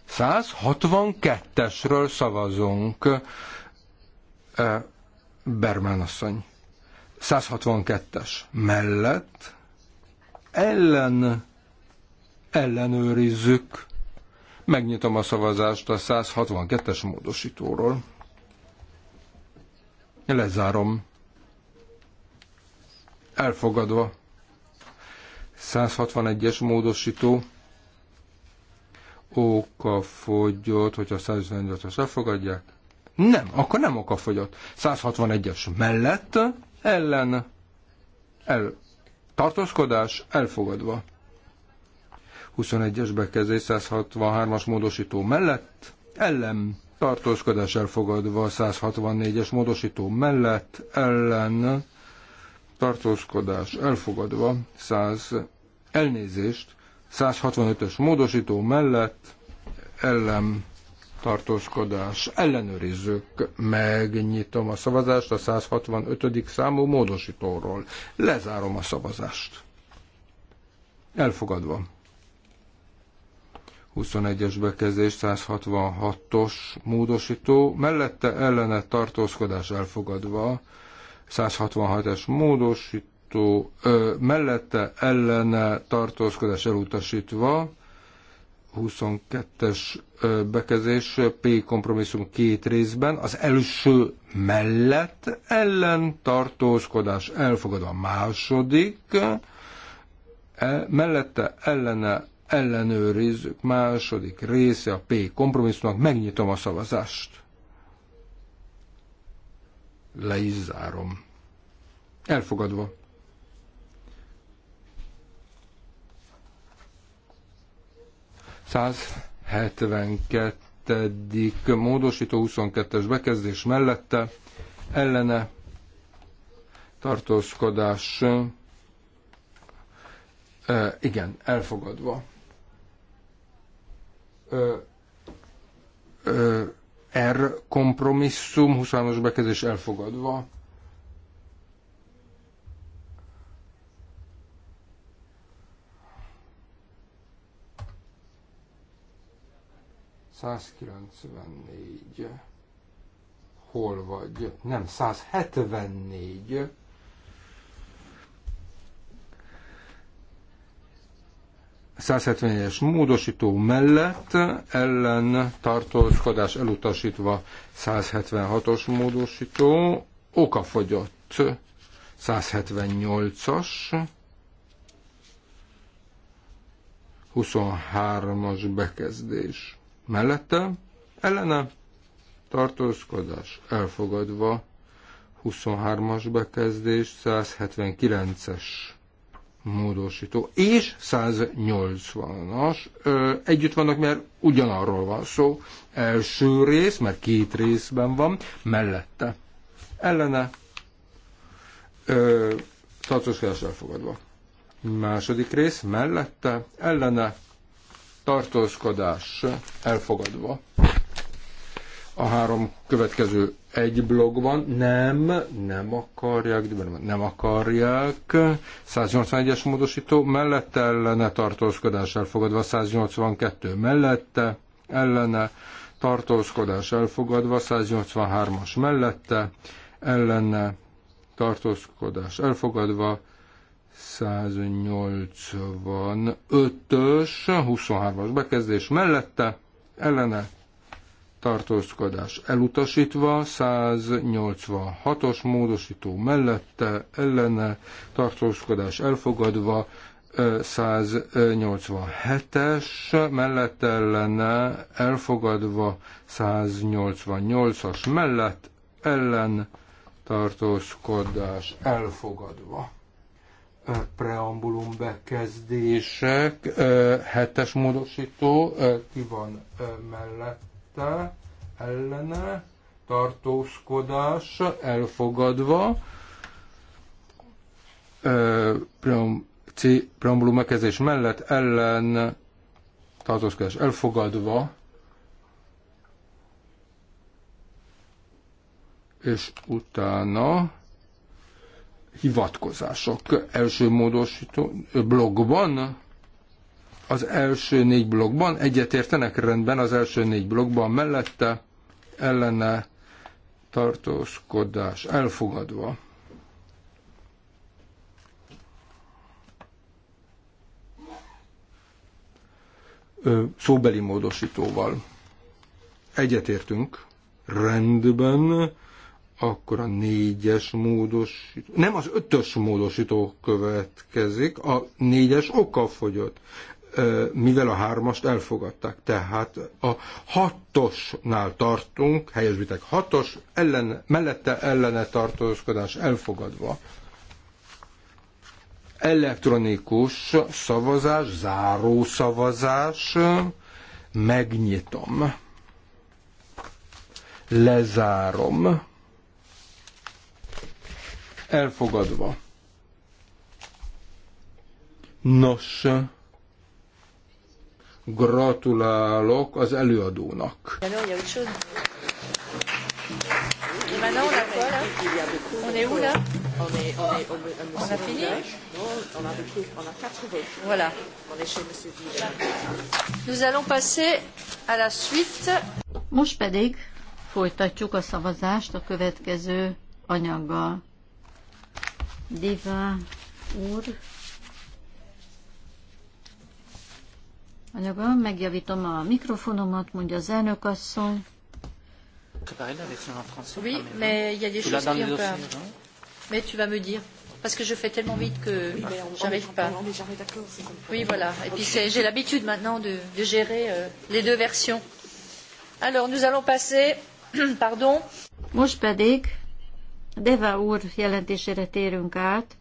162-esről szavazunk. E, Bermán asszony. 162-es mellett ellen ellenőrizzük. Megnyitom a szavazást a 162-es módosítóról. Lezárom. Elfogadva. 161-es módosító. Oka fogyott, hogyha 158-as elfogadják. Nem, akkor nem oka fogyott. 161-es mellett, ellen, el, tartózkodás elfogadva. 21-es bekezdés 163-as módosító mellett, ellen, tartózkodás elfogadva 164-es módosító mellett ellen tartózkodás elfogadva 100 elnézést 165-ös módosító mellett ellen tartózkodás ellenőrizzük, megnyitom a szavazást a 165. számú módosítóról. Lezárom a szavazást. Elfogadva. 21-es bekezdés 166-os módosító, mellette ellene tartózkodás elfogadva, 166-es módosító, ö, mellette ellene tartózkodás elutasítva, 22-es bekezés P kompromisszum két részben, az első mellett ellen tartózkodás elfogadva a második, e, mellette ellene ellenőrizzük. Második része a P kompromisszumnak, megnyitom a szavazást. Le is zárom. Elfogadva. Száz 72. módosító 22-es bekezdés mellette ellene tartózkodás igen, elfogadva. R kompromisszum, 23-as bekezdés elfogadva. Százkilencvennégy. Hol vagy? Nem, 174. 170-es módosító mellett ellen tartózkodás elutasítva 176-os módosító okafogyott 178-as 23-as bekezdés mellette ellene tartózkodás elfogadva 23-as bekezdés 179-es módosító és 180-as együtt vannak, mert ugyanarról van szó. Első rész, mert két részben van, mellette. Ellene tartózkodás elfogadva. Második rész, mellette, ellene tartózkodás elfogadva a három következő egy blogban. Nem, nem akarják, nem akarják. 181-es módosító mellette ellene tartózkodás elfogadva, 182 mellette ellene tartózkodás elfogadva, 183-as mellette ellene tartózkodás elfogadva, 185-ös, 23-as bekezdés mellette, ellene tartózkodás elutasítva, 186-os módosító mellette ellene tartózkodás elfogadva, 187-es mellette ellene elfogadva, 188-as mellett ellen tartózkodás elfogadva preambulum bekezdések, hetes módosító, ki van mellett mellette, ellene, tartózkodás elfogadva, preambulum megkezdés mellett ellen tartózkodás elfogadva, és utána hivatkozások első módosító blogban az első négy blokkban, egyetértenek rendben az első négy blokkban, mellette ellene tartózkodás elfogadva. szóbeli módosítóval egyetértünk, rendben, akkor a négyes módosító, nem az ötös módosító következik, a négyes oka fogyott mivel a hármast elfogadták. Tehát a hatosnál tartunk, helyesbitek hatos, ellen, mellette ellene tartózkodás elfogadva. Elektronikus szavazás, záró szavazás, megnyitom, lezárom, elfogadva. Nos, Gratulálok az előadónak. a a, a Most pedig folytatjuk a szavazást a következő anyaggal. Diva úr. anyaga. Megjavítom a mikrofonomat, mondja az elnök asszony. Oui, mais il y a des choses qui ont pas. Mais tu vas me dire. Parce que je fais tellement vite que j'arrive pas. Oui, voilà. Et puis j'ai l'habitude maintenant de, de gérer euh, les deux versions. Alors, nous allons passer, pardon. Most pedig Deva úr jelentésére térünk át.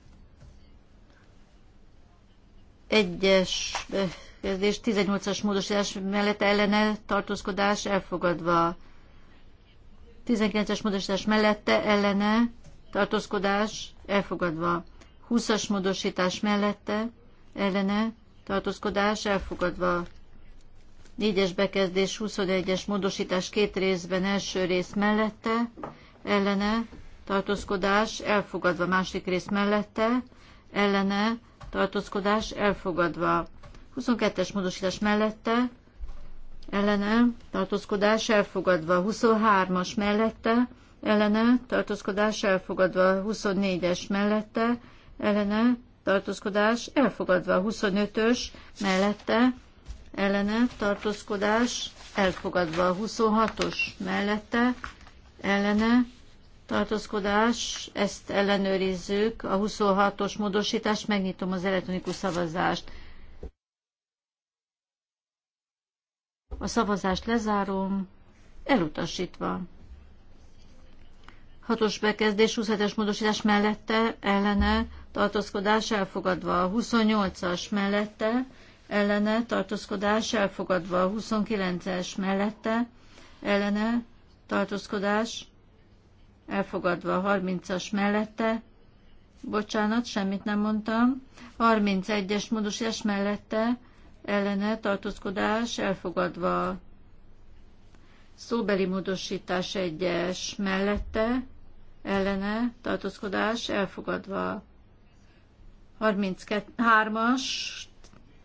Egyes eh, kérdés 18-as módosítás mellett ellene tartózkodás elfogadva. 19-es módosítás mellette ellene tartózkodás elfogadva. 20-as módosítás mellette ellene tartózkodás elfogadva. 4-es bekezdés 21-es módosítás két részben első rész mellette ellene tartózkodás elfogadva. Másik rész mellette ellene tartózkodás elfogadva. 22-es módosítás mellette ellene tartózkodás elfogadva, 23-as mellette ellene tartózkodás elfogadva, 24-es mellette ellene tartózkodás elfogadva, 25-ös mellette ellene tartózkodás elfogadva, 26-os mellette ellene tartózkodás, ezt ellenőrizzük, a 26-os módosítást, megnyitom az elektronikus szavazást. A szavazást lezárom, elutasítva. Hatos bekezdés, 27-es módosítás mellette, ellene, tartózkodás elfogadva. 28-as mellette, ellene, tartózkodás elfogadva. 29-es mellette, ellene, tartózkodás elfogadva. 30-as mellette, bocsánat, semmit nem mondtam. 31-es módosítás mellette, ellene tartózkodás elfogadva. Szóbeli módosítás egyes mellette ellene tartózkodás elfogadva. 33-as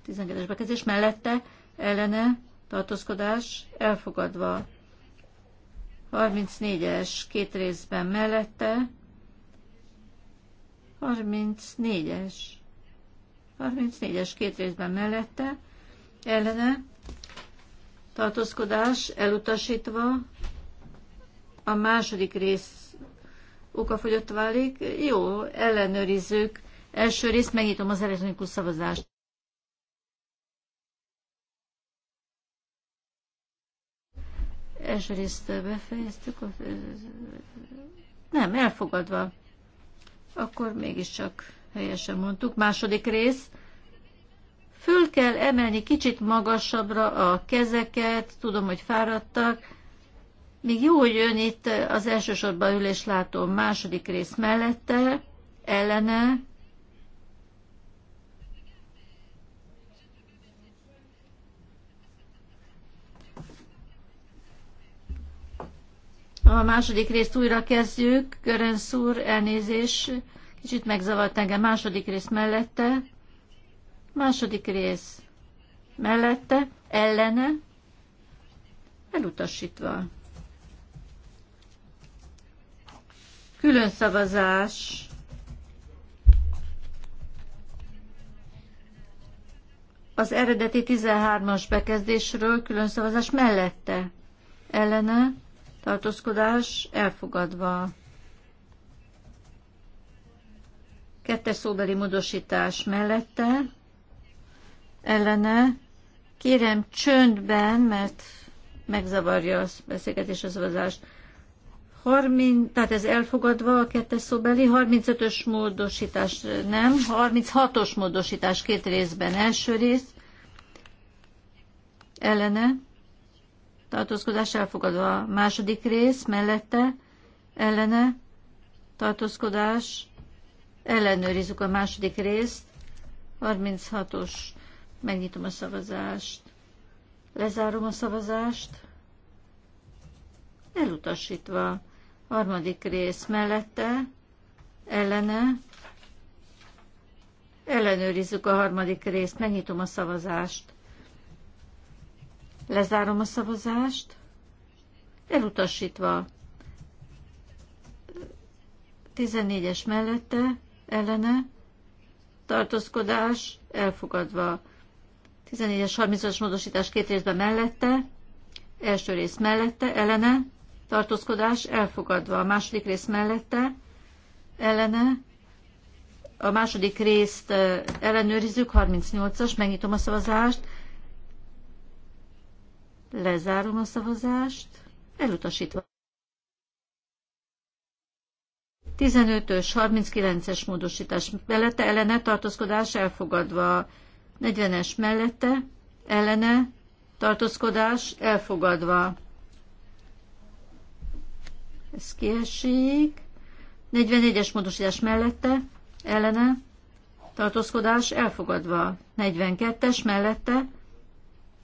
12-es bekezdés mellette ellene tartózkodás elfogadva. 34-es két részben mellette 34-es 34-es két részben mellette ellene tartózkodás elutasítva a második rész okafogyott válik. Jó, ellenőrizzük. Első részt megnyitom az elektronikus szavazást. Első részt befejeztük. Nem, elfogadva. Akkor mégiscsak helyesen mondtuk. Második rész Föl kell emelni kicsit magasabbra a kezeket, tudom, hogy fáradtak. Még jó, hogy jön itt az elsősorban ülés látom második rész mellette, ellene. A második részt újra kezdjük. Görensz úr, elnézés, kicsit megzavart engem. Második rész mellette, Második rész mellette, ellene, elutasítva. Külön szavazás. Az eredeti 13-as bekezdésről külön szavazás mellette. Ellene tartózkodás elfogadva. Kettes szóbeli módosítás mellette ellene. Kérem csöndben, mert megzavarja a beszélgetés az adást. 30, tehát ez elfogadva a kettes szóbeli, 35-ös módosítás nem, 36-os módosítás két részben. Első rész ellene, tartózkodás elfogadva. Második rész mellette ellene, tartózkodás, ellenőrizzük a második részt, 36-os Megnyitom a szavazást. Lezárom a szavazást. Elutasítva. Harmadik rész mellette, ellene. Ellenőrizzük a harmadik részt. Megnyitom a szavazást. Lezárom a szavazást. Elutasítva. 14-es mellette, ellene, tartózkodás, elfogadva. 14-es, 30-as módosítás két részben mellette, első rész mellette, ellene, tartózkodás elfogadva. A második rész mellette, ellene, a második részt ellenőrizzük, 38-as, megnyitom a szavazást, lezárom a szavazást, elutasítva. 15-ös, 39-es módosítás mellette ellene tartózkodás elfogadva. 40-es mellette, ellene, tartózkodás elfogadva. Ez kiesik. 41 es módosítás mellette, ellene, tartózkodás elfogadva. 42-es mellette,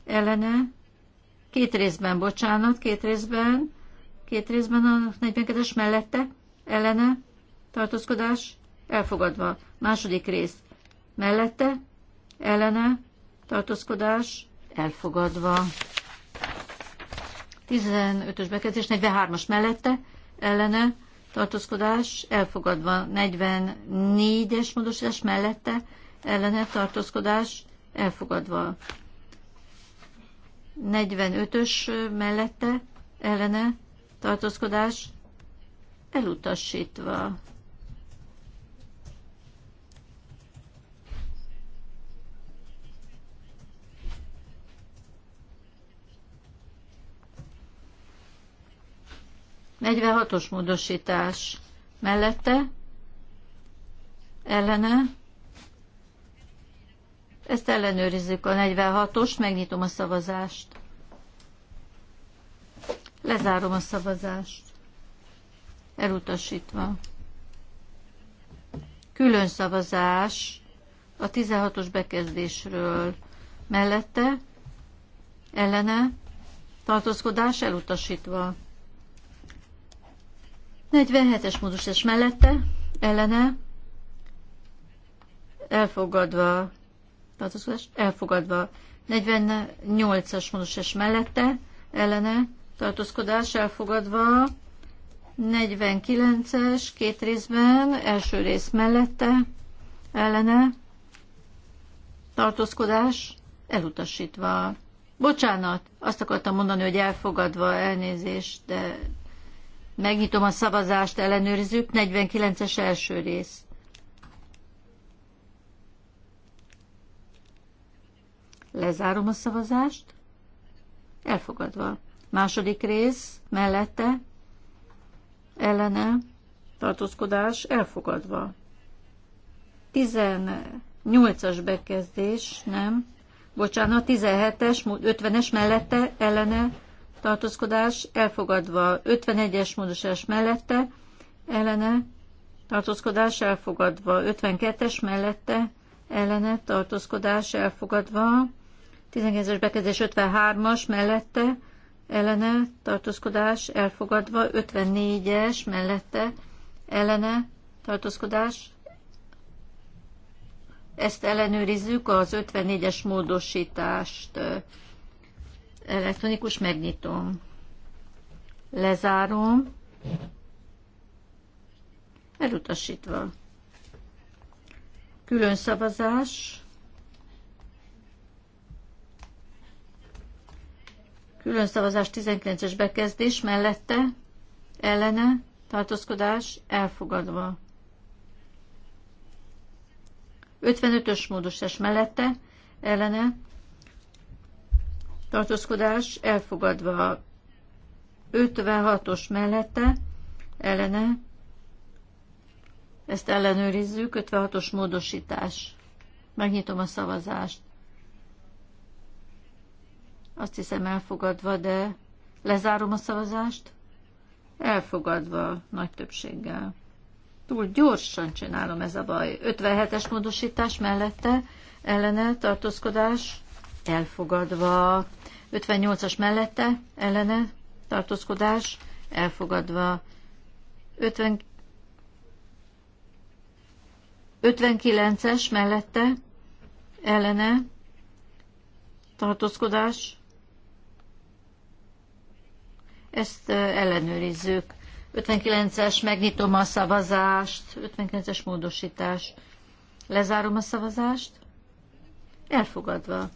ellene, két részben, bocsánat, két részben, két részben a 42-es mellette, ellene, tartózkodás elfogadva. Második rész, mellette, ellene tartózkodás elfogadva. 15-ös bekezdés 43-as mellette ellene tartózkodás elfogadva. 44-es módosítás mellette ellene tartózkodás elfogadva. 45-ös mellette ellene tartózkodás elutasítva. 46-os módosítás mellette, ellene. Ezt ellenőrizzük a 46-os, megnyitom a szavazást. Lezárom a szavazást. Elutasítva. Külön szavazás a 16-os bekezdésről mellette, ellene, tartózkodás elutasítva. 47-es és mellette, ellene, elfogadva, tartózkodás, elfogadva. 48-as és mellette, ellene, tartózkodás, elfogadva. 49-es, két részben, első rész mellette, ellene, tartózkodás, elutasítva. Bocsánat, azt akartam mondani, hogy elfogadva elnézést, de Megnyitom a szavazást, ellenőrizzük. 49-es első rész. Lezárom a szavazást. Elfogadva. Második rész, mellette, ellene, tartózkodás, elfogadva. 18-as bekezdés, nem. Bocsánat, 17-es, 50-es mellette, ellene, tartózkodás elfogadva 51-es módosás mellette, ellene tartózkodás elfogadva 52-es mellette, ellene tartózkodás elfogadva 19-es bekezdés 53-as mellette, ellene tartózkodás elfogadva 54-es mellette, ellene tartózkodás ezt ellenőrizzük az 54-es módosítást elektronikus, megnyitom. Lezárom. Elutasítva. Külön szavazás. Külön szavazás 19-es bekezdés mellette, ellene, tartózkodás elfogadva. 55-ös módosás mellette, ellene, tartózkodás elfogadva 56-os mellette ellene, ezt ellenőrizzük, 56-os módosítás. Megnyitom a szavazást. Azt hiszem elfogadva, de lezárom a szavazást. Elfogadva nagy többséggel. Túl gyorsan csinálom ez a baj. 57-es módosítás mellette ellene tartózkodás elfogadva. 58-as mellette ellene tartózkodás elfogadva. 50, 59-es mellette ellene tartózkodás. Ezt ellenőrizzük. 59-es, megnyitom a szavazást, 59-es módosítás. Lezárom a szavazást. Elfogadva.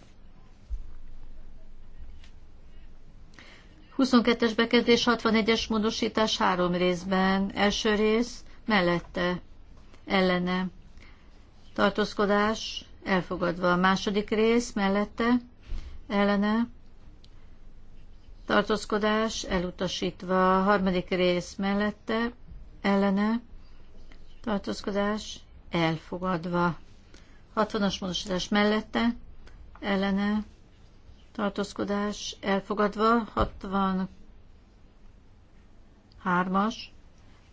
22-es bekezdés 61-es módosítás három részben. Első rész mellette, ellene. Tartózkodás elfogadva. A második rész mellette, ellene. Tartózkodás elutasítva. A harmadik rész mellette, ellene. Tartózkodás elfogadva. 60-as módosítás mellette, ellene tartózkodás elfogadva, 63-as,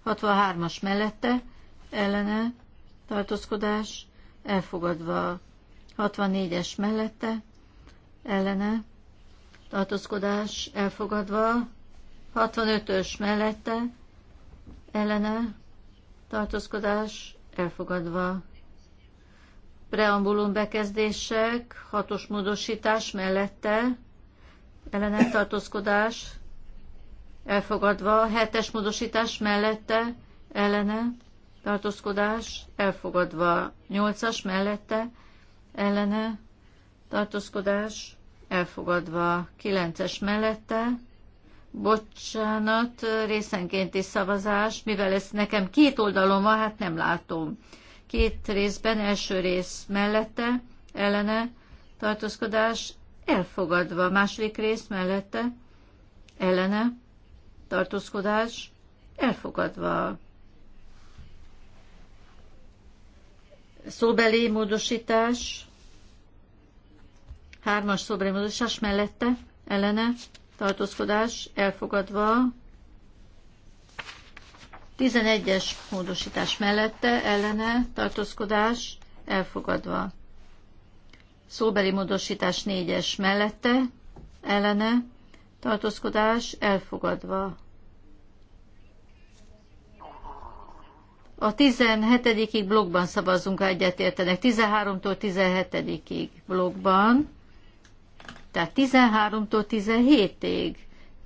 63-as mellette, ellene, tartózkodás elfogadva, 64-es mellette, ellene, tartózkodás elfogadva, 65-ös mellette, ellene, tartózkodás elfogadva, preambulum bekezdések, hatos módosítás mellette, ellene tartózkodás, elfogadva, hetes módosítás mellette, ellene tartózkodás, elfogadva, nyolcas mellette, ellene tartózkodás, elfogadva, kilences mellette, bocsánat, részenkénti szavazás, mivel ez nekem két oldalon van, hát nem látom két részben, első rész mellette, ellene, tartózkodás elfogadva, második rész mellette, ellene, tartózkodás elfogadva. Szóbeli módosítás, hármas szóbeli módosítás mellette, ellene, tartózkodás elfogadva, 11-es módosítás mellette ellene tartózkodás elfogadva. Szóbeli módosítás 4-es mellette ellene tartózkodás elfogadva. A 17 blogban szavazzunk, ha egyetértenek. 13-tól 17-ig blogban. Tehát 13-tól 17-ig.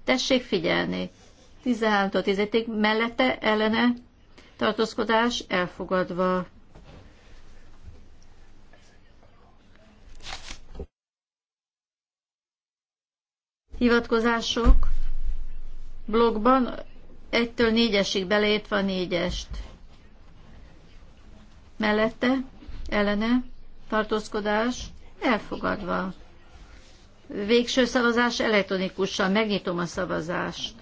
Tessék figyelni. 13-tól ig mellette ellene tartózkodás elfogadva. Hivatkozások blogban 1-től 4-esig beleértve a 4-est. Mellette ellene tartózkodás elfogadva. Végső szavazás elektronikusan. Megnyitom a szavazást.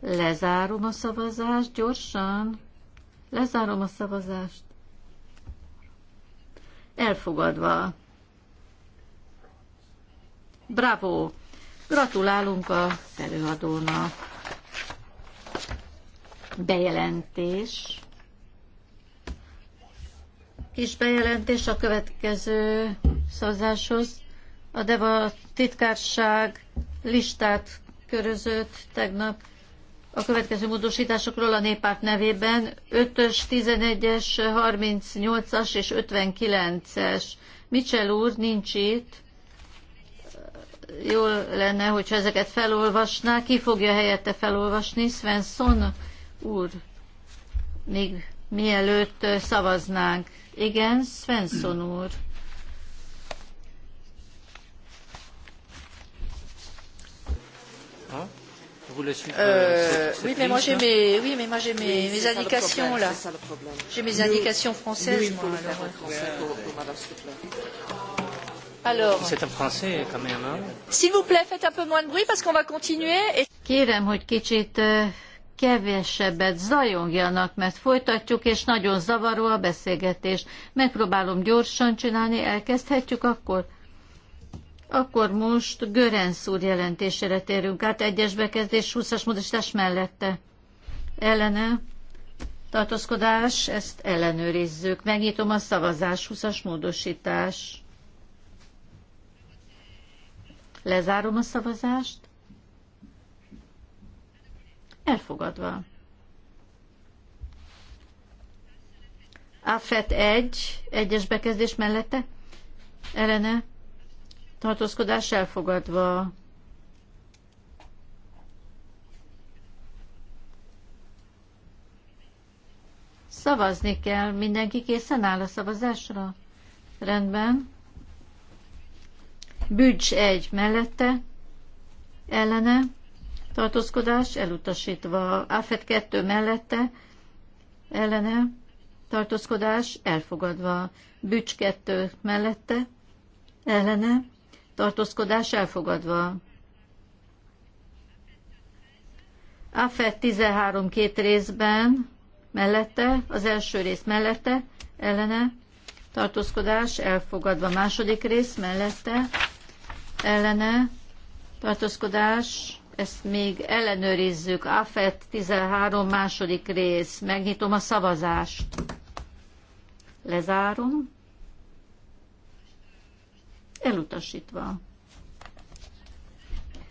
Lezárom a szavazást gyorsan. Lezárom a szavazást. Elfogadva. Bravo! Gratulálunk a előadónak. Bejelentés. Kis bejelentés a következő szavazáshoz. A DEVA titkárság listát körözött tegnap a következő módosításokról a néppárt nevében 5-ös, 11-es, 38-as és 59-es. Michel úr nincs itt. Jól lenne, hogyha ezeket felolvasná. Ki fogja helyette felolvasni? Svensson úr. Még mielőtt szavaznánk. Igen, Svensson úr. voulez suivre euh, euh, cette, cette mais moi j'ai mes, oui, mais moi j'ai mes, oui, mes indications là. J'ai mes indications françaises. Nous, moi, alors, faire français pour, pour alors, C'est un français quand même. Hein? S'il vous plaît, faites un peu moins de bruit parce qu'on va continuer. Et... Kérem, hogy kicsit kevesebbet zajongjanak, mert folytatjuk, és nagyon zavaró a beszélgetés. Megpróbálom gyorsan csinálni, elkezdhetjük akkor? Akkor most Görenc úr jelentésére térünk át. Egyes bekezdés 20-as módosítás mellette. Ellene tartózkodás, ezt ellenőrizzük. Megnyitom a szavazás 20-as módosítás. Lezárom a szavazást. Elfogadva. AFET 1, egyes bekezdés mellette. Ellene tartózkodás elfogadva. Szavazni kell. Mindenki készen áll a szavazásra? Rendben. Bücs egy mellette, ellene, tartózkodás elutasítva. Áfet kettő mellette, ellene, tartózkodás elfogadva. Bücs kettő mellette, ellene, tartózkodás elfogadva. AFET 13 két részben mellette, az első rész mellette, ellene, tartózkodás elfogadva. Második rész mellette, ellene, tartózkodás, ezt még ellenőrizzük. AFET 13 második rész. Megnyitom a szavazást. Lezárom elutasítva.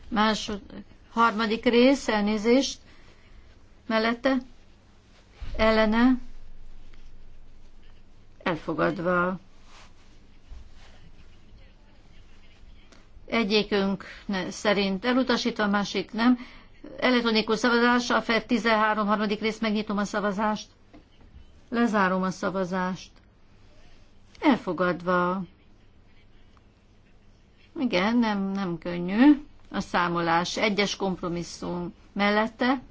Másod, harmadik rész, elnézést, mellette, ellene, elfogadva. Egyikünk szerint elutasítva, másik nem. Elektronikus szavazás, a FED 13. harmadik rész, megnyitom a szavazást. Lezárom a szavazást. Elfogadva. Igen, nem, nem könnyű a számolás. Egyes kompromisszum mellette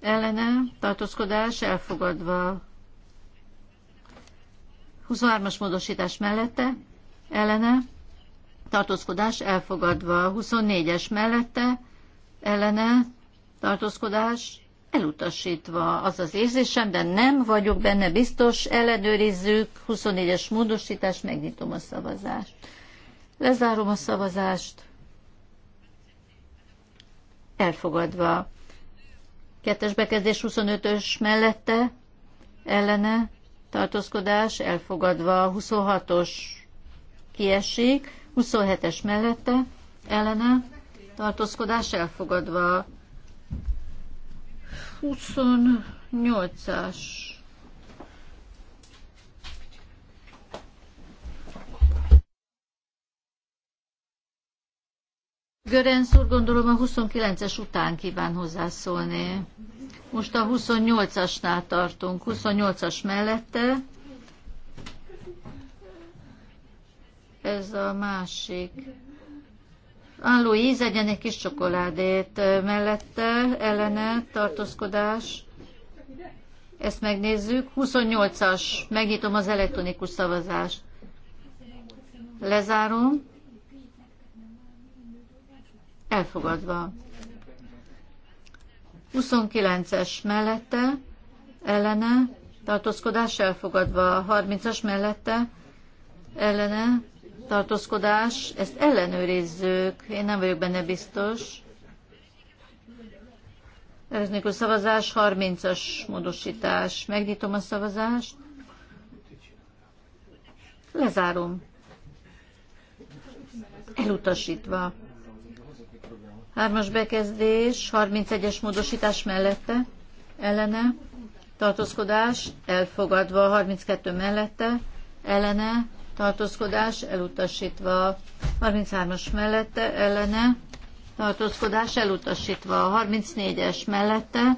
ellene tartózkodás elfogadva. 23-as módosítás mellette ellene tartózkodás elfogadva. 24-es mellette ellene tartózkodás elutasítva. Az az érzésem, de nem vagyok benne biztos, ellenőrizzük. 24-es módosítás, megnyitom a szavazást. Lezárom a szavazást. Elfogadva. Kettes bekezdés 25-ös mellette, ellene, tartózkodás, elfogadva. 26-os kiesik, 27-es mellette, ellene, tartózkodás, elfogadva. 28-as Görenc úr, gondolom a 29-es után kíván hozzászólni. Most a 28-asnál tartunk, 28-as mellette. Ez a másik. Álló íz, egy kis csokoládét mellette, ellene, tartózkodás. Ezt megnézzük. 28-as, megnyitom az elektronikus szavazást. Lezárom elfogadva. 29-es mellette, ellene, tartózkodás elfogadva. 30-as mellette, ellene, tartózkodás, ezt ellenőrizzük, én nem vagyok benne biztos. Elektronikus szavazás, 30-as módosítás. Megnyitom a szavazást. Lezárom. Elutasítva. Hármas bekezdés, 31-es módosítás mellette, ellene, tartózkodás, elfogadva, 32 mellette, ellene, tartózkodás, elutasítva, 33-as mellette, ellene, tartózkodás, elutasítva, 34-es mellette,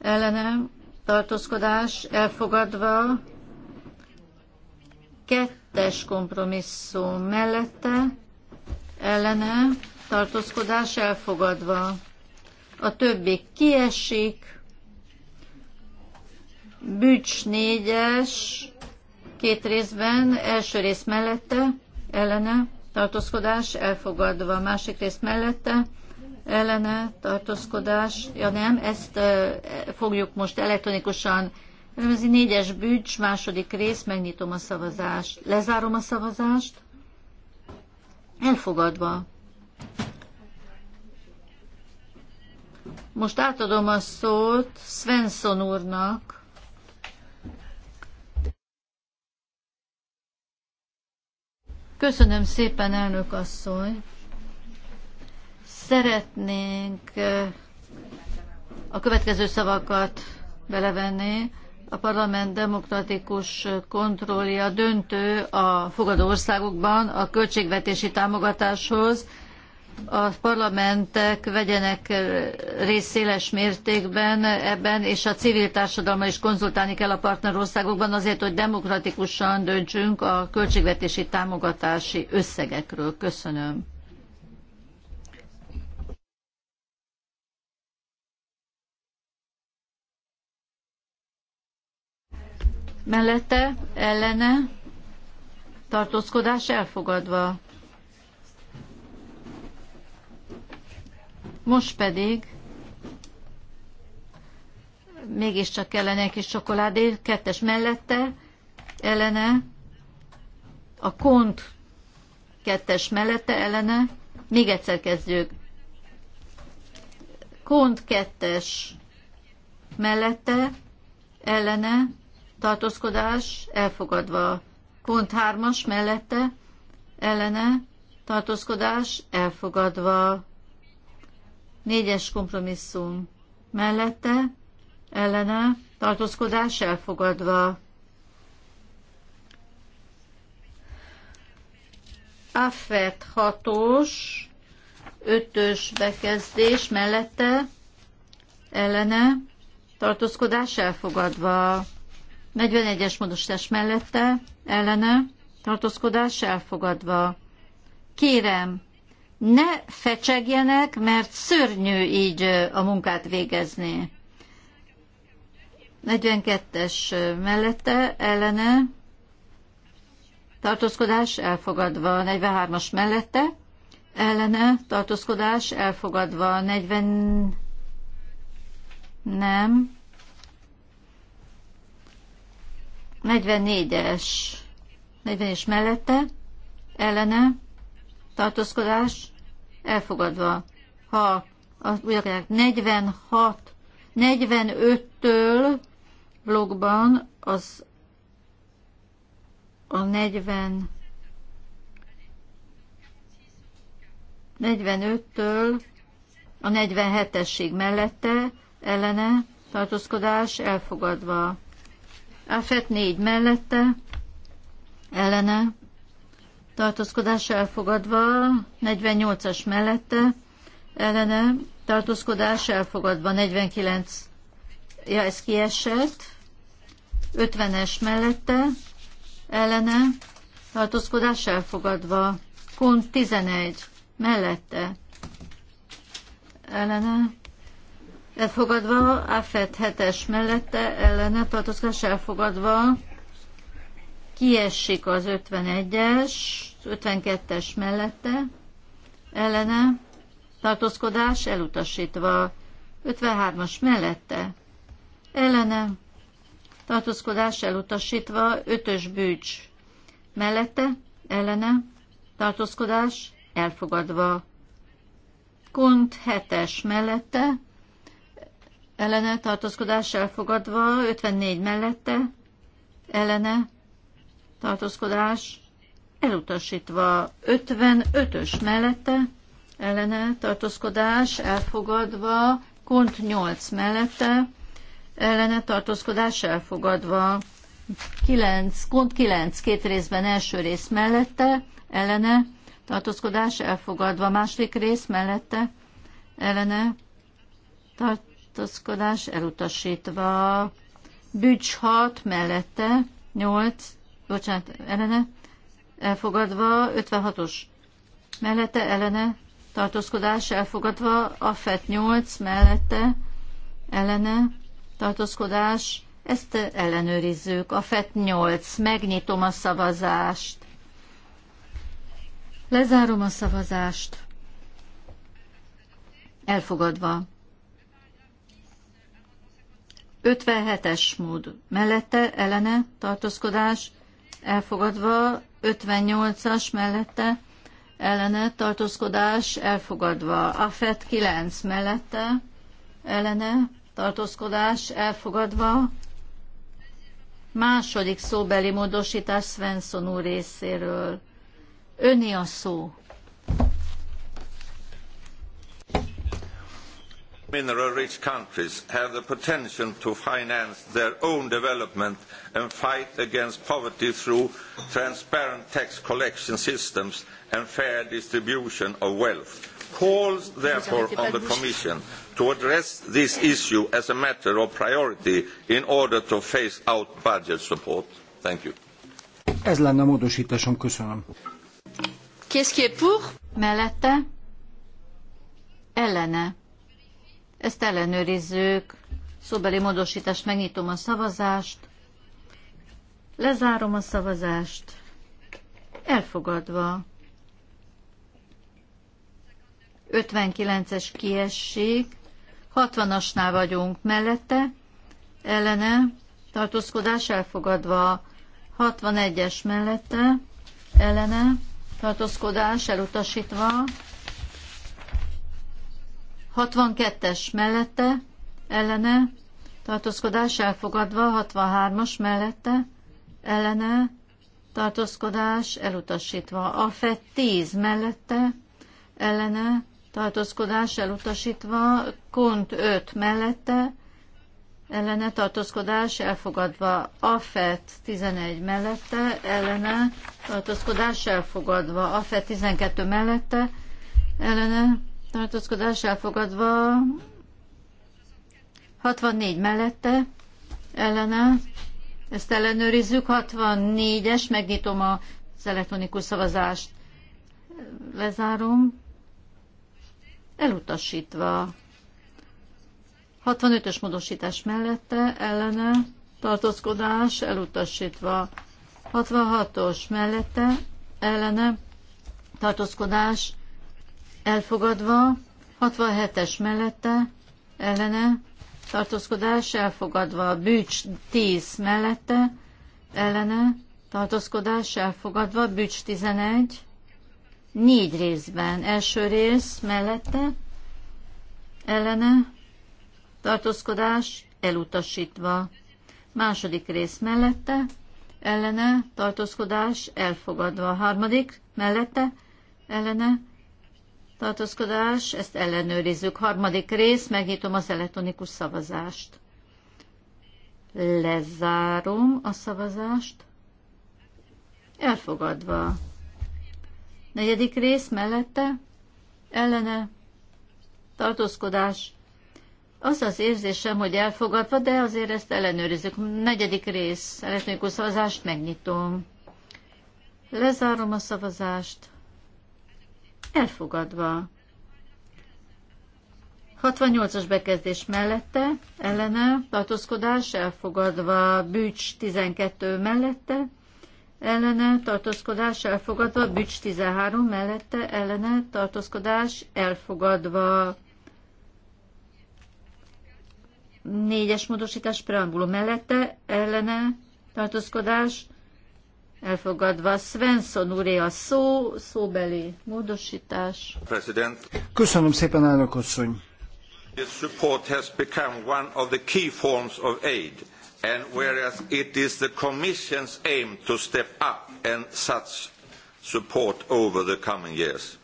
ellene, tartózkodás, elfogadva, kettes kompromisszum mellette, ellene, tartózkodás elfogadva. A többi kiesik, bücs négyes, két részben, első rész mellette, ellene, tartózkodás elfogadva, másik rész mellette, ellene, tartózkodás, ja nem, ezt uh, fogjuk most elektronikusan ez négyes bücs, második rész, megnyitom a szavazást. Lezárom a szavazást. Elfogadva. Most átadom a szót Svensson úrnak. Köszönöm szépen, elnök asszony. Szeretnénk eh, a következő szavakat belevenni. A parlament demokratikus kontrollja döntő a fogadó országokban a költségvetési támogatáshoz, a parlamentek vegyenek részt széles mértékben ebben, és a civil társadalma is konzultálni kell a partnerországokban azért, hogy demokratikusan döntsünk a költségvetési támogatási összegekről. Köszönöm. Mellette, ellene, tartózkodás elfogadva. Most pedig mégiscsak kellene egy kis csokoládé, kettes mellette, ellene, a kont kettes mellette, ellene, még egyszer kezdjük. Kont kettes mellette, ellene, tartózkodás, elfogadva. Kont hármas mellette, ellene, tartózkodás, elfogadva. Négyes kompromisszum mellette, ellene, tartózkodás elfogadva. Affert hatos, ötös bekezdés mellette, ellene, tartózkodás elfogadva. 41-es módosítás mellette, ellene, tartózkodás elfogadva. Kérem, ne fecsegjenek, mert szörnyű így a munkát végezni. 42-es mellette ellene tartózkodás elfogadva, 43-as mellette ellene tartózkodás elfogadva, 40 nem, 44-es, 40 es mellette ellene tartózkodás elfogadva. Ha az újrakezdek 46, 45-től blogban az a 40 45-től a 47-esség mellette ellene tartózkodás elfogadva. Áfet 4 mellette ellene tartózkodása elfogadva, 48-as mellette ellene tartózkodás elfogadva, 49, ja ez kiesett, 50-es mellette ellene tartózkodás elfogadva, kont 11 mellette ellene elfogadva, AFET 7-es mellette ellene tartózkodás elfogadva, kiesik az 51-es, 52-es mellette, ellene, tartózkodás elutasítva, 53-as mellette, ellene, tartózkodás elutasítva, 5-ös bűcs mellette, ellene, tartózkodás elfogadva, kont 7-es mellette, ellene, tartózkodás elfogadva, 54 mellette, ellene, tartózkodás elutasítva 55-ös mellette ellene tartózkodás elfogadva, kont 8 mellette ellene tartózkodás elfogadva, 9, kont 9 két részben első rész mellette ellene tartózkodás elfogadva, második rész mellette ellene tartózkodás elutasítva, bücs 6 mellette 8 bocsánat, ellene, elfogadva, 56-os mellette, ellene, tartózkodás, elfogadva, a FET 8 mellette, ellene, tartózkodás, ezt ellenőrizzük. A FET 8, megnyitom a szavazást. Lezárom a szavazást. Elfogadva. 57-es mód. Mellette ellene tartózkodás elfogadva, 58-as mellette ellene tartózkodás elfogadva, AFET 9 mellette ellene tartózkodás elfogadva, második szóbeli módosítás Svensson úr részéről. Öni a szó. Mineral rich countries have the potential to finance their own development and fight against poverty through transparent tax collection systems and fair distribution of wealth calls therefore on the Commission to address this issue as a matter of priority in order to phase out budget support. Thank you. Ez lenne a módosításom, köszönöm. Qu'est-ce qui est pour? Mellette? Ellene. Ezt ellenőrizzük. Szóbeli módosítást, megnyitom a szavazást. Lezárom a szavazást. Elfogadva. 59-es kiesség. 60-asnál vagyunk mellette. Ellene. Tartózkodás elfogadva. 61-es mellette. Ellene. Tartózkodás elutasítva. 62-es mellette, ellene, tartózkodás elfogadva, 63-as mellette, ellene, tartózkodás elutasítva. A FED 10 mellette, ellene, tartózkodás elutasítva, KONT 5 mellette, ellene tartózkodás elfogadva. A AFET 11 mellette, ellene tartózkodás elfogadva. A AFET 12 mellette, ellene tartózkodás elfogadva, 64 mellette, ellene, ezt ellenőrizzük, 64-es, megnyitom az elektronikus szavazást, lezárom, elutasítva. 65-ös módosítás mellette, ellene, tartózkodás, elutasítva. 66-os mellette, ellene, tartózkodás, elfogadva, 67-es mellette, ellene, tartózkodás elfogadva, bűcs 10 mellette, ellene, tartózkodás elfogadva, bűcs 11, négy részben. Első rész mellette, ellene, tartózkodás elutasítva. Második rész mellette, ellene, tartózkodás elfogadva. Harmadik mellette, ellene, tartózkodás, ezt ellenőrizzük. Harmadik rész, megnyitom az elektronikus szavazást. Lezárom a szavazást. Elfogadva. Negyedik rész mellette, ellene, tartózkodás. Az az érzésem, hogy elfogadva, de azért ezt ellenőrizzük. Negyedik rész, elektronikus szavazást megnyitom. Lezárom a szavazást elfogadva. 68-as bekezdés mellette, ellene, tartózkodás elfogadva, bűcs 12 mellette, ellene, tartózkodás elfogadva, bűcs 13 mellette, ellene, tartózkodás elfogadva. Négyes módosítás preambulum mellette, ellene, tartózkodás elfogadva Elfogadva Svensson úré a szó, szóbeli módosítás. President. Köszönöm szépen, elnök asszony. This support has become one of the key forms of aid, and whereas it is the Commission's aim to step up and such support over the coming years.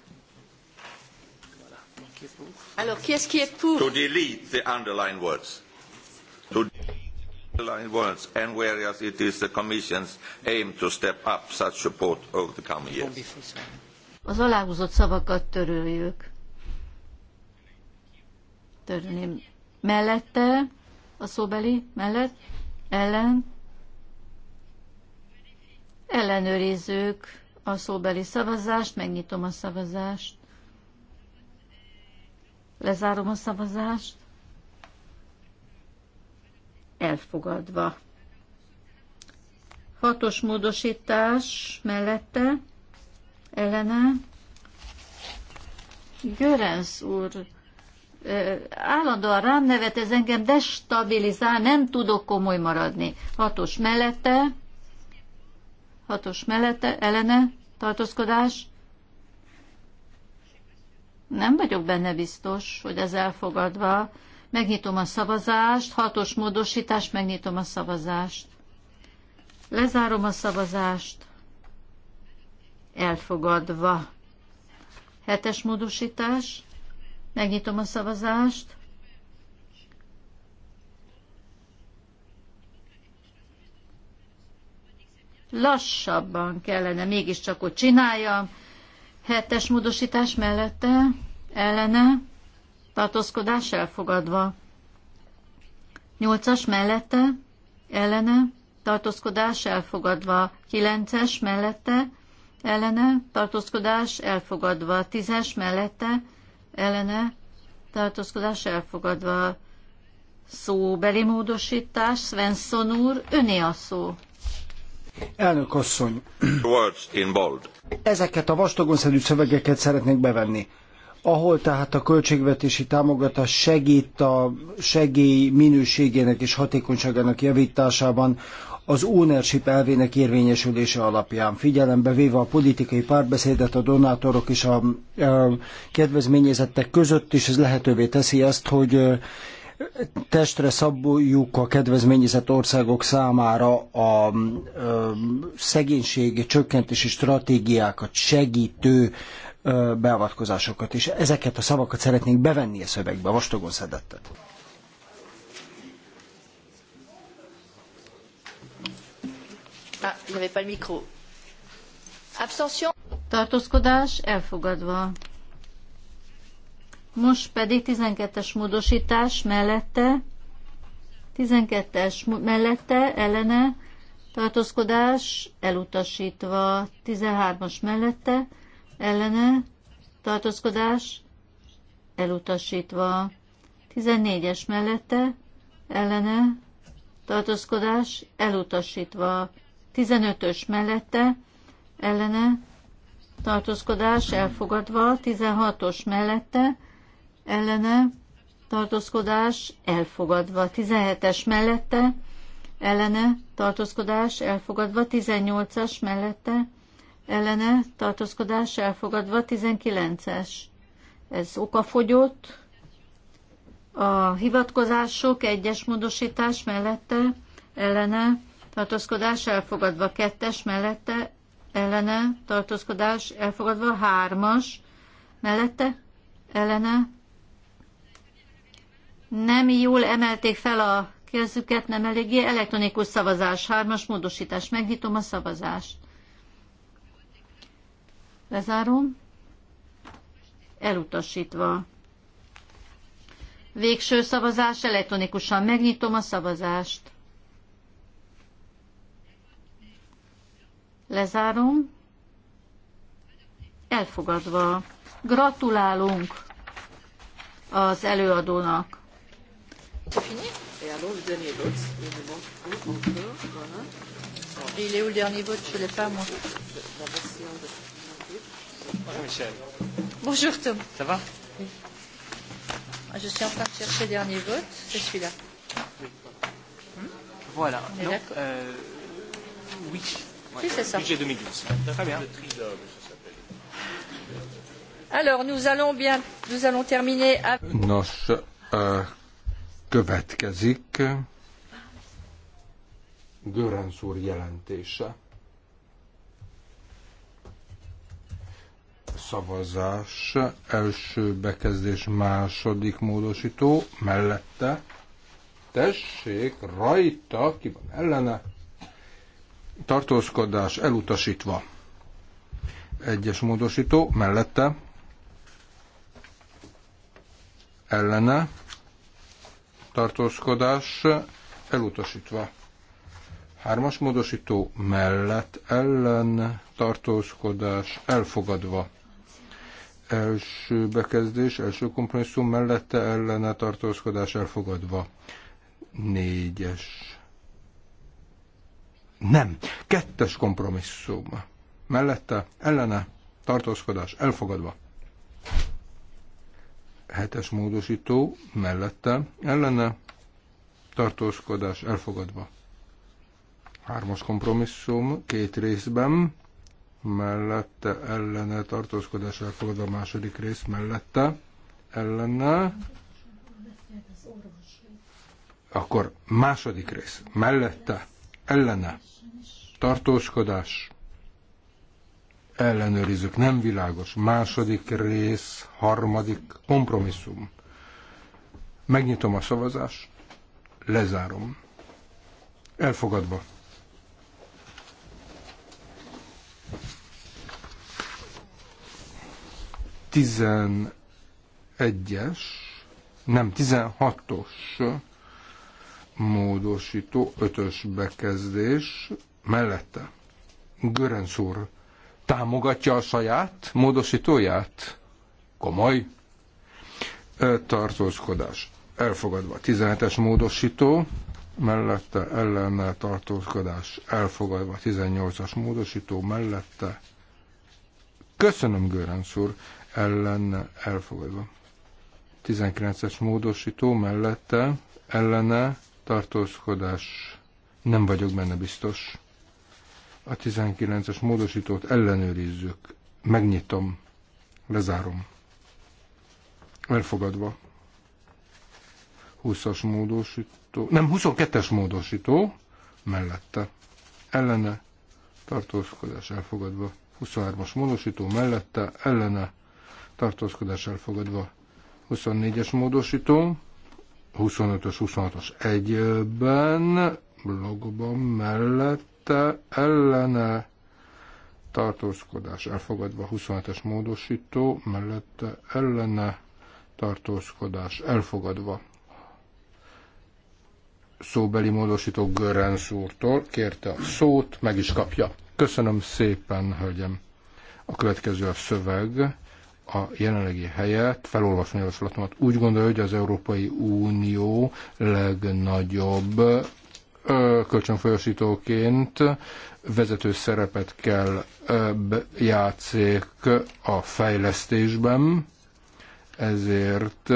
Alors, qui est-ce qui est pour? To delete the underlined words. To words and whereas it is the Commission's aim to step up such support over the coming years. Az aláhúzott szavakat töröljük. Törölném. Mellette, a szóbeli mellett, ellen, ellenőrizzük a szóbeli szavazást, megnyitom a szavazást, lezárom a szavazást, elfogadva. Hatos módosítás mellette, ellene. Görenz úr, állandóan rám nevet, ez engem destabilizál, nem tudok komoly maradni. Hatos mellette, hatos mellette, ellene, tartózkodás. Nem vagyok benne biztos, hogy ez elfogadva. Megnyitom a szavazást, hatos módosítás, megnyitom a szavazást. Lezárom a szavazást. Elfogadva. Hetes módosítás. Megnyitom a szavazást. Lassabban kellene, mégiscsak ott csináljam. Hetes módosítás mellette, ellene tartózkodás elfogadva. Nyolcas mellette, ellene, tartózkodás elfogadva. Kilences mellette, ellene, tartózkodás elfogadva. Tízes mellette, ellene, tartózkodás elfogadva. Szóbeli módosítás, Svensson úr, öné a szó. Elnök asszony, ezeket a vastagonszerű szövegeket szeretnék bevenni ahol tehát a költségvetési támogatás segít a segély minőségének és hatékonyságának javításában, az ownership elvének érvényesülése alapján, figyelembe véve a politikai párbeszédet a donátorok és a, a kedvezményezettek között, is ez lehetővé teszi azt, hogy testre szabjuk a kedvezményezett országok számára a szegénység csökkentési stratégiákat segítő beavatkozásokat, és ezeket a szavakat szeretnénk bevenni a szövegbe, vastagon szedettet. Ah, tartózkodás elfogadva. Most pedig 12-es módosítás mellette, 12-es mellette, ellene, tartózkodás elutasítva, 13-as mellette, ellene tartózkodás elutasítva. 14-es mellette ellene tartózkodás elutasítva. 15-ös mellette ellene tartózkodás elfogadva, 16-os mellette ellene tartózkodás elfogadva, 17-es mellette ellene tartózkodás elfogadva, 18-as mellette ellene tartózkodás elfogadva, 19-es. Ez okafogyott. A hivatkozások egyes módosítás mellette ellene tartózkodás elfogadva, kettes mellette ellene tartózkodás elfogadva, hármas mellette ellene nem jól emelték fel a kezüket, nem eléggé elektronikus szavazás, hármas módosítás. Megnyitom a szavazást. Lezárom. Elutasítva. Végső szavazás, elektronikusan megnyitom a szavazást. Lezárom. Elfogadva. Gratulálunk az előadónak. Il est où le dernier vote Je ne l'ai pas moi. Bonjour Michel. Bonjour Tom. Ça va Oui. Je suis en train de chercher le dernier vote, c'est celui-là. Hmm? Voilà. On est Donc, euh, oui. Ouais. Oui, c'est ça. Budget 2012. Très bien. Alors, nous allons bien, nous allons terminer. À... Nos, euh, következik Göránsz jelentése. szavazás, első bekezdés, második módosító, mellette, tessék, rajta, ki van ellene, tartózkodás elutasítva. Egyes módosító, mellette, ellene, tartózkodás elutasítva. Hármas módosító mellett ellen tartózkodás elfogadva. Első bekezdés, első kompromisszum mellette ellene tartózkodás elfogadva. Négyes. Nem. Kettes kompromisszum. Mellette ellene tartózkodás elfogadva. Hetes módosító mellette ellene tartózkodás elfogadva. Hármas kompromisszum két részben mellette ellene tartózkodás elfogadva a második rész mellette ellene akkor második rész mellette ellene tartózkodás ellenőrizzük, nem világos. Második rész, harmadik kompromisszum. Megnyitom a szavazást, lezárom. Elfogadva. 11-es, nem, 16-os módosító, 5-ös bekezdés mellette. Görenc úr támogatja a saját módosítóját? Komoly tartózkodás. Elfogadva. 17-es módosító, mellette ellenne tartózkodás. Elfogadva. 18-as módosító, mellette. Köszönöm, Görenc úr ellen elfogadva. 19-es módosító mellette ellene tartózkodás nem vagyok benne biztos. A 19-es módosítót ellenőrizzük. Megnyitom. Lezárom. Elfogadva. 20-as módosító, nem 22-es módosító mellette. Ellene tartózkodás elfogadva. 23-as módosító mellette ellene tartózkodás elfogadva. 24-es módosító, 25-ös, 26-os egyben, blogban mellette ellene tartózkodás elfogadva, 27-es módosító mellette ellene tartózkodás elfogadva. Szóbeli módosító Görenc úrtól kérte a szót, meg is kapja. Köszönöm szépen, hölgyem. A következő a szöveg a jelenlegi helyet, felolvasni a javaslatomat, úgy gondolja, hogy az Európai Unió legnagyobb kölcsönfolyosítóként vezető szerepet kell játszék a fejlesztésben, ezért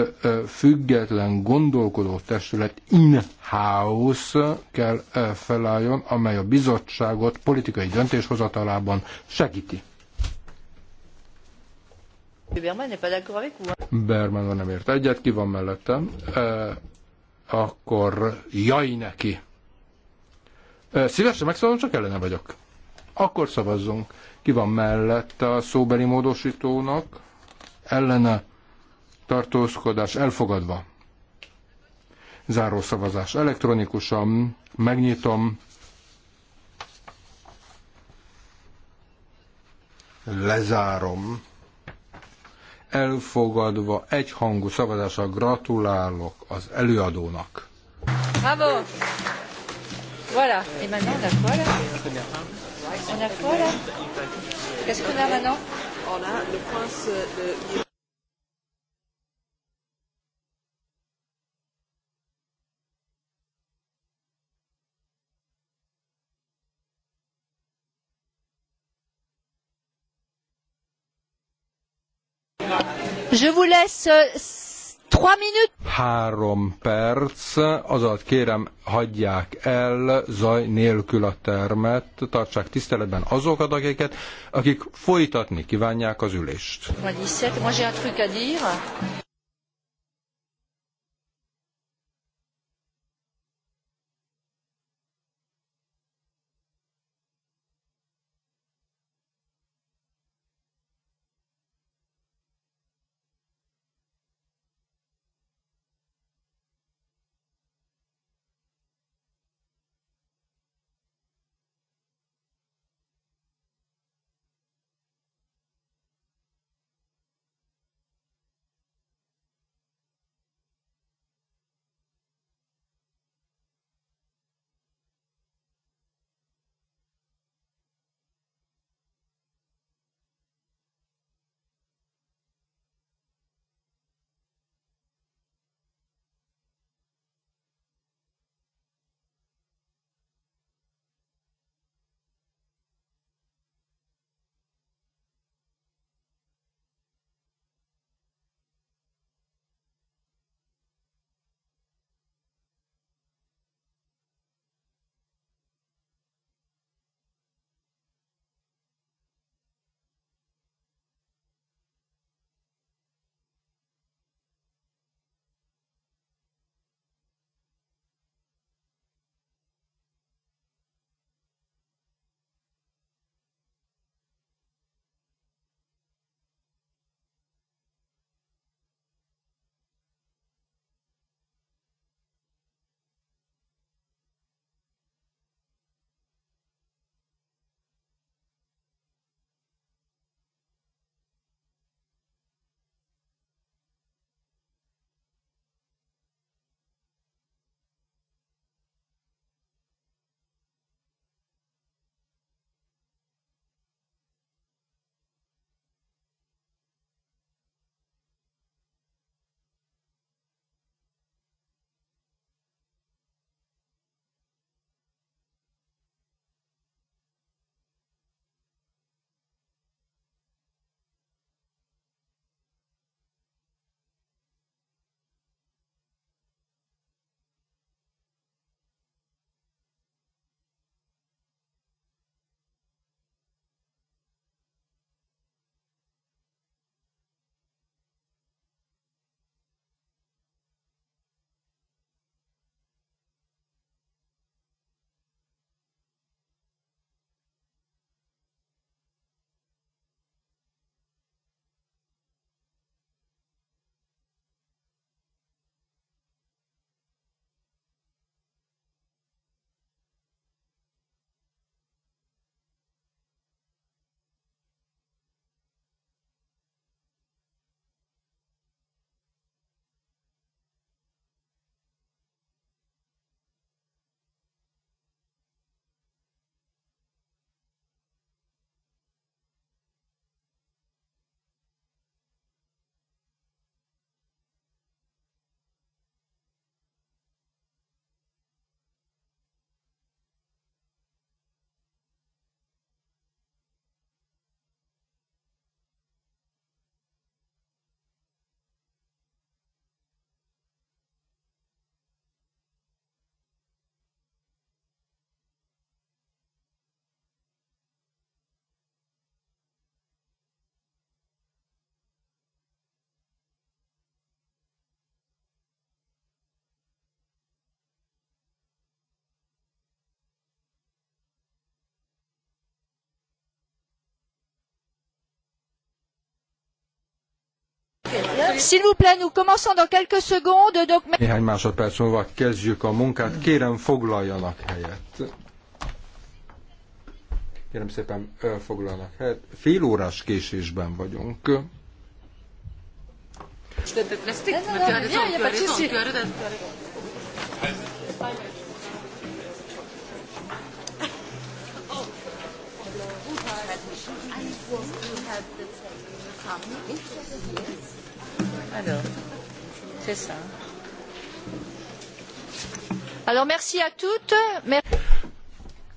független gondolkodó testület in-house kell felálljon, amely a bizottságot politikai döntéshozatalában segíti. Berman nem ért egyet, ki van mellettem. E, akkor jaj neki. E, szívesen megszólalom, csak ellene vagyok. Akkor szavazzunk. Ki van mellette a szóbeli módosítónak? Ellene tartózkodás elfogadva. Záró szavazás elektronikusan. Megnyitom. Lezárom elfogadva egyhangú szavazással gratulálok az előadónak. Bravo! Voilà, et maintenant on a On a Qu'est-ce qu'on a maintenant On a le prince de... Je vous laisse euh, trois minutes. Három perc, azaz kérem, hagyják el zaj nélkül a termet, tartsák tiszteletben azokat, akiket, akik folytatni kívánják az ülést. S'il vous plaît, nous commençons dans quelques secondes. Donc... Néhány másodperc múlva kezdjük a munkát. Kérem, foglaljanak helyet. Kérem szépen, foglalnak helyet. Fél órás késésben vagyunk. Yes. Alors, c'est ça. Alors, merci à toutes. Merci.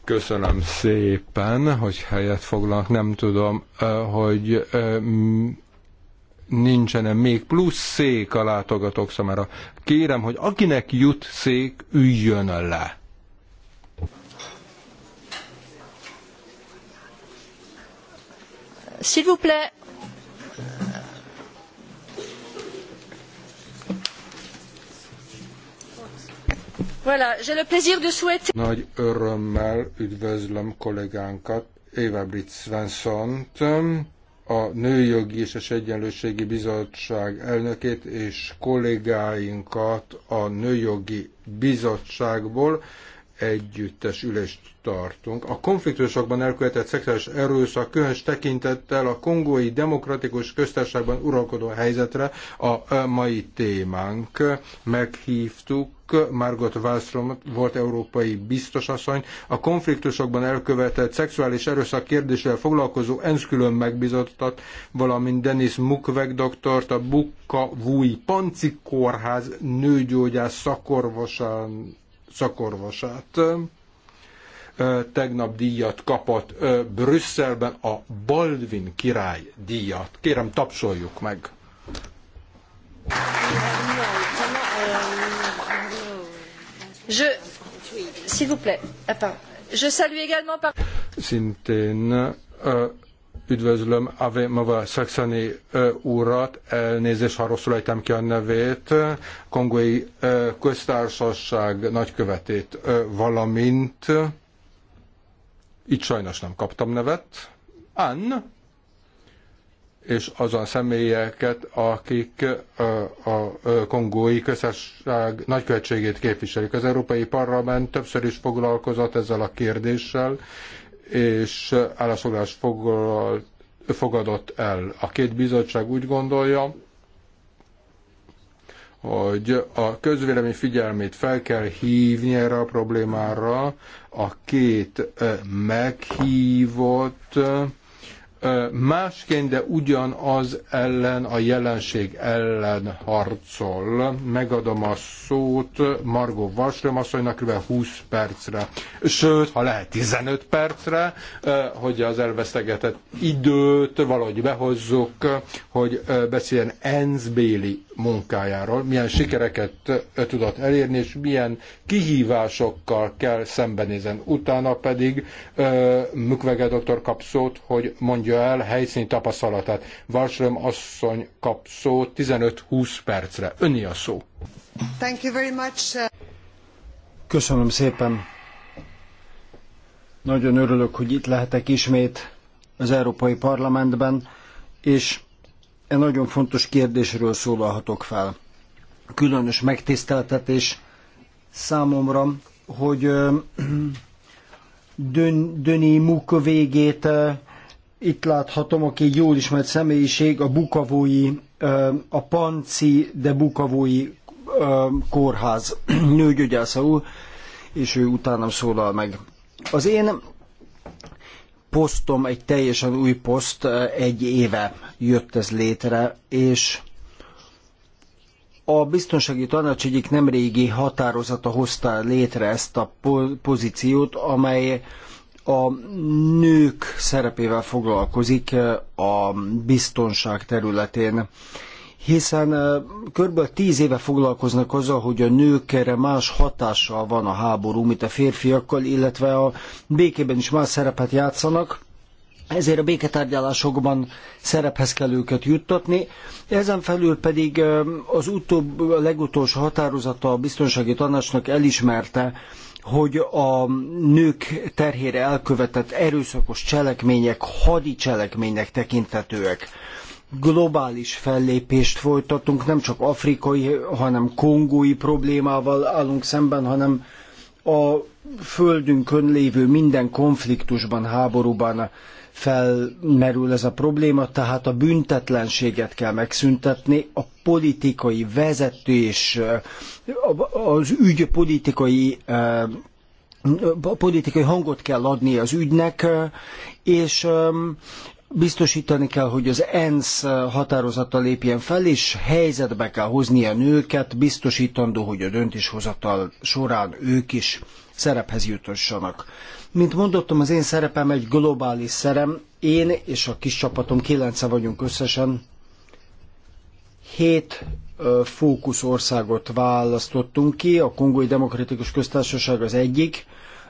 Köszönöm szépen, hogy helyet foglalnak. Nem tudom, hogy nincsen még plusz szék a látogatók számára. Kérem, hogy akinek jut szék, üljön le. S'il vous plaît. Voilà, j'ai le plaisir de souhaiter... Nagy örömmel üdvözlöm kollégánkat, Éva Britt Svenssont, a Nőjogi és Egyenlőségi Bizottság elnökét és kollégáinkat a Nőjogi Bizottságból együttes ülést tartunk. A konfliktusokban elkövetett szexuális erőszak különös tekintettel a kongói demokratikus köztársaságban uralkodó helyzetre a mai témánk. Meghívtuk Margot Wallström volt európai biztosasszony, a konfliktusokban elkövetett szexuális erőszak kérdésével foglalkozó ENSZ külön megbizottat, valamint Denis Mukweg doktort, a Bukka Vúj Panci Kórház nőgyógyász szakorvosán, szakorvosát tegnap díjat kapott Brüsszelben, a Baldwin király díjat. Kérem, tapsoljuk meg! Köszönöm s'il vous plaît, attends. Je salue également par... Szintén üdvözlöm Ave Mava Saxani úrat, elnézést, ha rosszul ejtem ki a nevét, kongói köztársaság nagykövetét, valamint itt sajnos nem kaptam nevet, Anne és azon személyeket, akik a kongói közösség nagykövetségét képviselik. Az Európai Parlament többször is foglalkozott ezzel a kérdéssel, és állásfoglalást fogadott el. A két bizottság úgy gondolja, hogy a közvélemény figyelmét fel kell hívni erre a problémára, a két meghívott másként, de ugyanaz ellen, a jelenség ellen harcol. Megadom a szót Margó Vasröm asszonynak kb. 20 percre, sőt, ha lehet 15 percre, hogy az elvesztegetett időt valahogy behozzuk, hogy beszéljen ENSZ Béli munkájáról, milyen sikereket tudott elérni, és milyen kihívásokkal kell szembenézen. Utána pedig Mükvege doktor kap szót, hogy mondja mondja el helyszíni tapasztalatát. Wallström asszony kap szót 15-20 percre. Önni a szó. Thank you very much. Uh, Köszönöm szépen. Nagyon örülök, hogy itt lehetek ismét az Európai Parlamentben, és e nagyon fontos kérdésről szólalhatok fel. Különös megtiszteltetés számomra, hogy Döni Muk végét itt láthatom, aki egy jól ismert személyiség, a bukavói, a panci, de bukavói kórház nőgyógyásza úr, és ő utánam szólal meg. Az én posztom egy teljesen új poszt, egy éve jött ez létre, és a biztonsági tanács egyik nemrégi határozata hozta létre ezt a pozíciót, amely a nők szerepével foglalkozik a biztonság területén hiszen körülbelül tíz éve foglalkoznak azzal, hogy a nőkre más hatással van a háború, mint a férfiakkal, illetve a békében is más szerepet játszanak, ezért a béketárgyalásokban szerephez kell őket juttatni. Ezen felül pedig az utóbb, a legutolsó határozata a biztonsági tanácsnak elismerte, hogy a nők terhére elkövetett erőszakos cselekmények hadi cselekménynek tekintetőek. Globális fellépést folytatunk, nem csak afrikai, hanem kongói problémával állunk szemben, hanem a földünkön lévő minden konfliktusban, háborúban felmerül ez a probléma, tehát a büntetlenséget kell megszüntetni, a politikai vezetés, az ügy politikai politikai hangot kell adni az ügynek, és biztosítani kell, hogy az ENSZ határozata lépjen fel, és helyzetbe kell hozni a nőket, biztosítandó, hogy a döntéshozatal során ők is szerephez jutassanak. Mint mondottam, az én szerepem egy globális szerem. Én és a kis csapatom kilence vagyunk összesen. Hét fókusz országot választottunk ki, a Kongói Demokratikus Köztársaság az egyik,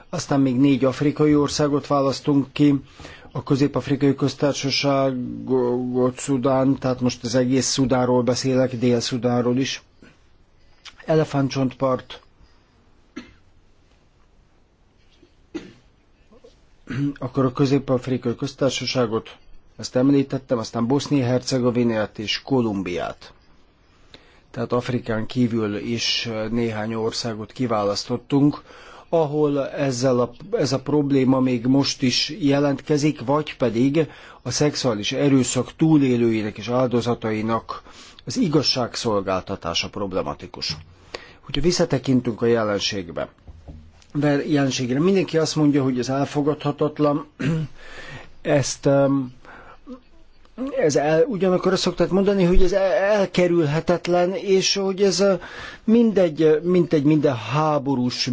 aztán még négy afrikai országot választunk ki, a Közép-Afrikai Köztársaságot, Szudán, tehát most az egész Szudánról beszélek, Dél-Szudánról is, Elefántcsontpart, akkor a Közép-Afrikai Köztársaságot, ezt említettem, aztán Bosznia-Hercegovinát és Kolumbiát. Tehát Afrikán kívül is néhány országot kiválasztottunk, ahol ezzel a, ez a probléma még most is jelentkezik, vagy pedig a szexuális erőszak túlélőinek és áldozatainak az igazságszolgáltatása problematikus. Hogyha visszatekintünk a jelenségbe, jelenségére. Mindenki azt mondja, hogy ez elfogadhatatlan, ezt um, ez el, ugyanakkor azt szokták mondani, hogy ez elkerülhetetlen, és hogy ez uh, mindegy, mindegy minden háborús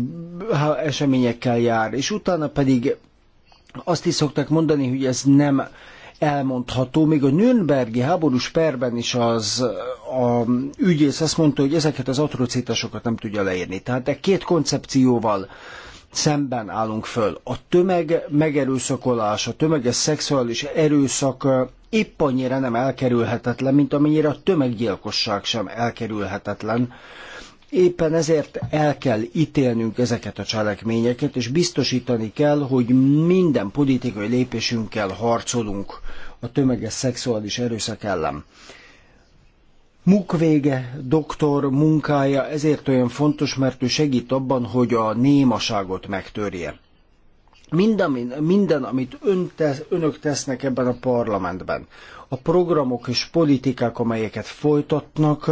eseményekkel jár. És utána pedig azt is szokták mondani, hogy ez nem elmondható. Még a Nürnbergi háborús perben is az a ügyész azt mondta, hogy ezeket az atrocitásokat nem tudja leírni. Tehát de két koncepcióval szemben állunk föl. A tömeg megerőszakolás, a tömeges szexuális erőszak épp annyira nem elkerülhetetlen, mint amennyire a tömeggyilkosság sem elkerülhetetlen. Éppen ezért el kell ítélnünk ezeket a cselekményeket, és biztosítani kell, hogy minden politikai lépésünkkel harcolunk a tömeges szexuális erőszak ellen. Mukvége, doktor munkája ezért olyan fontos, mert ő segít abban, hogy a némaságot megtörje. Minden, minden amit ön tesz, önök tesznek ebben a parlamentben, a programok és politikák, amelyeket folytatnak,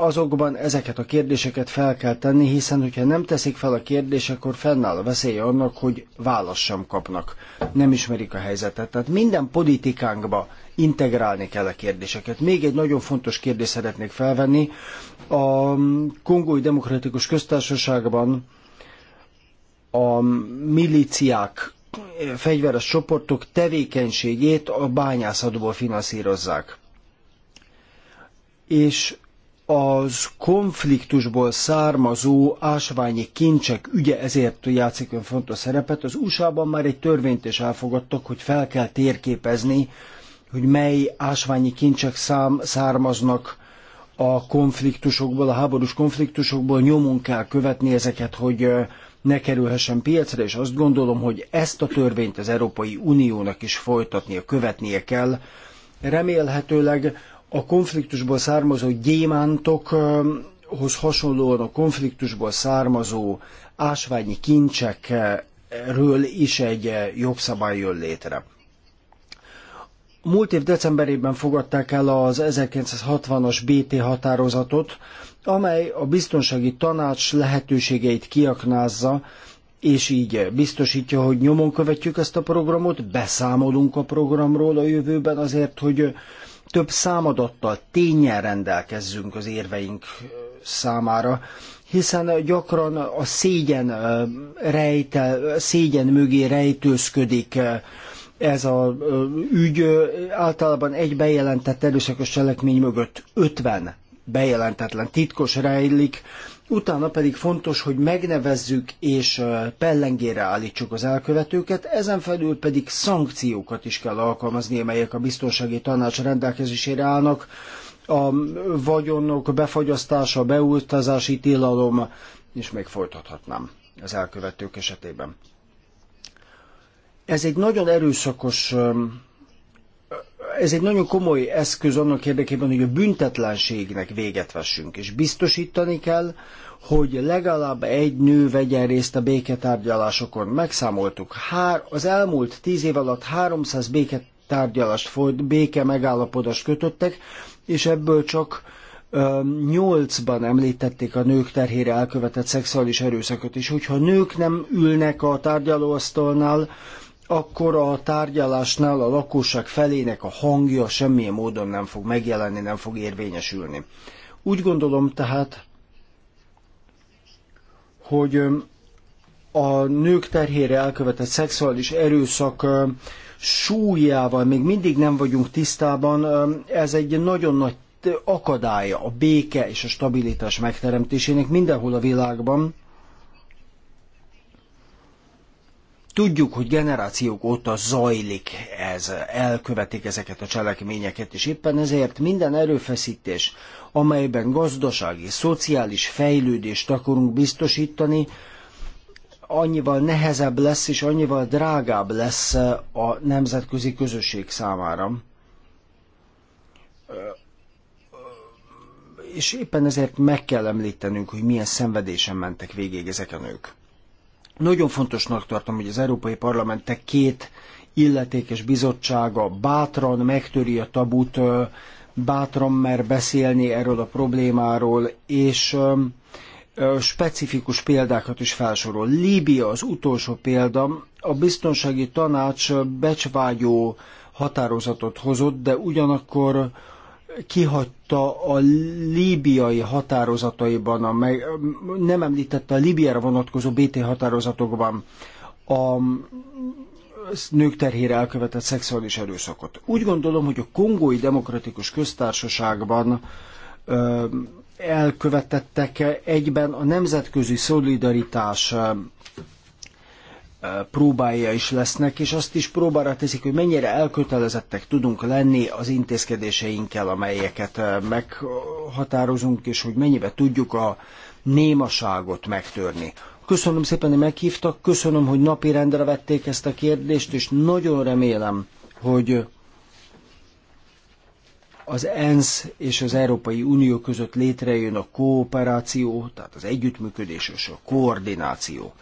azokban ezeket a kérdéseket fel kell tenni, hiszen hogyha nem teszik fel a kérdés, akkor fennáll a veszélye annak, hogy választ sem kapnak, nem ismerik a helyzetet. Tehát minden politikánkba integrálni kell a kérdéseket. Még egy nagyon fontos kérdést szeretnék felvenni. A Kongói Demokratikus Köztársaságban a milíciák fegyveres csoportok tevékenységét a bányászatból finanszírozzák. És az konfliktusból származó ásványi kincsek ügye ezért játszik olyan fontos szerepet. Az USA-ban már egy törvényt is elfogadtak, hogy fel kell térképezni, hogy mely ásványi kincsek szám, származnak a konfliktusokból, a háborús konfliktusokból, nyomon kell követni ezeket, hogy ne kerülhessen piacra, és azt gondolom, hogy ezt a törvényt az Európai Uniónak is folytatnia, követnie kell. Remélhetőleg a konfliktusból származó gyémántokhoz hasonlóan a konfliktusból származó ásványi kincsekről is egy eh, jogszabály jön létre. Múlt év decemberében fogadták el az 1960-as BT határozatot, amely a biztonsági tanács lehetőségeit kiaknázza, és így biztosítja, hogy nyomon követjük ezt a programot, beszámolunk a programról a jövőben azért, hogy több számadattal, tényen rendelkezzünk az érveink számára, hiszen gyakran a szégyen, rejtel, szégyen mögé rejtőzködik ez a ügy. Általában egy bejelentett erőszakos cselekmény mögött 50 bejelentetlen titkos rejlik, utána pedig fontos, hogy megnevezzük és pellengére állítsuk az elkövetőket, ezen felül pedig szankciókat is kell alkalmazni, amelyek a biztonsági tanács rendelkezésére állnak, a vagyonok befagyasztása, beutazási tilalom, és még folytathatnám az elkövetők esetében. Ez egy nagyon erőszakos ez egy nagyon komoly eszköz annak érdekében, hogy a büntetlenségnek véget vessünk, és biztosítani kell, hogy legalább egy nő vegyen részt a béketárgyalásokon. Megszámoltuk, hár, az elmúlt tíz év alatt 300 béketárgyalást, folyt, béke megállapodást kötöttek, és ebből csak nyolcban említették a nők terhére elkövetett szexuális erőszakot, és hogyha nők nem ülnek a tárgyalóasztalnál, akkor a tárgyalásnál a lakosság felének a hangja semmilyen módon nem fog megjelenni, nem fog érvényesülni. Úgy gondolom tehát, hogy a nők terhére elkövetett szexuális erőszak súlyával még mindig nem vagyunk tisztában, ez egy nagyon nagy akadálya a béke és a stabilitás megteremtésének mindenhol a világban. Tudjuk, hogy generációk óta zajlik ez, elkövetik ezeket a cselekményeket, és éppen ezért minden erőfeszítés, amelyben gazdasági, szociális fejlődést akarunk biztosítani, annyival nehezebb lesz és annyival drágább lesz a nemzetközi közösség számára. És éppen ezért meg kell említenünk, hogy milyen szenvedésen mentek végig ezek a nők. Nagyon fontosnak tartom, hogy az Európai Parlamentek két illetékes bizottsága bátran megtöri a tabut, bátran mer beszélni erről a problémáról, és specifikus példákat is felsorol. Líbia az utolsó példa. A biztonsági tanács becsvágyó határozatot hozott, de ugyanakkor kihagyta a líbiai határozataiban, a meg, nem említette a Líbiára vonatkozó BT határozatokban a nők terhére elkövetett szexuális erőszakot. Úgy gondolom, hogy a Kongói Demokratikus Köztársaságban ö, elkövetettek egyben a nemzetközi szolidaritás próbája is lesznek, és azt is próbára teszik, hogy mennyire elkötelezettek tudunk lenni az intézkedéseinkkel, amelyeket meghatározunk, és hogy mennyibe tudjuk a némaságot megtörni. Köszönöm szépen, hogy meghívtak, köszönöm, hogy napirendre vették ezt a kérdést, és nagyon remélem, hogy az ENSZ és az Európai Unió között létrejön a kooperáció, tehát az együttműködés és a koordináció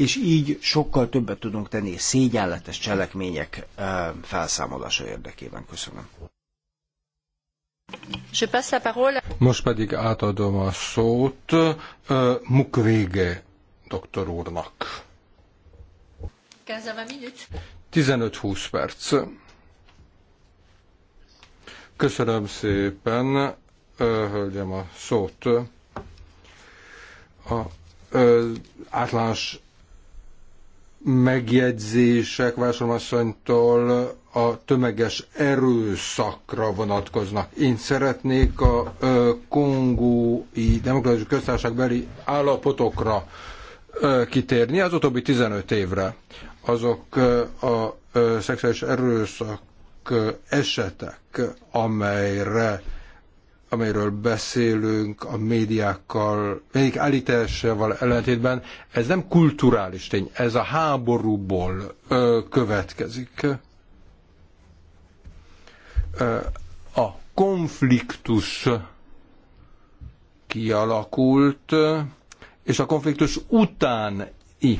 és így sokkal többet tudunk tenni szégyenletes cselekmények felszámolása érdekében. Köszönöm. Most pedig átadom a szót Mukvége doktor úrnak. 15-20 perc. Köszönöm szépen, hölgyem a szót. A, uh, átlás megjegyzések Vásolmasszonytól a tömeges erőszakra vonatkoznak. Én szeretnék a kongói demokratikus beli állapotokra kitérni az utóbbi 15 évre. Azok a szexuális erőszak esetek, amelyre amiről beszélünk a médiákkal, melyik állításával ellentétben, ez nem kulturális tény, ez a háborúból ö, következik. Ö, a konfliktus kialakult, és a konfliktus utáni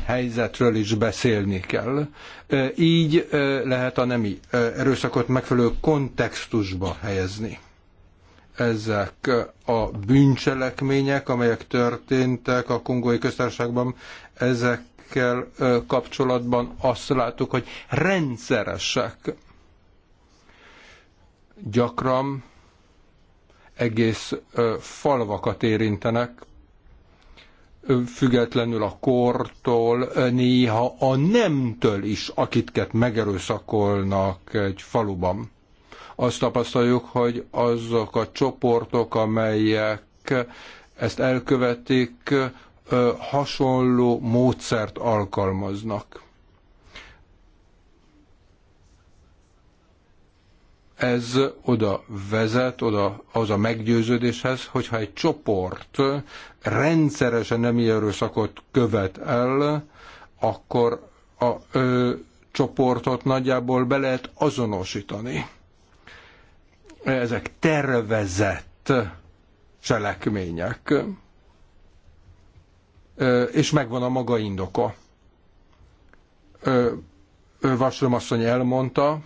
helyzetről is beszélni kell. Így lehet a nemi erőszakot megfelelő kontextusba helyezni ezek a bűncselekmények, amelyek történtek a kongói köztársaságban, ezekkel kapcsolatban azt látjuk, hogy rendszeresek. Gyakran egész falvakat érintenek, függetlenül a kortól, néha a nemtől is, akitket megerőszakolnak egy faluban azt tapasztaljuk, hogy azok a csoportok, amelyek ezt elkövetik, hasonló módszert alkalmaznak. ez oda vezet, oda az a meggyőződéshez, hogyha egy csoport rendszeresen nem erőszakot követ el, akkor a ö, csoportot nagyjából be lehet azonosítani. Ezek tervezett cselekmények, és megvan a maga indoka. Vaslom asszony elmondta,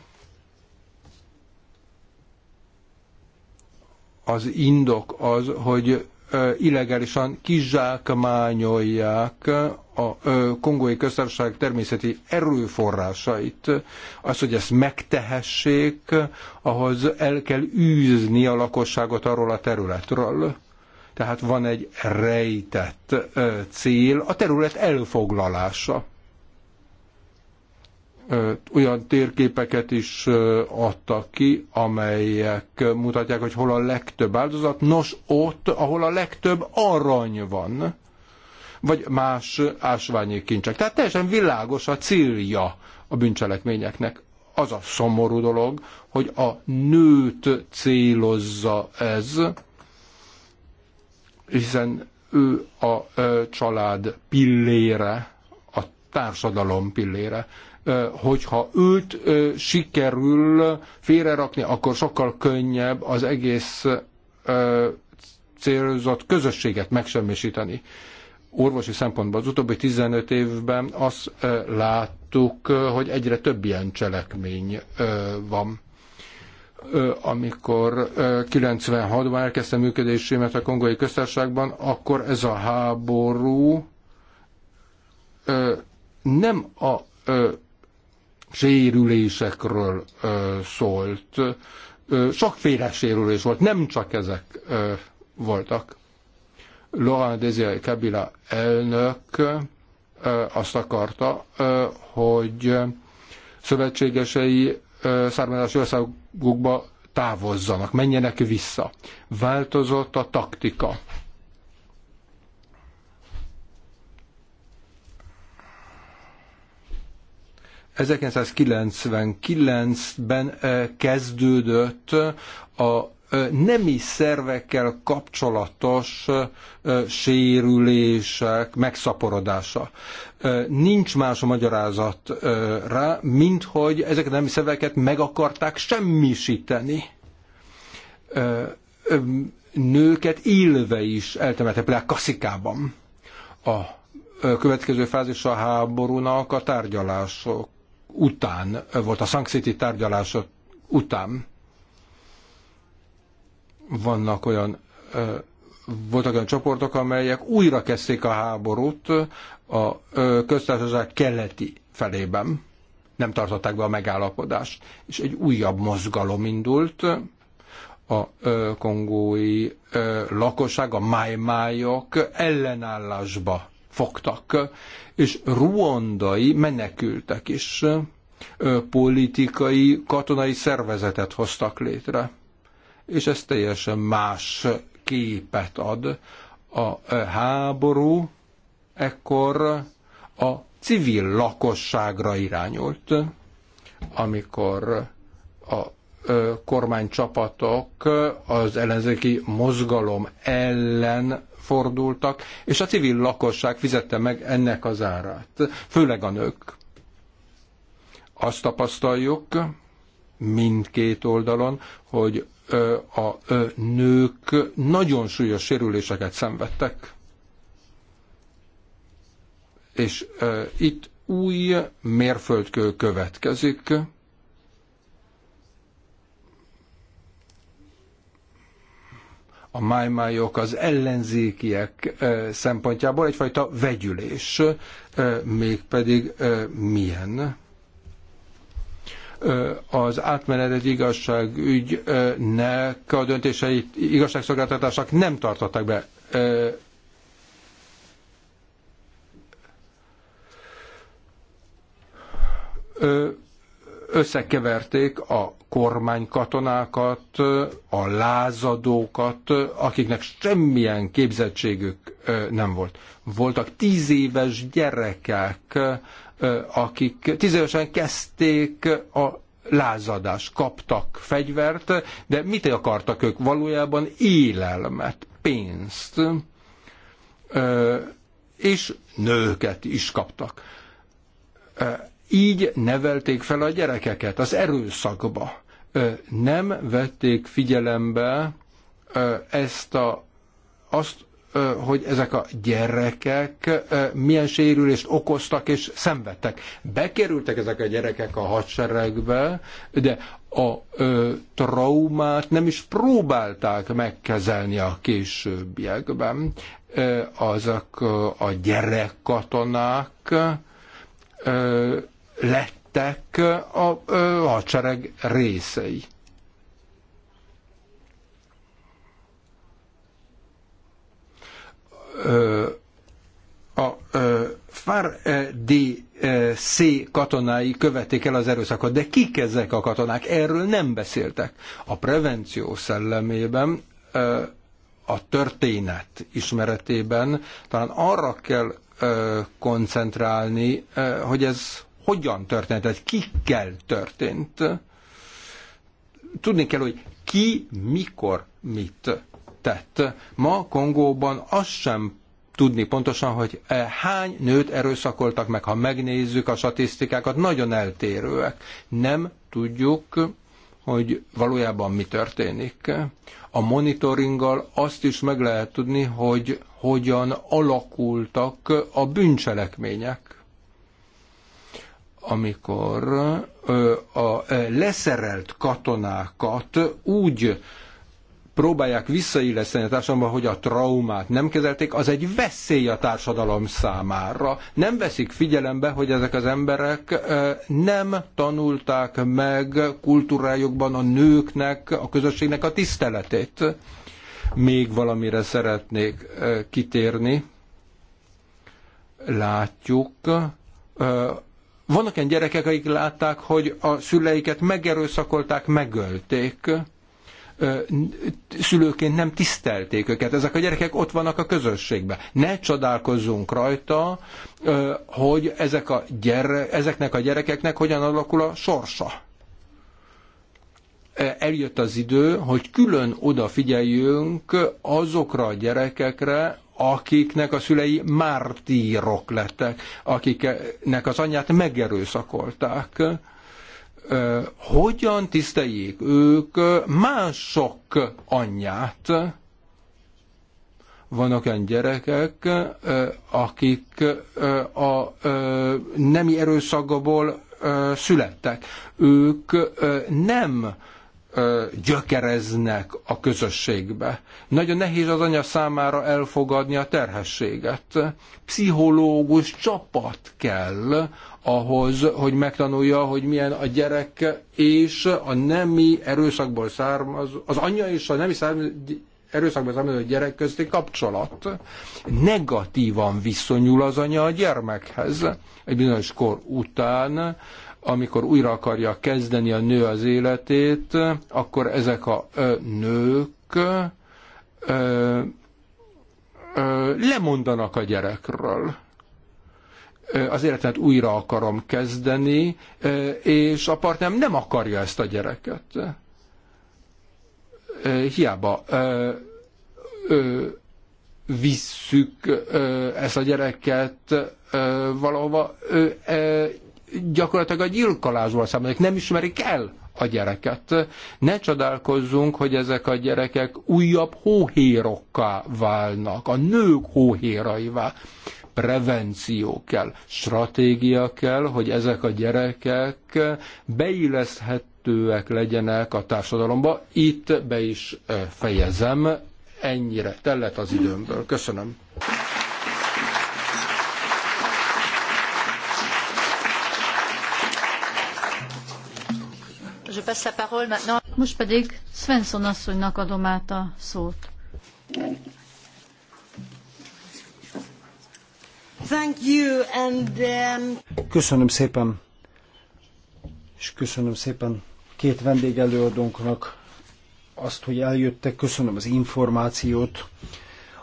az indok az, hogy illegálisan kizsákmányolják a kongói köztársaság természeti erőforrásait. Az, hogy ezt megtehessék, ahhoz el kell űzni a lakosságot arról a területről. Tehát van egy rejtett cél, a terület elfoglalása. Olyan térképeket is adtak ki, amelyek mutatják, hogy hol a legtöbb áldozat. Nos, ott, ahol a legtöbb arany van vagy más ásványi kincsek. Tehát teljesen világos a célja a bűncselekményeknek. Az a szomorú dolog, hogy a nőt célozza ez, hiszen ő a család pillére, a társadalom pillére. Hogyha őt sikerül félrerakni, akkor sokkal könnyebb az egész célzott közösséget megsemmisíteni orvosi szempontból az utóbbi 15 évben azt láttuk, hogy egyre több ilyen cselekmény van amikor 96-ban elkezdtem működésémet a kongói köztársaságban, akkor ez a háború nem a sérülésekről szólt. Sokféle sérülés volt, nem csak ezek voltak. Laurent Désiré Kabila elnök azt akarta, hogy szövetségesei származási országokba távozzanak, menjenek vissza. Változott a taktika. ...1999-ben kezdődött a nemi szervekkel kapcsolatos sérülések megszaporodása. Nincs más a magyarázat rá, mint hogy ezeket a nemi szerveket meg akarták semmisíteni. Nőket élve is eltemettek, például Kaszikában. A következő fázis a háborúnak a tárgyalások után volt, a Sank tárgyalások után vannak olyan, voltak olyan csoportok, amelyek újra kezdték a háborút a köztársaság keleti felében. Nem tartották be a megállapodást, és egy újabb mozgalom indult, a kongói lakosság, a májmájok ellenállásba fogtak, és ruandai menekültek is politikai, katonai szervezetet hoztak létre és ez teljesen más képet ad. A e, háború ekkor a civil lakosságra irányult, amikor a e, kormánycsapatok az ellenzéki mozgalom ellen fordultak, és a civil lakosság fizette meg ennek az árát, főleg a nők. Azt tapasztaljuk mindkét oldalon, hogy a nők nagyon súlyos sérüléseket szenvedtek. És itt új mérföldkő következik. a májmájok, az ellenzékiek szempontjából egyfajta vegyülés, mégpedig milyen? az átmenetet igazságügynek a döntéseit igazságszolgáltatások nem tartottak be. Összekeverték a kormánykatonákat, a lázadókat, akiknek semmilyen képzettségük nem volt. Voltak tíz éves gyerekek, akik tizenösen kezdték a lázadást, kaptak fegyvert, de mit akartak ők valójában? Élelmet, pénzt, és nőket is kaptak. Így nevelték fel a gyerekeket az erőszakba. Nem vették figyelembe ezt a, azt, hogy ezek a gyerekek milyen sérülést okoztak és szenvedtek. Bekerültek ezek a gyerekek a hadseregbe, de a ö, traumát nem is próbálták megkezelni a későbbiekben. Azok a gyerekkatonák lettek a ö, hadsereg részei a FARDC katonái követték el az erőszakot, de kik ezek a katonák? Erről nem beszéltek. A prevenció szellemében a történet ismeretében talán arra kell koncentrálni, hogy ez hogyan történt, tehát kikkel történt. Tudni kell, hogy ki, mikor, mit tett. Ma Kongóban azt sem tudni pontosan, hogy e hány nőt erőszakoltak meg, ha megnézzük a statisztikákat, nagyon eltérőek. Nem tudjuk, hogy valójában mi történik. A monitoringgal azt is meg lehet tudni, hogy hogyan alakultak a bűncselekmények. Amikor a e, leszerelt katonákat úgy próbálják visszailleszteni a társadalomba, hogy a traumát nem kezelték, az egy veszély a társadalom számára. Nem veszik figyelembe, hogy ezek az emberek nem tanulták meg kultúrájukban a nőknek, a közösségnek a tiszteletét. Még valamire szeretnék kitérni. Látjuk, vannak olyan gyerekek, akik látták, hogy a szüleiket megerőszakolták, megölték szülőként nem tisztelték őket. Ezek a gyerekek ott vannak a közösségben. Ne csodálkozzunk rajta, hogy ezek a gyere, ezeknek a gyerekeknek hogyan alakul a sorsa. E, eljött az idő, hogy külön odafigyeljünk azokra a gyerekekre, akiknek a szülei mártírok lettek, akiknek az anyját megerőszakolták hogyan tiszteljék ők mások anyját. Vannak olyan gyerekek, akik a nemi erőszakból születtek. Ők nem gyökereznek a közösségbe. Nagyon nehéz az anya számára elfogadni a terhességet. Pszichológus csapat kell ahhoz, hogy megtanulja, hogy milyen a gyerek és a nemi erőszakból származó, az anya és a nemi származó, erőszakban származó gyerek közti kapcsolat. Negatívan viszonyul az anya a gyermekhez. Egy bizonyos kor után amikor újra akarja kezdeni a nő az életét, akkor ezek a nők lemondanak a gyerekről. Az életet újra akarom kezdeni, és a partnerem nem akarja ezt a gyereket. Hiába visszük ezt a gyereket valahova, ő gyakorlatilag a gyilkolásból számolnak, nem ismerik el a gyereket. Ne csodálkozzunk, hogy ezek a gyerekek újabb hóhérokká válnak, a nők hóhéraivá. Prevenció kell, stratégia kell, hogy ezek a gyerekek beilleszthetőek legyenek a társadalomba. Itt be is fejezem, ennyire tellett az időmből. Köszönöm. Most pedig Svensson asszonynak adom át a szót. Thank you and, um... Köszönöm szépen, és köszönöm szépen két vendégelőadónknak azt, hogy eljöttek, köszönöm az információt,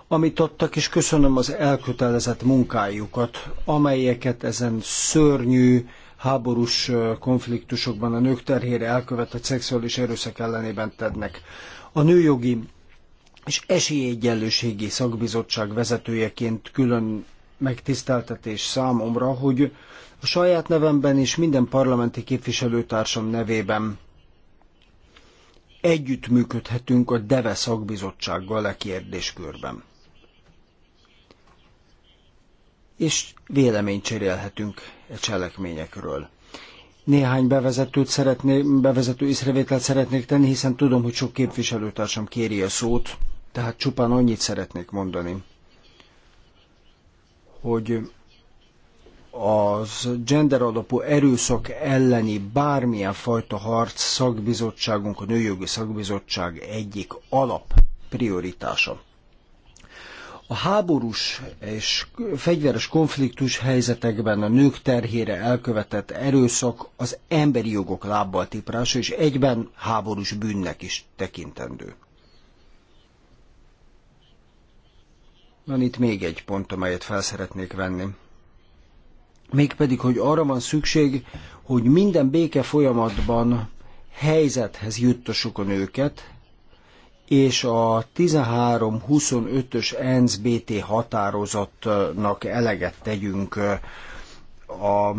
amit adtak, és köszönöm az elkötelezett munkájukat, amelyeket ezen szörnyű, háborús konfliktusokban a nők terhére elkövetett szexuális erőszak ellenében tednek. A nőjogi és esélyegyenlőségi szakbizottság vezetőjeként külön megtiszteltetés számomra, hogy a saját nevemben és minden parlamenti képviselőtársam nevében együttműködhetünk a DEVE szakbizottsággal a e kérdéskörben. És véleményt cserélhetünk cselekményekről. Néhány bevezetőt szeretné, bevezető észrevételt szeretnék tenni, hiszen tudom, hogy sok képviselőtársam kéri a szót, tehát csupán annyit szeretnék mondani, hogy az gender alapú erőszak elleni bármilyen fajta harc szakbizottságunk, a Nőjogi Szakbizottság egyik alap prioritása. A háborús és fegyveres konfliktus helyzetekben a nők terhére elkövetett erőszak az emberi jogok lábbal tiprása, és egyben háborús bűnnek is tekintendő. Van itt még egy pont, amelyet fel szeretnék venni. Mégpedig, hogy arra van szükség, hogy minden béke folyamatban helyzethez juttassuk a nőket, és a 13-25-ös ENSZ-BT határozatnak eleget tegyünk, a,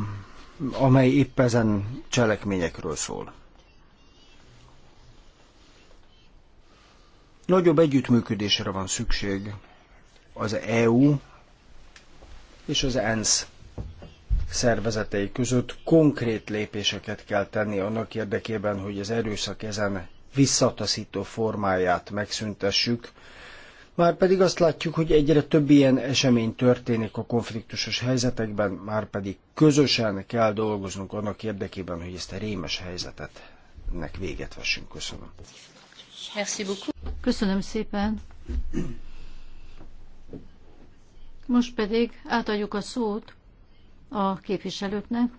amely épp ezen cselekményekről szól. Nagyobb együttműködésre van szükség az EU és az ENSZ szervezetei között konkrét lépéseket kell tenni annak érdekében, hogy az erőszak ezen visszataszító formáját megszüntessük, már pedig azt látjuk, hogy egyre több ilyen esemény történik a konfliktusos helyzetekben, már pedig közösen kell dolgoznunk annak érdekében, hogy ezt a rémes helyzetet nek véget vessünk. Köszönöm. Köszönöm szépen. Most pedig átadjuk a szót a képviselőknek.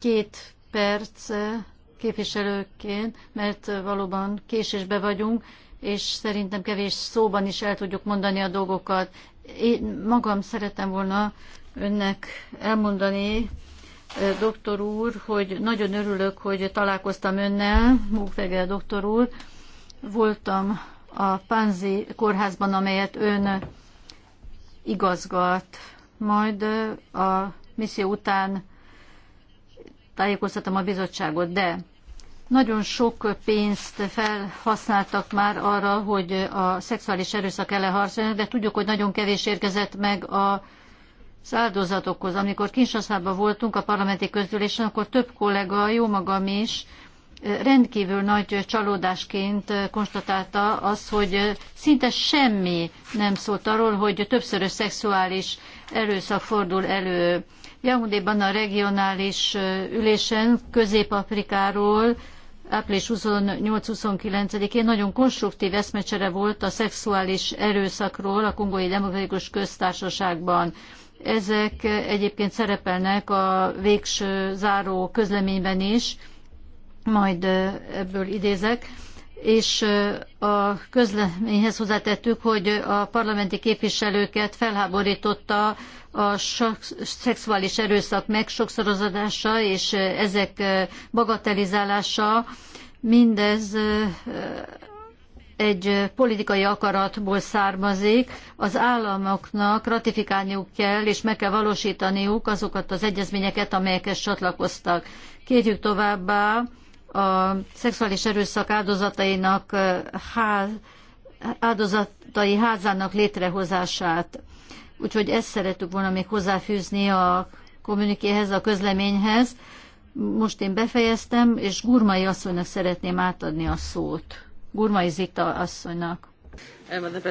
két perc képviselőként, mert valóban késésbe vagyunk, és szerintem kevés szóban is el tudjuk mondani a dolgokat. Én magam szeretem volna önnek elmondani, doktor úr, hogy nagyon örülök, hogy találkoztam önnel, Múkvegel doktor úr. Voltam a Pánzi kórházban, amelyet ön igazgat. Majd a misszió után tájékoztatom a bizottságot, de nagyon sok pénzt felhasználtak már arra, hogy a szexuális erőszak ellen harcoljanak, de tudjuk, hogy nagyon kevés érkezett meg a az áldozatokhoz. Amikor Kinsaszában voltunk a parlamenti közgyűlésen, akkor több kollega, jó magam is, rendkívül nagy csalódásként konstatálta az, hogy szinte semmi nem szólt arról, hogy többszörös szexuális erőszak fordul elő Jaundéban a regionális ülésen Közép-Afrikáról április 28-29-én nagyon konstruktív eszmecsere volt a szexuális erőszakról a Kongói Demokratikus Köztársaságban. Ezek egyébként szerepelnek a végső záró közleményben is, majd ebből idézek és a közleményhez hozzátettük, hogy a parlamenti képviselőket felháborította a szexuális erőszak megsokszorozása és ezek bagatelizálása. Mindez egy politikai akaratból származik, az államoknak ratifikálniuk kell, és meg kell valósítaniuk azokat az egyezményeket, amelyekhez csatlakoztak. Kérjük továbbá, a szexuális erőszak áldozatainak ház, áldozatai házának létrehozását. Úgyhogy ezt szeretük volna még hozzáfűzni a kommunikéhez, a közleményhez. Most én befejeztem, és Gurmai asszonynak szeretném átadni a szót. Gurmai Zita asszonynak. Euh,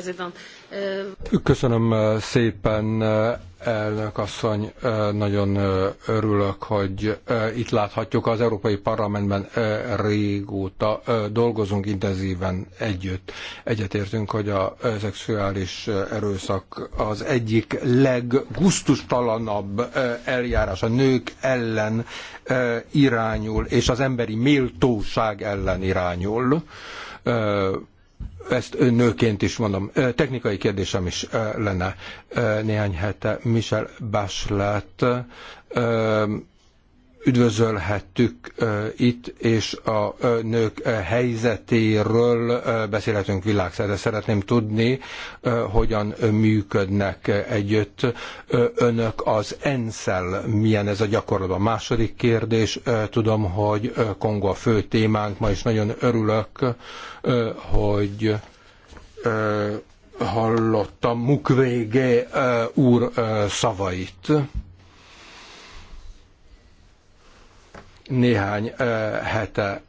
Köszönöm uh, szépen, uh, elnök asszony. Uh, nagyon örülök, hogy itt láthatjuk. Az Európai Parlamentben régóta dolgozunk intenzíven együtt. Egyetértünk, hogy a szexuális erőszak az egyik leggusztustalanabb eljárás a nők ellen irányul, és az emberi méltóság ellen irányul ezt nőként is mondom. Technikai kérdésem is lenne. Néhány hete Michel Bachelet üdvözölhettük itt, és a nők helyzetéről beszélhetünk világszerte. Szeretném tudni, hogyan működnek együtt önök az ENSZEL, milyen ez a gyakorlatban. Második kérdés, tudom, hogy Kongo a fő témánk, ma is nagyon örülök, hogy hallottam Mukwege úr szavait. Néhány hete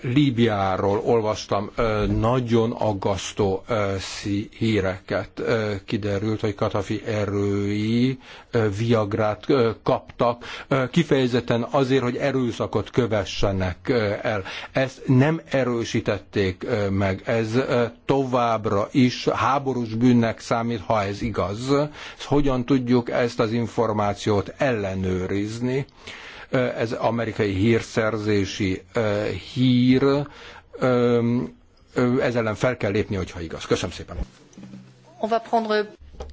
Líbiáról olvastam nagyon aggasztó híreket. Kiderült, hogy Katafi erői viagrát kaptak, kifejezetten azért, hogy erőszakot kövessenek el. Ezt nem erősítették meg. Ez továbbra is háborús bűnnek számít, ha ez igaz. Hogyan tudjuk ezt az információt ellenőrizni? Ez amerikai hírszerzési hír. Ez ellen fel kell lépni, hogyha igaz. Köszönöm szépen.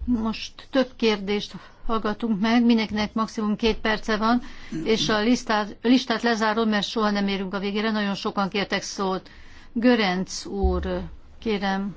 Most több kérdést hallgatunk meg, mindenkinek maximum két perce van, és a listát, listát lezárom, mert soha nem érünk a végére, nagyon sokan kértek szót. Görenc úr, kérem.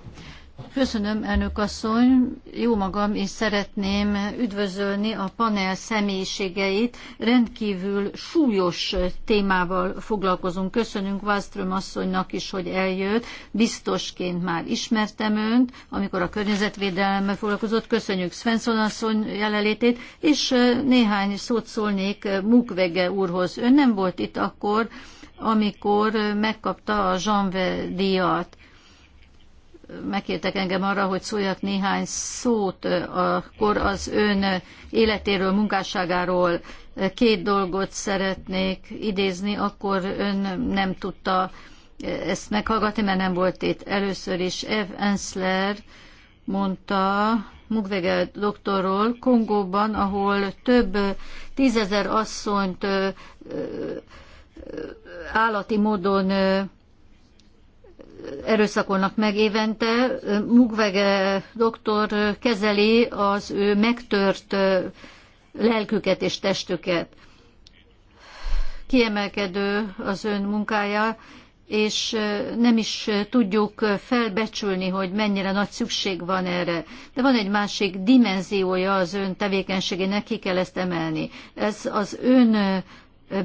Köszönöm, elnök asszony. Jó magam, és szeretném üdvözölni a panel személyiségeit. Rendkívül súlyos témával foglalkozunk. Köszönünk Wallström asszonynak is, hogy eljött. Biztosként már ismertem önt, amikor a környezetvédelemmel foglalkozott. Köszönjük Svensson asszony jelenlétét, és néhány szót szólnék Mukwege úrhoz. Ön nem volt itt akkor, amikor megkapta a Zsanve díjat megkértek engem arra, hogy szóljak néhány szót akkor az ön életéről, munkásságáról. Két dolgot szeretnék idézni, akkor ön nem tudta ezt meghallgatni, mert nem volt itt először is. Ev Ensler mondta Mugvege doktorról Kongóban, ahol több tízezer asszonyt állati módon erőszakolnak meg évente. Mugvege doktor kezeli az ő megtört lelküket és testüket. Kiemelkedő az ön munkája, és nem is tudjuk felbecsülni, hogy mennyire nagy szükség van erre. De van egy másik dimenziója az ön tevékenységének, ki kell ezt emelni. Ez az ön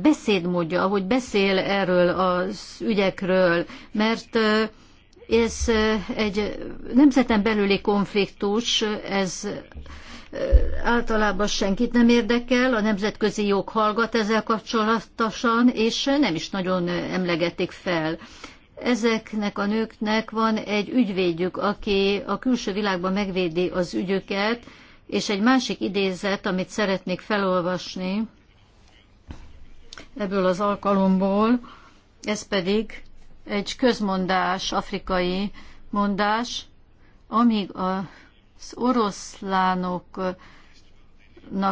beszédmódja, ahogy beszél erről az ügyekről, mert eh, ez eh, egy nemzeten belüli konfliktus, ez eh, általában senkit nem érdekel, a nemzetközi jog hallgat ezzel kapcsolatosan, és nem is nagyon emlegetik fel. Ezeknek a nőknek van egy ügyvédjük, aki a külső világban megvédi az ügyüket, és egy másik idézet, amit szeretnék felolvasni, ebből az alkalomból, ez pedig egy közmondás, afrikai mondás, amíg az oroszlánoknak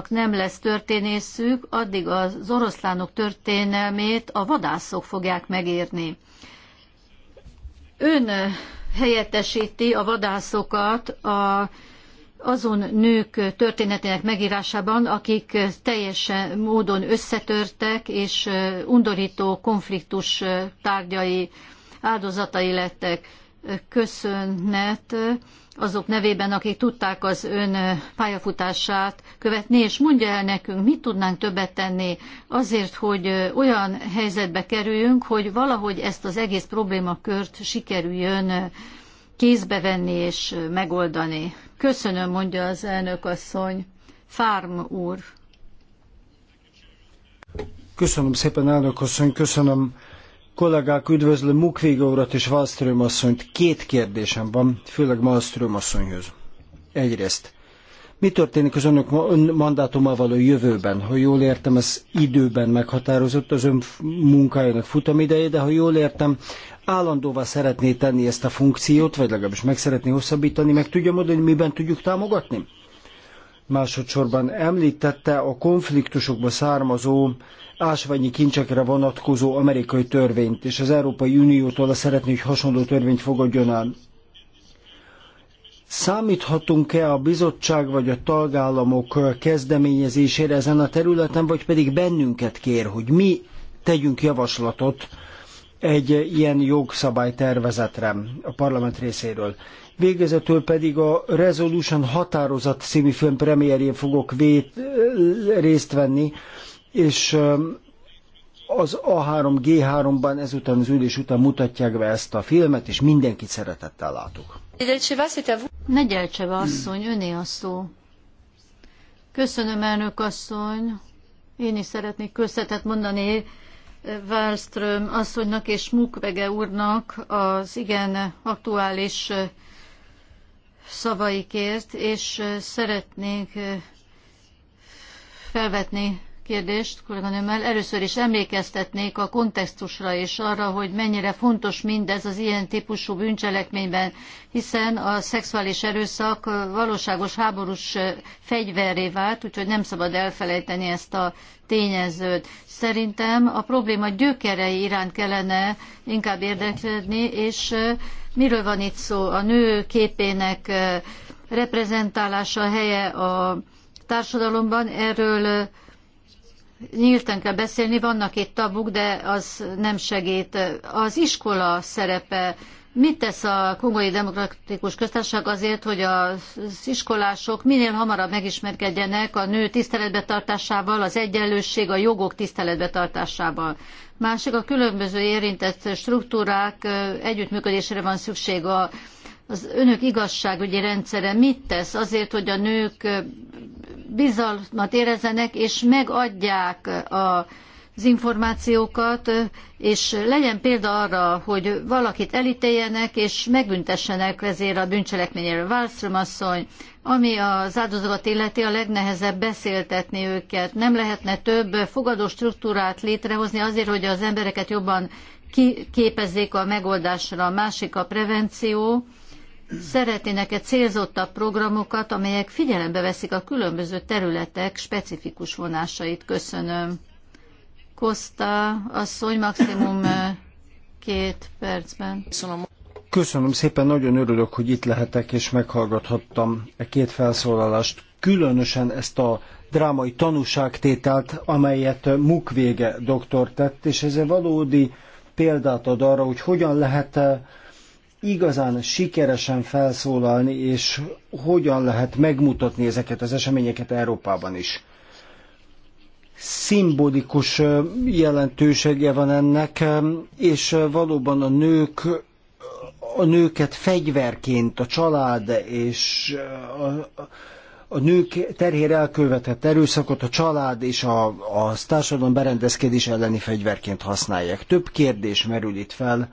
nem lesz történészük, addig az oroszlánok történelmét a vadászok fogják megérni. Ön helyettesíti a vadászokat a azon nők történetének megírásában, akik teljes módon összetörtek és undorító konfliktus tárgyai, áldozatai lettek. Köszönet azok nevében, akik tudták az ön pályafutását követni, és mondja el nekünk, mit tudnánk többet tenni azért, hogy olyan helyzetbe kerüljünk, hogy valahogy ezt az egész problémakört sikerüljön kézbe venni és megoldani. Köszönöm, mondja az elnök asszony. Fárm úr. Köszönöm szépen, elnök asszony, köszönöm kollégák, üdvözlöm Mukvége urat és Wallström asszonyt. Két kérdésem van, főleg Wallström asszonyhoz. Egyrészt, mi történik az önök mandátumával való jövőben? Ha jól értem, ez időben meghatározott az ön munkájának futamideje, de ha jól értem, állandóvá szeretné tenni ezt a funkciót, vagy legalábbis meg szeretné hosszabbítani, meg tudja mondani, hogy miben tudjuk támogatni? Másodszorban említette a konfliktusokból származó ásványi kincsekre vonatkozó amerikai törvényt, és az Európai Uniótól szeretné, hogy hasonló törvényt fogadjon el. Számíthatunk-e a bizottság vagy a tagállamok kezdeményezésére ezen a területen, vagy pedig bennünket kér, hogy mi tegyünk javaslatot egy ilyen jogszabálytervezetre a parlament részéről. Végezetül pedig a Resolution határozat című film premierjén fogok vét, részt venni, és um, az A3G3-ban ezután az ülés után mutatják be ezt a filmet, és mindenkit szeretettel látok. Negyelcseve asszony, öné a szó. Köszönöm, elnök asszony. Én is szeretnék köszönetet mondani Wallström asszonynak és Mukwege úrnak az igen aktuális szavaikért, és szeretnék felvetni kérdést kolléganőmmel. Először is emlékeztetnék a kontextusra és arra, hogy mennyire fontos mindez az ilyen típusú bűncselekményben, hiszen a szexuális erőszak valóságos háborús fegyverré vált, úgyhogy nem szabad elfelejteni ezt a tényezőt. Szerintem a probléma gyökerei iránt kellene inkább érdeklődni, és miről van itt szó? A nő képének reprezentálása helye a társadalomban, erről nyíltan kell beszélni, vannak itt tabuk, de az nem segít. Az iskola szerepe, mit tesz a Kongói Demokratikus Köztársaság azért, hogy az iskolások minél hamarabb megismerkedjenek a nő tiszteletbetartásával, az egyenlőség, a jogok tiszteletbetartásával? Másik a különböző érintett struktúrák együttműködésére van szükség a az önök igazságügyi rendszere mit tesz azért, hogy a nők bizalmat érezzenek, és megadják a az információkat, és legyen példa arra, hogy valakit elítéljenek, és megbüntessenek ezért a bűncselekményéről. Wallström asszony, ami az áldozatokat illeti, a legnehezebb beszéltetni őket. Nem lehetne több fogadó struktúrát létrehozni azért, hogy az embereket jobban képezzék a megoldásra. A másik a prevenció, szeretnének-e célzottabb programokat, amelyek figyelembe veszik a különböző területek specifikus vonásait. Köszönöm. Kosta asszony, maximum két percben. Köszönöm. Köszönöm szépen, nagyon örülök, hogy itt lehetek és meghallgathattam e két felszólalást. Különösen ezt a drámai tanúságtételt, amelyet Mukvége doktor tett, és ez egy valódi példát ad arra, hogy hogyan lehet igazán sikeresen felszólalni, és hogyan lehet megmutatni ezeket az eseményeket Európában is. Szimbolikus jelentősége van ennek, és valóban a nők a nőket fegyverként a család és a, a nők terhére elkövetett erőszakot a család és a, a társadalom berendezkedés elleni fegyverként használják. Több kérdés merül itt fel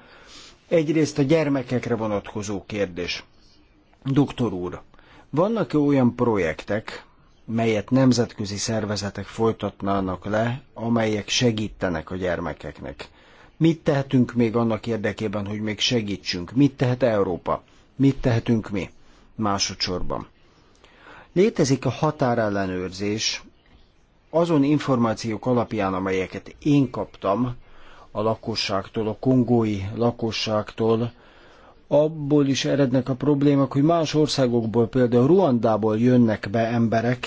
Egyrészt a gyermekekre vonatkozó kérdés. Doktor úr, vannak-e olyan projektek, melyet nemzetközi szervezetek folytatnának le, amelyek segítenek a gyermekeknek? Mit tehetünk még annak érdekében, hogy még segítsünk? Mit tehet Európa? Mit tehetünk mi? Másodszorban. Létezik a határellenőrzés azon információk alapján, amelyeket én kaptam, a lakosságtól, a kongói lakosságtól, abból is erednek a problémák, hogy más országokból, például Ruandából jönnek be emberek.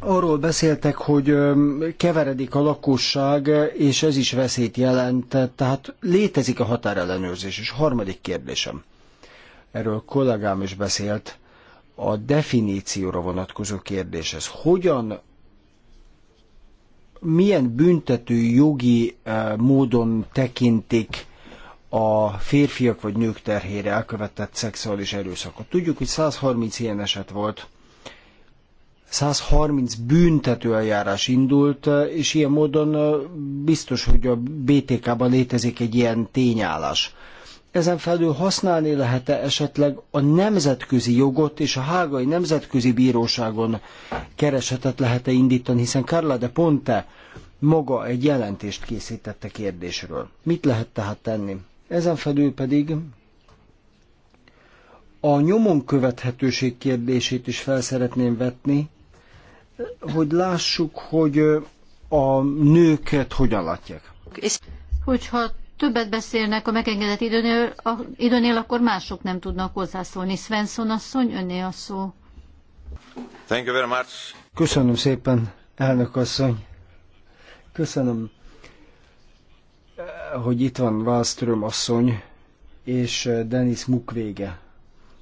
Arról beszéltek, hogy keveredik a lakosság, és ez is veszélyt jelent, tehát létezik a határellenőrzés. És harmadik kérdésem, erről kollégám is beszélt, a definícióra vonatkozó kérdés ez. Hogyan milyen büntető jogi eh, módon tekintik a férfiak vagy nők terhére elkövetett szexuális erőszakot. Tudjuk, hogy 130 ilyen eset volt. 130 büntető eljárás indult, eh, és ilyen módon eh, biztos, hogy a BTK-ban létezik egy ilyen tényállás ezen felül használni lehet-e esetleg a nemzetközi jogot és a hágai nemzetközi bíróságon keresetet lehet-e indítani, hiszen Carla de Ponte maga egy jelentést készítette kérdésről. Mit lehet tehát tenni? Ezen felül pedig a nyomon követhetőség kérdését is fel szeretném vetni, hogy lássuk, hogy a nőket hogyan látják. Hogyha többet beszélnek a megengedett időnél, a, időnél akkor mások nem tudnak hozzászólni. Svensson asszony, önné a szó. Thank you very much. Köszönöm szépen, elnök asszony. Köszönöm, eh, hogy itt van Wallström asszony és eh, Denis Mukvége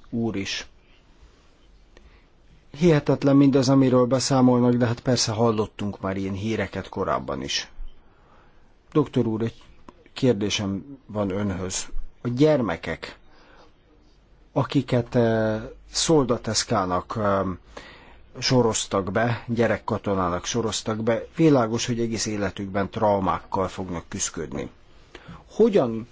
úr is. Hihetetlen mindaz, amiről beszámolnak, de hát persze hallottunk már ilyen híreket korábban is. Doktor úr, egy kérdésem van önhöz. A gyermekek, akiket eh, szoldateszkának eh, soroztak be, gyerekkatonának soroztak be, világos, hogy egész életükben traumákkal fognak küzdködni. Hogyan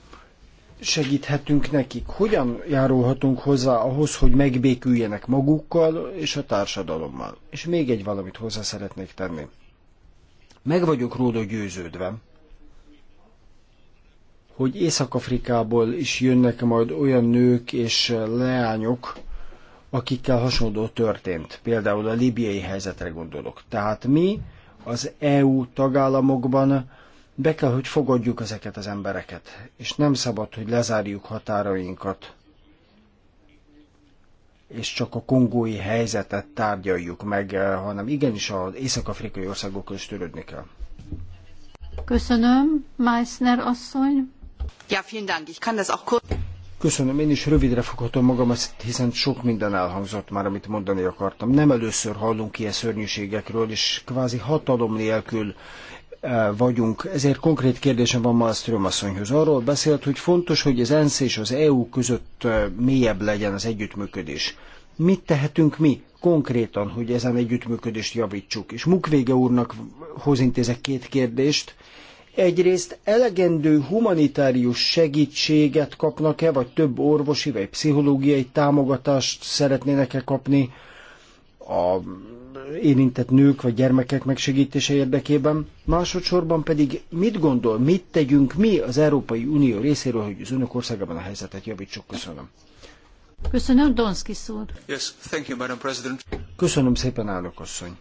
segíthetünk nekik? Hogyan járulhatunk hozzá ahhoz, hogy megbéküljenek magukkal és a társadalommal? És még egy valamit hozzá szeretnék tenni. Meg vagyok róla győződve, hogy Észak-Afrikából is jönnek majd olyan nők és leányok, akikkel hasonló történt. Például a libiai helyzetre gondolok. Tehát mi az EU tagállamokban be kell, hogy fogadjuk ezeket az embereket, és nem szabad, hogy lezárjuk határainkat, és csak a kongói helyzetet tárgyaljuk meg, hanem igenis az észak-afrikai országokkal is törődni kell. Köszönöm, Meissner asszony. Köszönöm, én is rövidre foghatom magam, hiszen sok minden elhangzott már, amit mondani akartam. Nem először hallunk ilyen szörnyűségekről, és kvázi hatalom nélkül eh, vagyunk. Ezért konkrét kérdésem van Malmström asszonyhoz. Arról beszélt, hogy fontos, hogy az ENSZ és az EU között eh, mélyebb legyen az együttműködés. Mit tehetünk mi konkrétan, hogy ezen együttműködést javítsuk? És Mukvége úrnak hozintézek két kérdést egyrészt elegendő humanitárius segítséget kapnak-e, vagy több orvosi vagy pszichológiai támogatást szeretnének-e kapni a érintett nők vagy gyermekek megsegítése érdekében. Másodszorban pedig mit gondol, mit tegyünk mi az Európai Unió részéről, hogy az önök országában a helyzetet javítsuk? Köszönöm. Köszönöm, Donszki szúr. Yes, thank you, Madam President. Köszönöm szépen, állok asszony.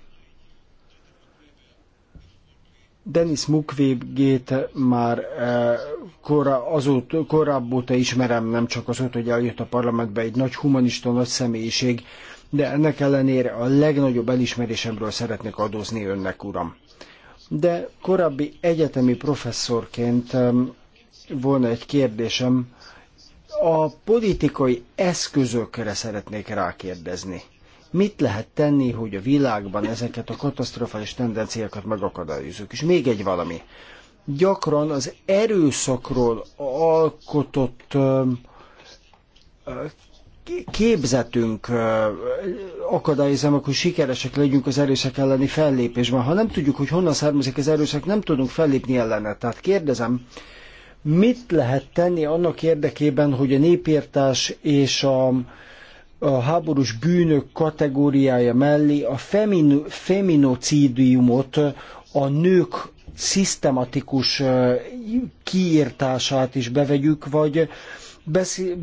Denis Mukwege-t már eh, korábban óta ismerem, nem csak azóta, hogy eljött a parlamentbe, egy nagy humanista, nagy személyiség, de ennek ellenére a legnagyobb elismerésemről szeretnék adózni önnek, uram. De korábbi egyetemi professzorként volna egy kérdésem, a politikai eszközökre szeretnék rákérdezni. Mit lehet tenni, hogy a világban ezeket a katasztrofális tendenciákat megakadályozzuk? És még egy valami. Gyakran az erőszakról alkotott képzetünk akadályozza meg, hogy sikeresek legyünk az erőszak elleni fellépésben. Ha nem tudjuk, hogy honnan származik az erőszak, nem tudunk fellépni ellene. Tehát kérdezem, mit lehet tenni annak érdekében, hogy a népírtás és a a háborús bűnök kategóriája mellé a femino feminocidiumot, a nők szisztematikus kiírtását is bevegyük, vagy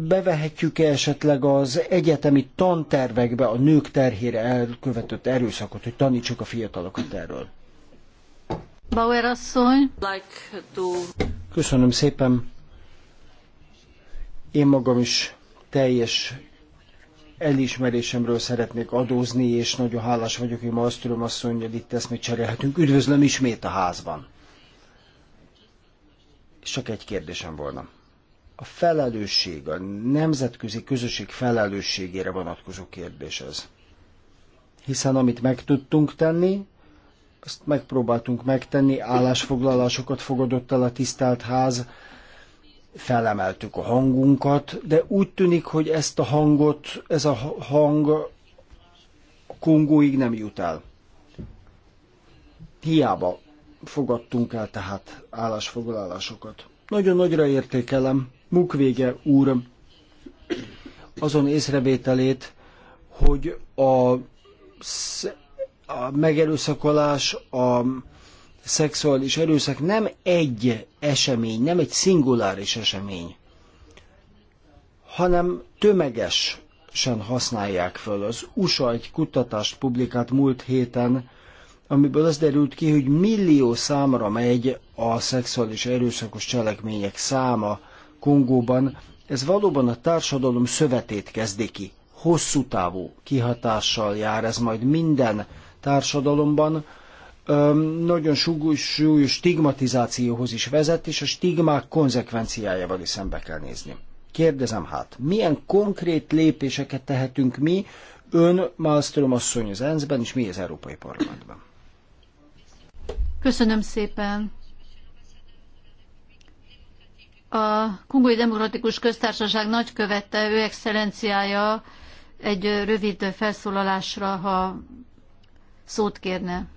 bevehetjük-e esetleg az egyetemi tantervekbe a nők terhére elkövetett erőszakot, hogy tanítsuk a fiatalokat erről? Bauer asszony. Like to... Köszönöm szépen. Én magam is teljes elismerésemről szeretnék adózni, és nagyon hálás vagyok, hogy ma azt azt mondani, hogy itt még cserélhetünk. Üdvözlöm ismét a házban. És csak egy kérdésem volna. A felelősség, a nemzetközi közösség felelősségére vonatkozó kérdés ez. Hiszen amit meg tudtunk tenni, azt megpróbáltunk megtenni, állásfoglalásokat fogadott el a tisztelt ház, felemeltük a hangunkat, de úgy tűnik, hogy ezt a hangot, ez a hang a Kongóig nem jut el. Hiába fogadtunk el tehát állásfoglalásokat. Nagyon nagyra értékelem Mukvége úr azon észrevételét, hogy a, a megerőszakolás, a szexuális erőszak nem egy esemény, nem egy szinguláris esemény, hanem tömegesen használják föl. Az USA egy kutatást publikált múlt héten, amiből az derült ki, hogy millió számra megy a szexuális erőszakos cselekmények száma Kongóban. Ez valóban a társadalom szövetét kezdi ki. Hosszú távú kihatással jár ez majd minden társadalomban, nagyon súlyos, stigmatizációhoz is vezet, és a stigmák konzekvenciájával is szembe kell nézni. Kérdezem hát, milyen konkrét lépéseket tehetünk mi, ön, Malmström asszony az ENSZ-ben, és mi az Európai Parlamentben? Köszönöm szépen. A Kongói Demokratikus Köztársaság nagykövette, ő excellenciája egy rövid felszólalásra, ha szót kérne.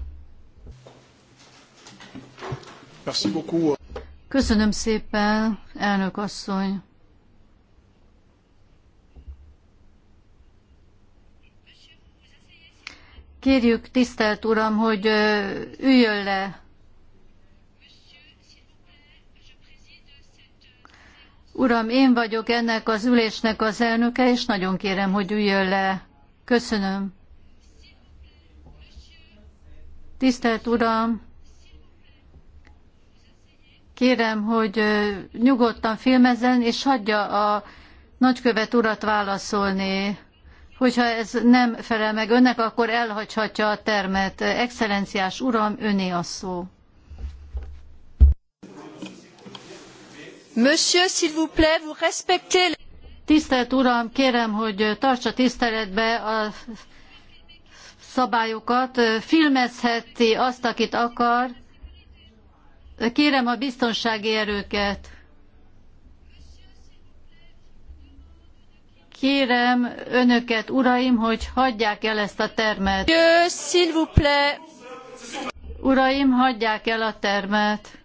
Köszönöm szépen, elnök asszony. Kérjük, tisztelt Uram, hogy üljön le. Uram, én vagyok ennek az ülésnek az elnöke, és nagyon kérem, hogy üljön le. Köszönöm. Tisztelt Uram! Kérem, hogy nyugodtan filmezzen, és hagyja a nagykövet urat válaszolni. Hogyha ez nem felel meg önnek, akkor elhagyhatja a termet. Excellenciás uram, öné a szó. Monsieur, s'il vous plaît, vous respectez... Tisztelt Uram, kérem, hogy tartsa tiszteletbe a szabályokat. Filmezheti azt, akit akar, Kérem a biztonsági erőket. Kérem önöket, uraim, hogy hagyják el ezt a termet. Uraim, hagyják el a termet.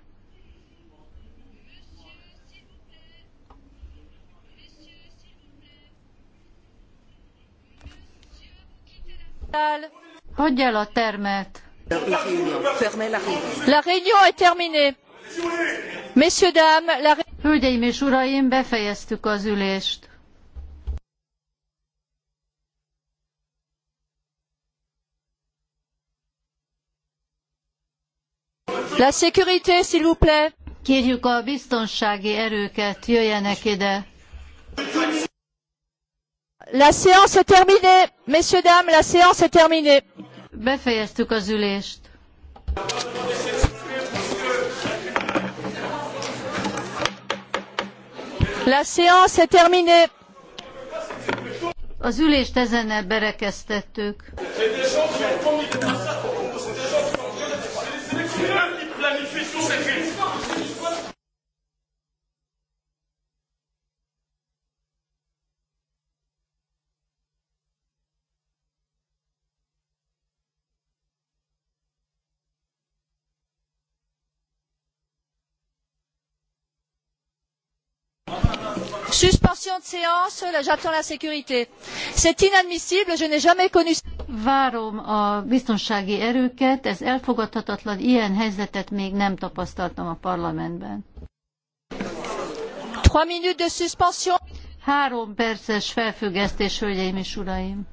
Hagyj el a termet. La réunion est terminée. Messieurs, dames, la... Hölgyeim és uraim, befejeztük az ülést. La sécurité, s'il vous plaît. Kérjük a biztonsági erőket, jöjjenek ide. La séance est terminée. Messieurs, dames, la séance est terminée. Befejeztük az ülést. La séance est terminée. Az ülést ezennel berekeztettük. C'est suspension de séance, j'attends la sécurité. C'est inadmissible, je n'ai jamais connu... Várom a biztonsági erőket, ez elfogadhatatlan, ilyen helyzetet még nem tapasztaltam a parlamentben. 3 minutes de suspension. Három perces felfüggesztés, hölgyeim és uraim.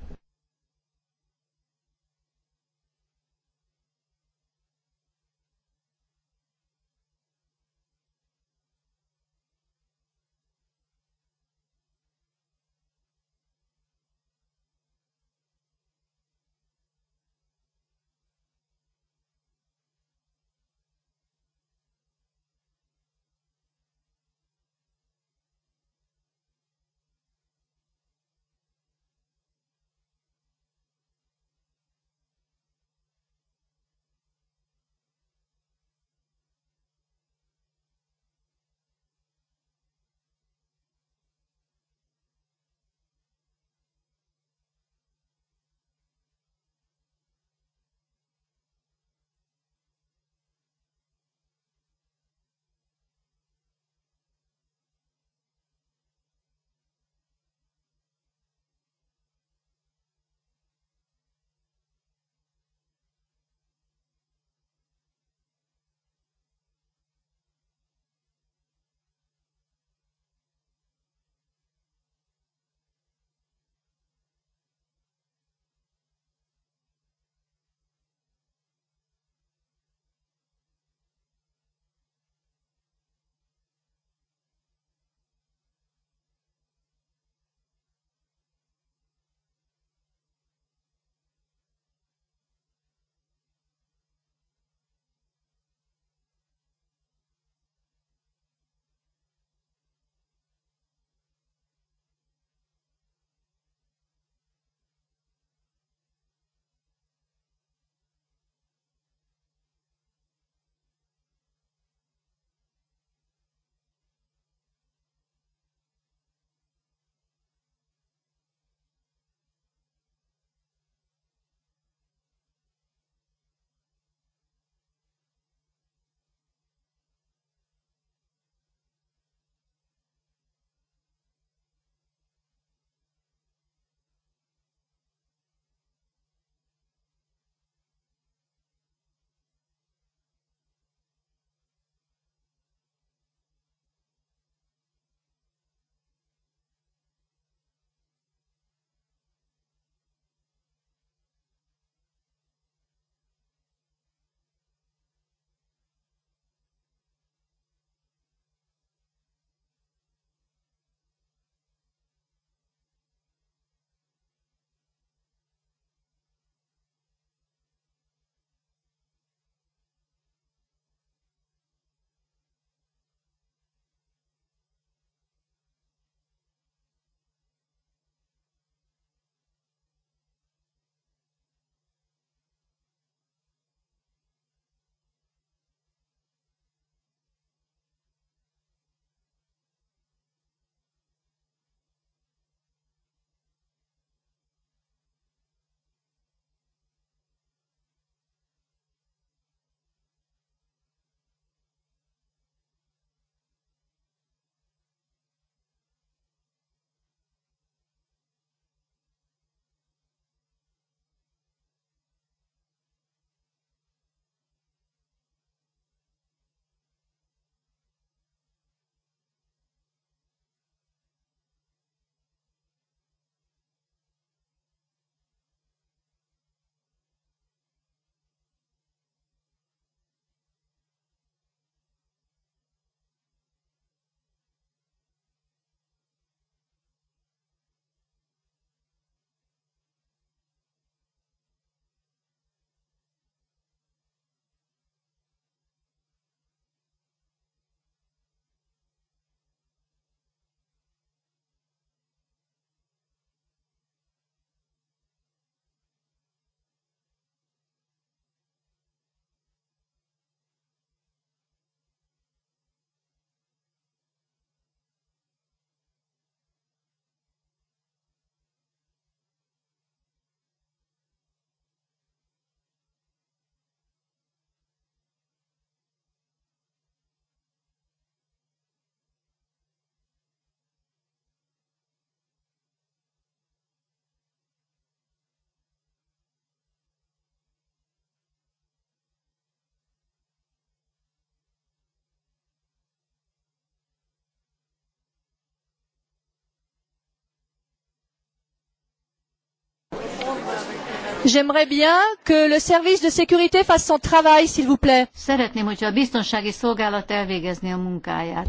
J'aimerais bien que le service de sécurité fasse son travail, s'il vous plaît. Szeretném, hogyha a biztonsági szolgálat elvégezni a munkáját.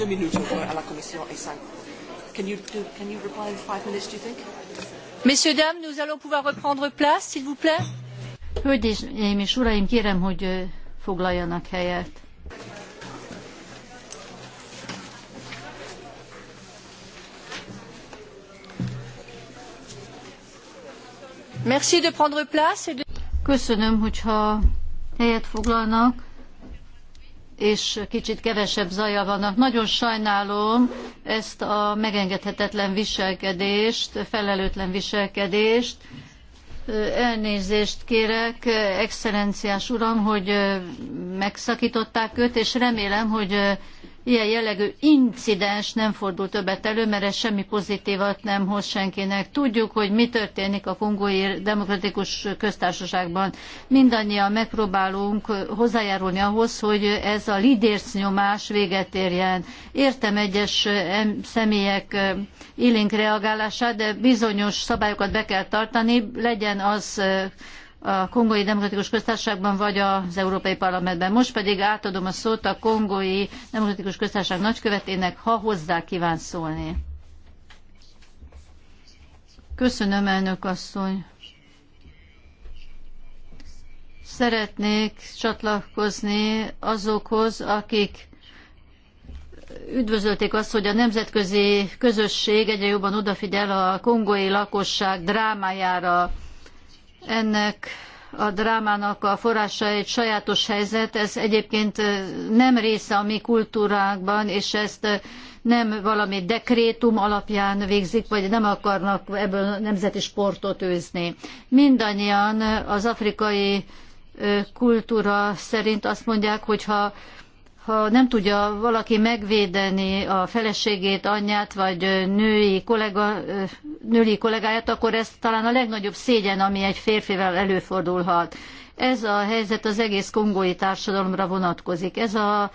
deux minutes à la Commission et cinq. Can you, do, can you reply in five minutes, do you think? Messieurs, dames, nous allons pouvoir reprendre place, s'il vous plaît. Hölgyeim és uraim, kérem, hogy foglaljanak helyet. Merci de prendre place et de... Köszönöm, hogyha helyet foglalnak és kicsit kevesebb zaja vannak. Nagyon sajnálom ezt a megengedhetetlen viselkedést, felelőtlen viselkedést. Elnézést kérek, excellenciás uram, hogy megszakították őt, és remélem, hogy ilyen jellegű incidens nem fordul többet elő, mert ez semmi pozitívat nem hoz senkinek. Tudjuk, hogy mi történik a kongói demokratikus köztársaságban. Mindannyian megpróbálunk hozzájárulni ahhoz, hogy ez a lidérc nyomás véget érjen. Értem egyes személyek élénk reagálását, de bizonyos szabályokat be kell tartani, legyen az a Kongói Demokratikus Köztársaságban vagy az Európai Parlamentben. Most pedig átadom a szót a Kongói Demokratikus Köztársaság nagykövetének, ha hozzá kíván szólni. Köszönöm, elnök asszony. Szeretnék csatlakozni azokhoz, akik üdvözölték azt, hogy a nemzetközi közösség egyre jobban odafigyel a kongói lakosság drámájára ennek a drámának a forrása egy sajátos helyzet, ez egyébként nem része a mi kultúrákban, és ezt nem valami dekrétum alapján végzik, vagy nem akarnak ebből nemzeti sportot őzni. Mindannyian az afrikai kultúra szerint azt mondják, hogy ha ha nem tudja valaki megvédeni a feleségét, anyját vagy női, kollega, női kollégáját, akkor ez talán a legnagyobb szégyen, ami egy férfivel előfordulhat. Ez a helyzet az egész kongói társadalomra vonatkozik. Ez a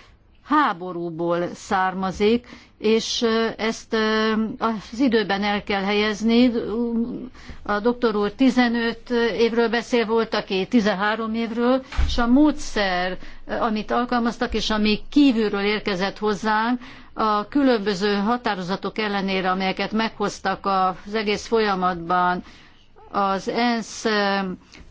háborúból származik, és ezt az időben el kell helyezni. A doktor úr 15 évről beszél, volt, aki 13 évről, és a módszer, amit alkalmaztak, és ami kívülről érkezett hozzánk, a különböző határozatok ellenére, amelyeket meghoztak az egész folyamatban, az ENSZ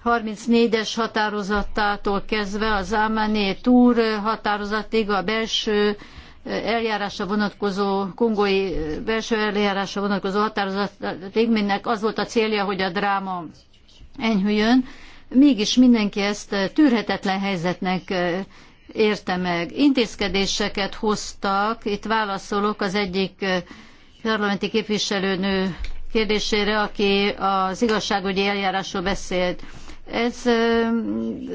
34-es határozatától kezdve az Ámané Túr határozatig a belső eh, eljárásra vonatkozó, kongói eh, belső eljárásra vonatkozó határozatig, mindnek az volt a célja, hogy a dráma enyhüljön. Mégis mindenki ezt eh, tűrhetetlen helyzetnek érte meg. Intézkedéseket hoztak, itt válaszolok az egyik parlamenti képviselőnő kérdésére, aki az igazságügyi eljárásról beszélt. Ez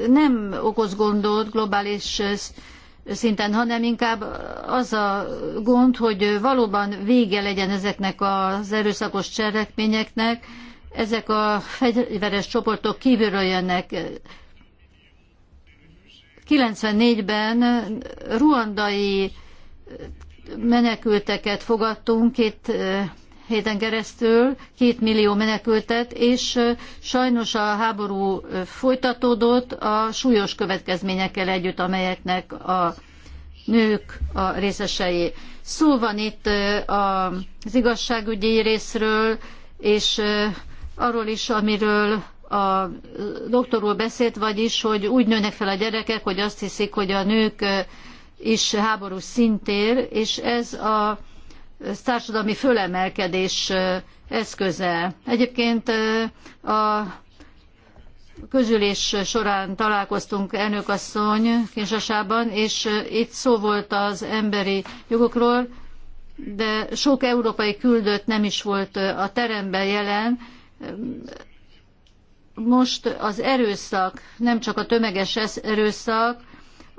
nem okoz gondot globális szinten, hanem inkább az a gond, hogy valóban vége legyen ezeknek az erőszakos cselekményeknek, ezek a fegyveres csoportok kívülről jönnek. 94-ben ruandai menekülteket fogadtunk, itt héten keresztül 7 millió menekültet, és sajnos a háború folytatódott a súlyos következményekkel együtt, amelyeknek a nők a részesei. Szó van itt az igazságügyi részről, és arról is, amiről a doktor úr beszélt, vagyis, hogy úgy nőnek fel a gyerekek, hogy azt hiszik, hogy a nők is háborús szintér, és ez a társadalmi fölemelkedés eszköze. Egyébként a közülés során találkoztunk elnökasszony Kinsasában, és itt szó volt az emberi jogokról, de sok európai küldött nem is volt a teremben jelen. Most az erőszak, nem csak a tömeges erőszak,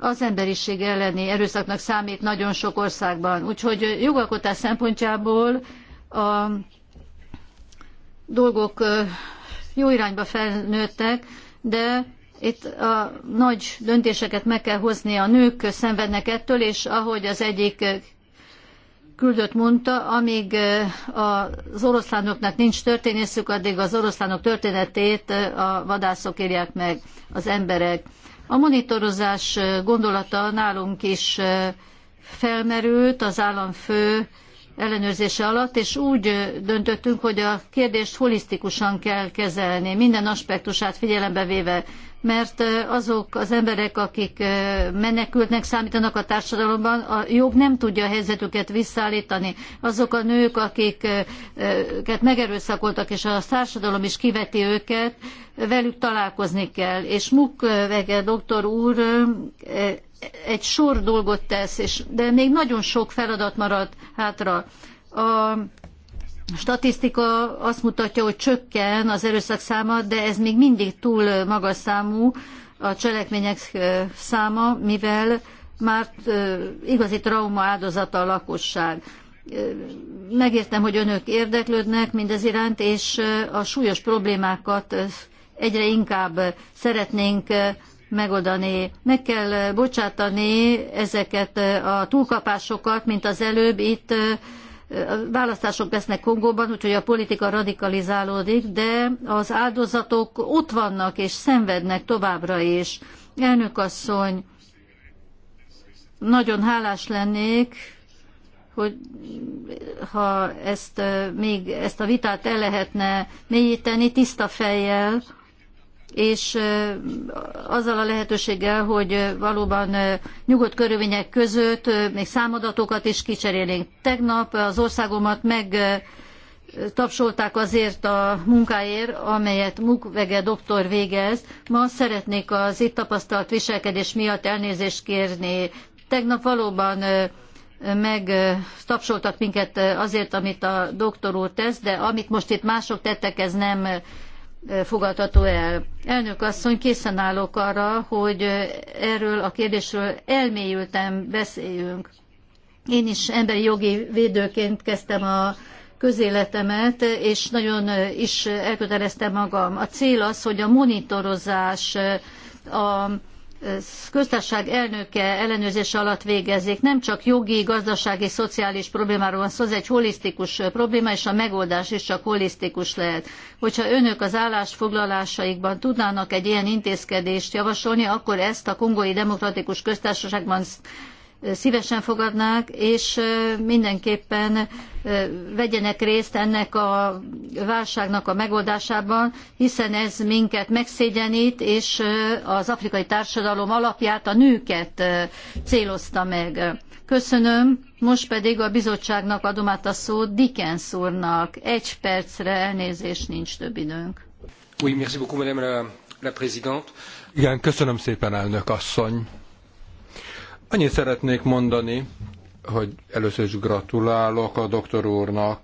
az emberiség elleni erőszaknak számít nagyon sok országban. Úgyhogy jogalkotás szempontjából a dolgok jó irányba felnőttek, de itt a nagy döntéseket meg kell hozni, a nők szenvednek ettől, és ahogy az egyik küldött mondta, amíg az oroszlánoknak nincs történészük, addig az oroszlánok történetét a vadászok írják meg, az emberek. A monitorozás gondolata nálunk is felmerült, az államfő ellenőrzése alatt, és úgy döntöttünk, hogy a kérdést holisztikusan kell kezelni, minden aspektusát figyelembe véve, mert azok az emberek, akik menekültnek számítanak a társadalomban, a jog nem tudja a helyzetüket visszaállítani. Azok a nők, akiket megerőszakoltak, és a társadalom is kiveti őket, velük találkozni kell. És Mukwege doktor úr egy sor dolgot tesz, és, de még nagyon sok feladat marad hátra. A statisztika azt mutatja, hogy csökken az erőszak száma, de ez még mindig túl magas számú a cselekmények száma, mivel már igazi trauma áldozata a lakosság. Megértem, hogy önök érdeklődnek mindez iránt, és a súlyos problémákat egyre inkább szeretnénk megoldani. Meg kell bocsátani ezeket a túlkapásokat, mint az előbb itt választások lesznek Kongóban, úgyhogy a politika radikalizálódik, de az áldozatok ott vannak és szenvednek továbbra is. Elnök asszony, nagyon hálás lennék, hogy ha ezt még ezt a vitát el lehetne mélyíteni tiszta fejjel, és azzal a lehetőséggel, hogy valóban nyugodt körülmények között még számadatokat is kicserélnénk. Tegnap az országomat meg tapsolták azért a munkáért, amelyet Mukwege doktor végez. Ma szeretnék az itt tapasztalt viselkedés miatt elnézést kérni. Tegnap valóban meg tapsoltak minket azért, amit a doktor úr tesz, de amit most itt mások tettek, ez nem fogadható el. Elnök asszony, készen állok arra, hogy erről a kérdésről elmélyülten beszéljünk. Én is emberi jogi védőként kezdtem a közéletemet, és nagyon is elköteleztem magam. A cél az, hogy a monitorozás, a köztársaság elnöke ellenőrzése alatt végezzék. Nem csak jogi, gazdasági, szociális problémáról van szó, ez egy holisztikus probléma, és a megoldás is csak holisztikus lehet. Hogyha önök az állásfoglalásaikban tudnának egy ilyen intézkedést javasolni, akkor ezt a kongói demokratikus köztársaságban szívesen fogadnák, és mindenképpen vegyenek részt ennek a válságnak a megoldásában, hiszen ez minket megszégyenít, és az afrikai társadalom alapját a nőket célozta meg. Köszönöm, most pedig a bizottságnak adom át a szót Dickens úrnak. Egy percre elnézést nincs több időnk. Oui, merci beaucoup, madame la, la présidente. Igen, köszönöm szépen, elnök asszony. Annyit szeretnék mondani, hogy először is gratulálok a doktor úrnak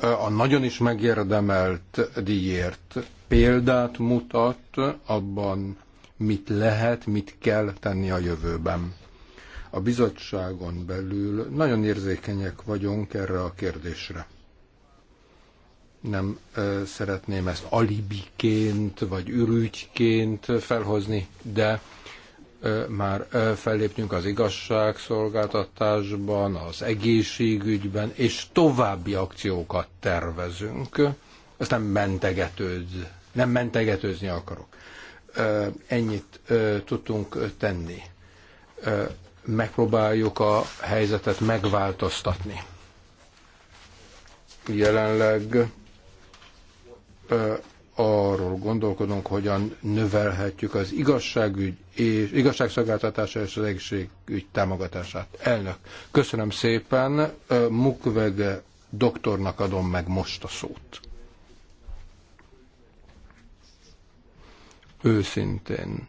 a nagyon is megérdemelt díjért. Példát mutat abban, mit lehet, mit kell tenni a jövőben. A bizottságon belül nagyon érzékenyek vagyunk erre a kérdésre. Nem szeretném ezt alibiként vagy ürügyként felhozni, de már fellépnünk az igazságszolgáltatásban, az egészségügyben, és további akciókat tervezünk. Ezt nem mentegetőd, nem mentegetőzni akarok. Ennyit tudtunk tenni. Megpróbáljuk a helyzetet megváltoztatni. Jelenleg arról gondolkodunk, hogyan növelhetjük az igazságügy és igazságszolgáltatása és az egészségügy támogatását. Elnök, köszönöm szépen, Mukwege doktornak adom meg most a szót. Őszintén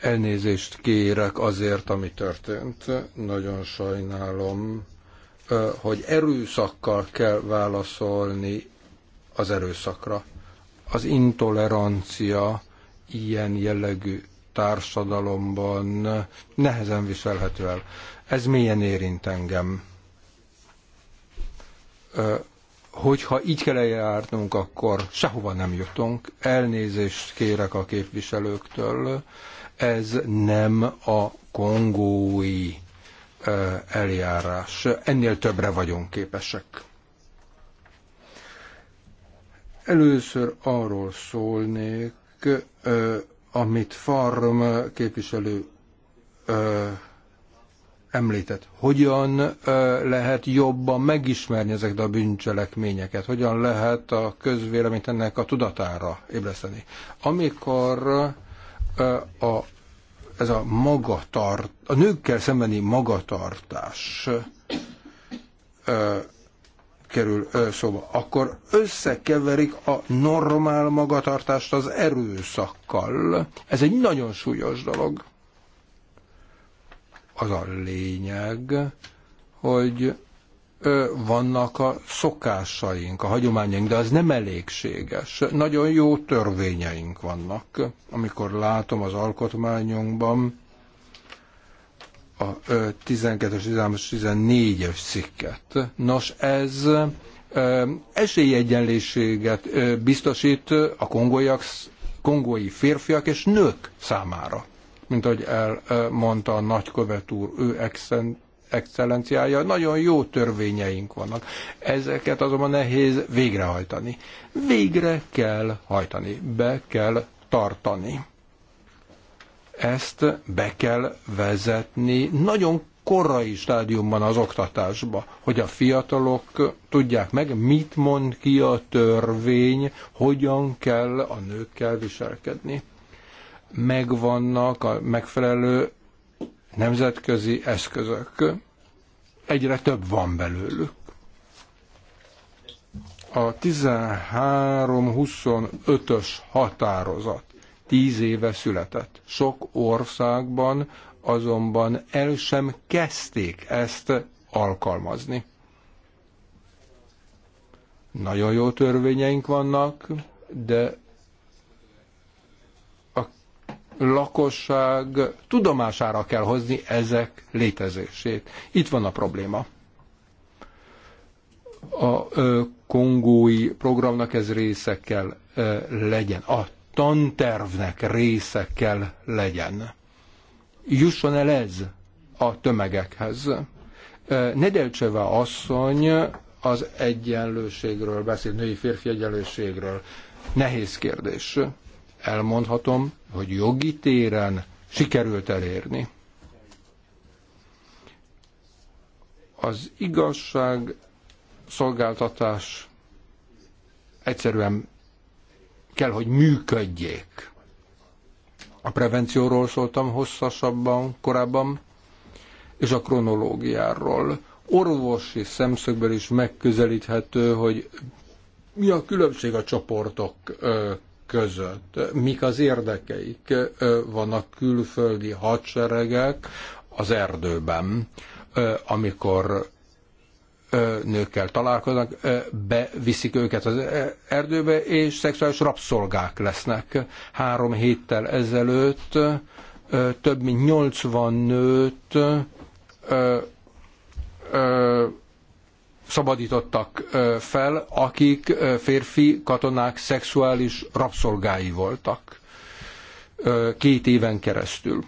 elnézést kérek azért, ami történt. Nagyon sajnálom, hogy erőszakkal kell válaszolni az erőszakra az intolerancia ilyen jellegű társadalomban nehezen viselhető el. Ez mélyen érint engem. Hogyha így kell eljártunk, akkor sehova nem jutunk. Elnézést kérek a képviselőktől. Ez nem a kongói eljárás. Ennél többre vagyunk képesek. Először arról szólnék, amit Farm képviselő említett. Hogyan lehet jobban megismerni ezeket a bűncselekményeket? Hogyan lehet a közvéleményt ennek a tudatára ébreszteni? Amikor a, ez a magatart, a nőkkel szembeni magatartás kerül szóba, akkor összekeverik a normál magatartást az erőszakkal. Ez egy nagyon súlyos dolog. Az a lényeg, hogy vannak a szokásaink, a hagyományaink, de az nem elégséges. Nagyon jó törvényeink vannak. Amikor látom az alkotmányunkban, a 12-es, 13 es 14-es cikket. Nos, ez esélyegyenlőséget biztosít a kongolyak, kongói férfiak és nők számára. Mint ahogy elmondta a nagykövet úr, ő exen, excellenciája, nagyon jó törvényeink vannak. Ezeket azonban nehéz végrehajtani. Végre kell hajtani, be kell tartani. Ezt be kell vezetni nagyon korai stádiumban az oktatásba, hogy a fiatalok tudják meg, mit mond ki a törvény, hogyan kell a nőkkel viselkedni. Megvannak a megfelelő nemzetközi eszközök. Egyre több van belőlük. A 13-25-ös határozat tíz éve született. Sok országban azonban el sem kezdték ezt alkalmazni. Nagyon jó törvényeink vannak, de a lakosság tudomására kell hozni ezek létezését. Itt van a probléma. A ö, kongói programnak ez része kell legyen. A tantervnek része kell legyen. Jusson el ez a tömegekhez. Nedelcseva asszony az egyenlőségről beszél, női férfi egyenlőségről. Nehéz kérdés. Elmondhatom, hogy jogi téren sikerült elérni. Az igazság szolgáltatás egyszerűen kell, hogy működjék. A prevencióról szóltam hosszasabban korábban, és a kronológiáról. Orvosi szemszögből is megközelíthető, hogy mi a különbség a csoportok között, mik az érdekeik, vannak külföldi hadseregek az erdőben, amikor nőkkel találkoznak, beviszik őket az erdőbe, és szexuális rabszolgák lesznek. Három héttel ezelőtt több mint 80 nőt szabadítottak fel, akik férfi katonák szexuális rabszolgái voltak két éven keresztül.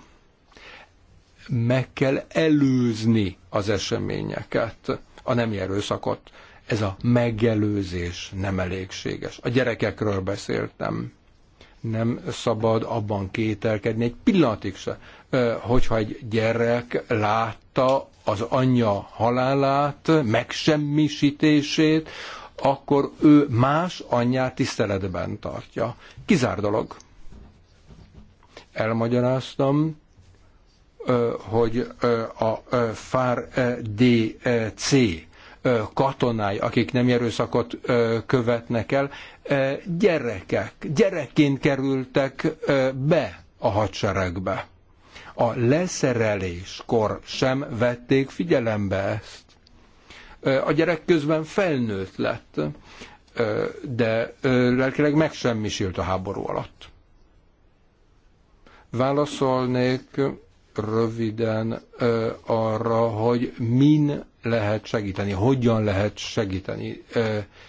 Meg kell előzni az eseményeket a nemi erőszakot. Ez a megelőzés nem elégséges. A gyerekekről beszéltem. Nem szabad abban kételkedni egy pillanatig se, hogyha egy gyerek látta az anyja halálát, megsemmisítését, akkor ő más anyját tiszteletben tartja. Kizár dolog. Elmagyaráztam, hogy a FAR katonái, akik nem erőszakot követnek el, gyerekek, gyerekként kerültek be a hadseregbe. A leszereléskor sem vették figyelembe ezt. A gyerek közben felnőtt lett, de lelkileg megsemmisült a háború alatt. Válaszolnék röviden arra, hogy min lehet segíteni, hogyan lehet segíteni.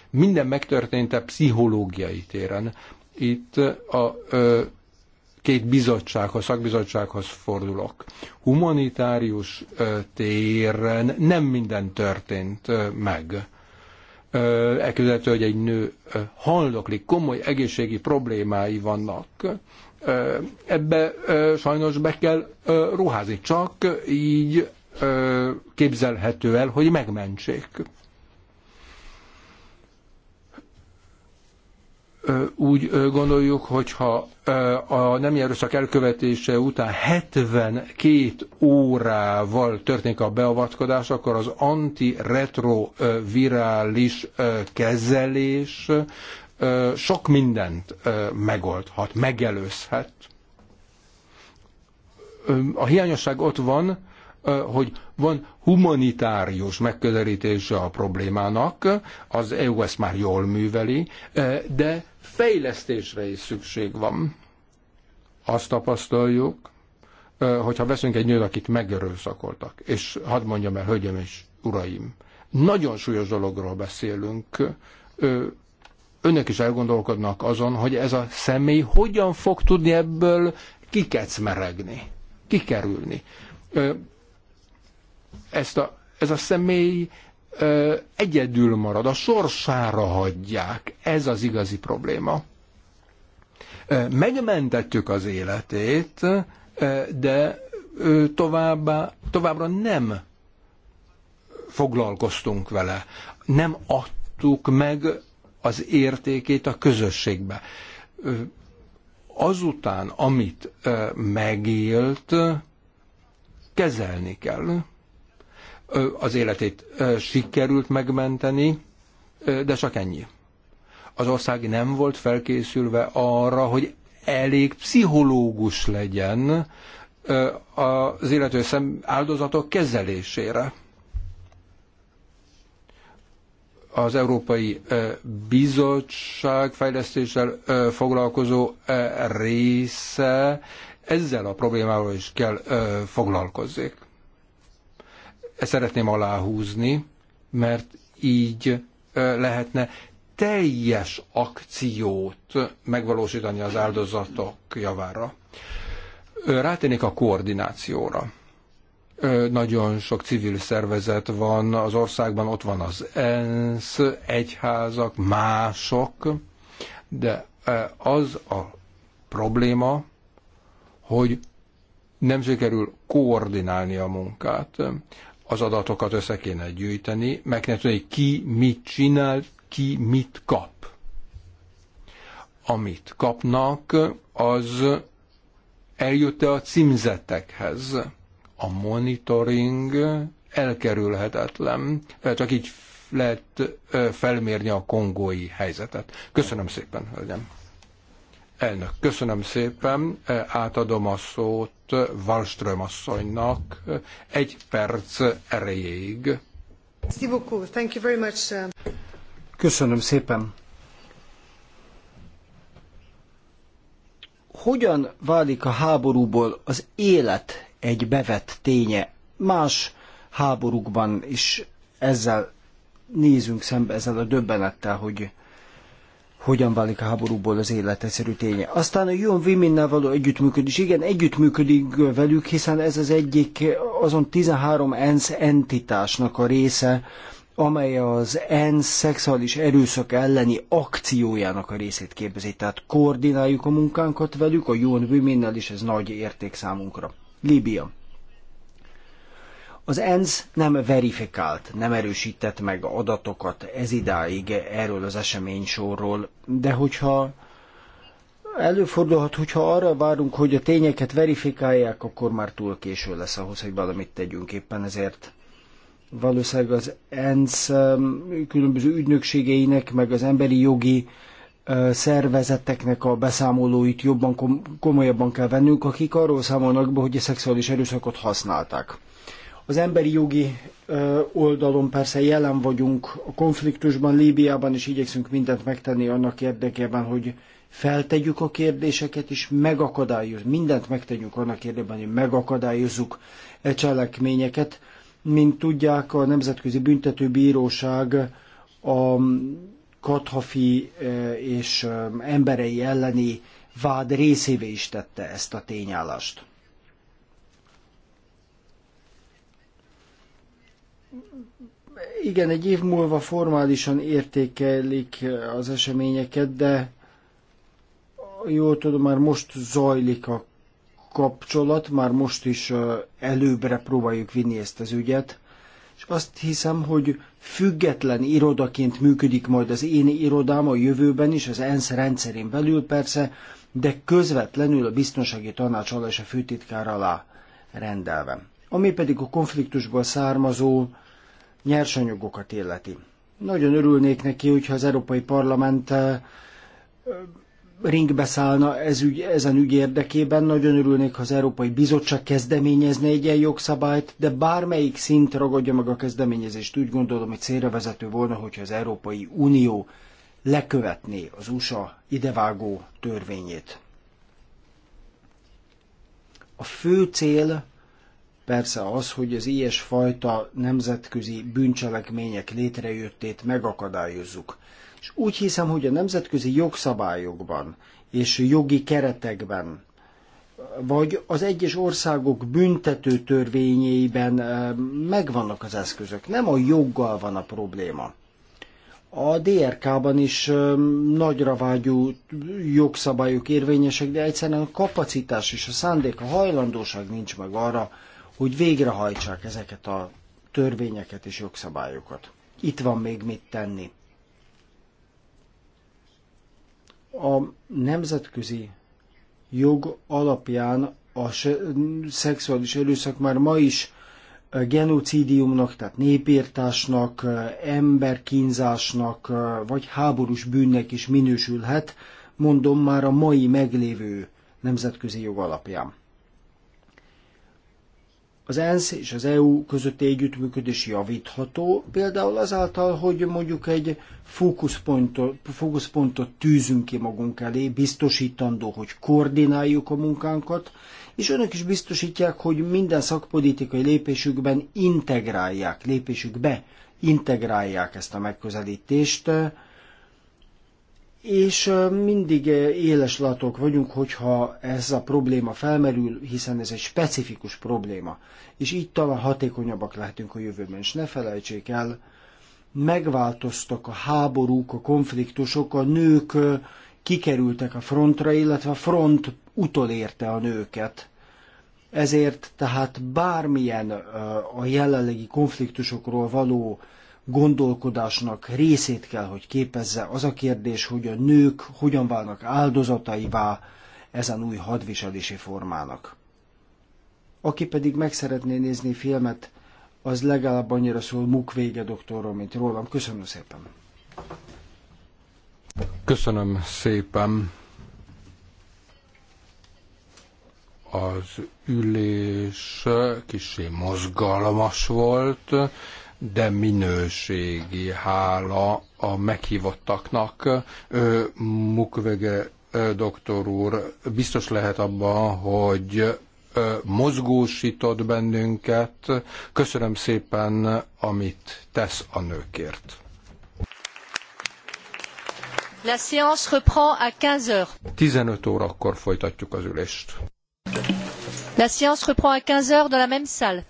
Minden megtörtént a pszichológiai téren. Itt a két bizottsághoz, szakbizottsághoz fordulok. Humanitárius téren nem minden történt meg. Elképzelhető, hogy egy nő haldoklik, komoly egészségi problémái vannak Ebbe sajnos be kell ruházni, csak így képzelhető el, hogy megmentsék. úgy gondoljuk, hogyha a nem erőszak elkövetése után 72 órával történik a beavatkozás, akkor az antiretrovirális kezelés sok mindent megoldhat, megelőzhet. A hiányosság ott van, hogy van humanitárius megközelítése a problémának, az EU ezt már jól műveli, de fejlesztésre is szükség van. Azt tapasztaljuk, hogyha veszünk egy nőt, akit megerőszakoltak, és hadd mondjam el, hölgyem és uraim, nagyon súlyos dologról beszélünk, önök is elgondolkodnak azon, hogy ez a személy hogyan fog tudni ebből kikecmeregni, kikerülni. Ezt a, ez a személy egyedül marad, a sorsára hagyják. Ez az igazi probléma. Megmentettük az életét, de továbbá, továbbra nem foglalkoztunk vele. Nem adtuk meg az értékét a közösségbe. Azután, amit megélt, kezelni kell. Az életét sikerült megmenteni, de csak ennyi. Az ország nem volt felkészülve arra, hogy elég pszichológus legyen az illető szem áldozatok kezelésére az Európai Bizottság fejlesztéssel foglalkozó része ezzel a problémával is kell foglalkozzék. Ezt szeretném aláhúzni, mert így lehetne teljes akciót megvalósítani az áldozatok javára. Rátérnék a koordinációra. Nagyon sok civil szervezet van az országban, ott van az ENSZ, egyházak, mások, de az a probléma, hogy nem sikerül koordinálni a munkát, az adatokat össze kéne gyűjteni, meg kéne tudni, ki mit csinál, ki mit kap. Amit kapnak, az eljut -e a címzetekhez. A monitoring elkerülhetetlen, csak így lehet felmérni a kongói helyzetet. Köszönöm szépen, hölgyem. Elnök, köszönöm szépen, átadom a szót Wallström asszonynak egy perc erejéig. Köszönöm szépen. Hogyan válik a háborúból az élet egy bevett ténye. Más háborúkban is ezzel nézünk szembe, ezzel a döbbenettel, hogy hogyan válik a háborúból az élet egyszerű ténye. Aztán a Jön Viminnel való együttműködés. Igen, együttműködik velük, hiszen ez az egyik azon 13 ENSZ entitásnak a része, amely az ENSZ szexuális erőszak elleni akciójának a részét képezi. Tehát koordináljuk a munkánkat velük, a Jön Viminnel is ez nagy érték számunkra. Líbia. Az ENSZ nem verifikált, nem erősített meg adatokat ez idáig erről az eseménysorról, de hogyha előfordulhat, hogyha arra várunk, hogy a tényeket verifikálják, akkor már túl késő lesz ahhoz, hogy valamit tegyünk éppen ezért. Valószínűleg az ENSZ um, különböző ügynökségeinek, meg az emberi jogi szervezeteknek a beszámolóit jobban, komolyabban kell vennünk, akik arról számolnak be, hogy a szexuális erőszakot használták. Az emberi jogi oldalon persze jelen vagyunk a konfliktusban, Líbiában, és igyekszünk mindent megtenni annak érdekében, hogy feltegyük a kérdéseket, és megakadályozzuk, mindent megtegyünk annak érdekében, hogy megakadályozzuk e cselekményeket. Mint tudják, a Nemzetközi Büntetőbíróság a Kathafi és emberei elleni vád részévé is tette ezt a tényállást. Igen, egy év múlva formálisan értékelik az eseményeket, de jól tudom, már most zajlik a kapcsolat, már most is előbbre próbáljuk vinni ezt az ügyet, és azt hiszem, hogy független irodaként működik majd az én irodám a jövőben is, az ENSZ rendszerén belül persze, de közvetlenül a biztonsági tanács alá és a főtitkár alá rendelve. Ami pedig a konfliktusból származó nyersanyagokat illeti. Nagyon örülnék neki, hogyha az Európai Parlament ringbe szállna ez ügy, ezen ügy érdekében. Nagyon örülnék, ha az Európai Bizottság kezdeményezne egy ilyen jogszabályt, de bármelyik szint ragadja meg a kezdeményezést. Úgy gondolom, hogy célra vezető volna, hogyha az Európai Unió lekövetné az USA idevágó törvényét. A fő cél persze az, hogy az ilyesfajta nemzetközi bűncselekmények létrejöttét megakadályozzuk. És úgy hiszem, hogy a nemzetközi jogszabályokban és jogi keretekben, vagy az egyes országok büntető törvényeiben megvannak az eszközök. Nem a joggal van a probléma. A DRK-ban is nagyra vágyó jogszabályok érvényesek, de egyszerűen a kapacitás és a szándék, a hajlandóság nincs meg arra, hogy végrehajtsák ezeket a törvényeket és jogszabályokat. Itt van még mit tenni. A nemzetközi jog alapján a szexuális erőszak már ma is eh, genocidiumnak, tehát népírtásnak, eh, emberkínzásnak, eh, vagy háborús bűnnek is minősülhet, mondom már a mai meglévő nemzetközi jog alapján. Az ENSZ és az EU közötti együttműködés javítható, például azáltal, hogy mondjuk egy fókuszpontot, fókuszpontot tűzünk ki magunk elé, biztosítandó, hogy koordináljuk a munkánkat, és önök is biztosítják, hogy minden szakpolitikai lépésükben integrálják, lépésükbe integrálják ezt a megközelítést, és mindig éles látok vagyunk, hogyha ez a probléma felmerül, hiszen ez egy specifikus probléma, és így talán hatékonyabbak lehetünk a jövőben, és ne felejtsék el, megváltoztak a háborúk, a konfliktusok, a nők kikerültek a frontra, illetve a front utolérte a nőket. Ezért tehát bármilyen a jelenlegi konfliktusokról való gondolkodásnak részét kell, hogy képezze az a kérdés, hogy a nők hogyan válnak áldozataivá ezen új hadviselési formának. Aki pedig meg szeretné nézni filmet, az legalább annyira szól Mukvége doktorról, mint rólam. Köszönöm szépen! Köszönöm szépen! Az ülés kicsi mozgalmas volt, de minőségi hála a meghívottaknak. Mukwege doktor úr biztos lehet abban, hogy mozgósított bennünket. Köszönöm szépen, amit tesz a nőkért. La séance reprend à 15 h 15 órakor folytatjuk az ülést. La séance reprend à 15 h dans la même salle.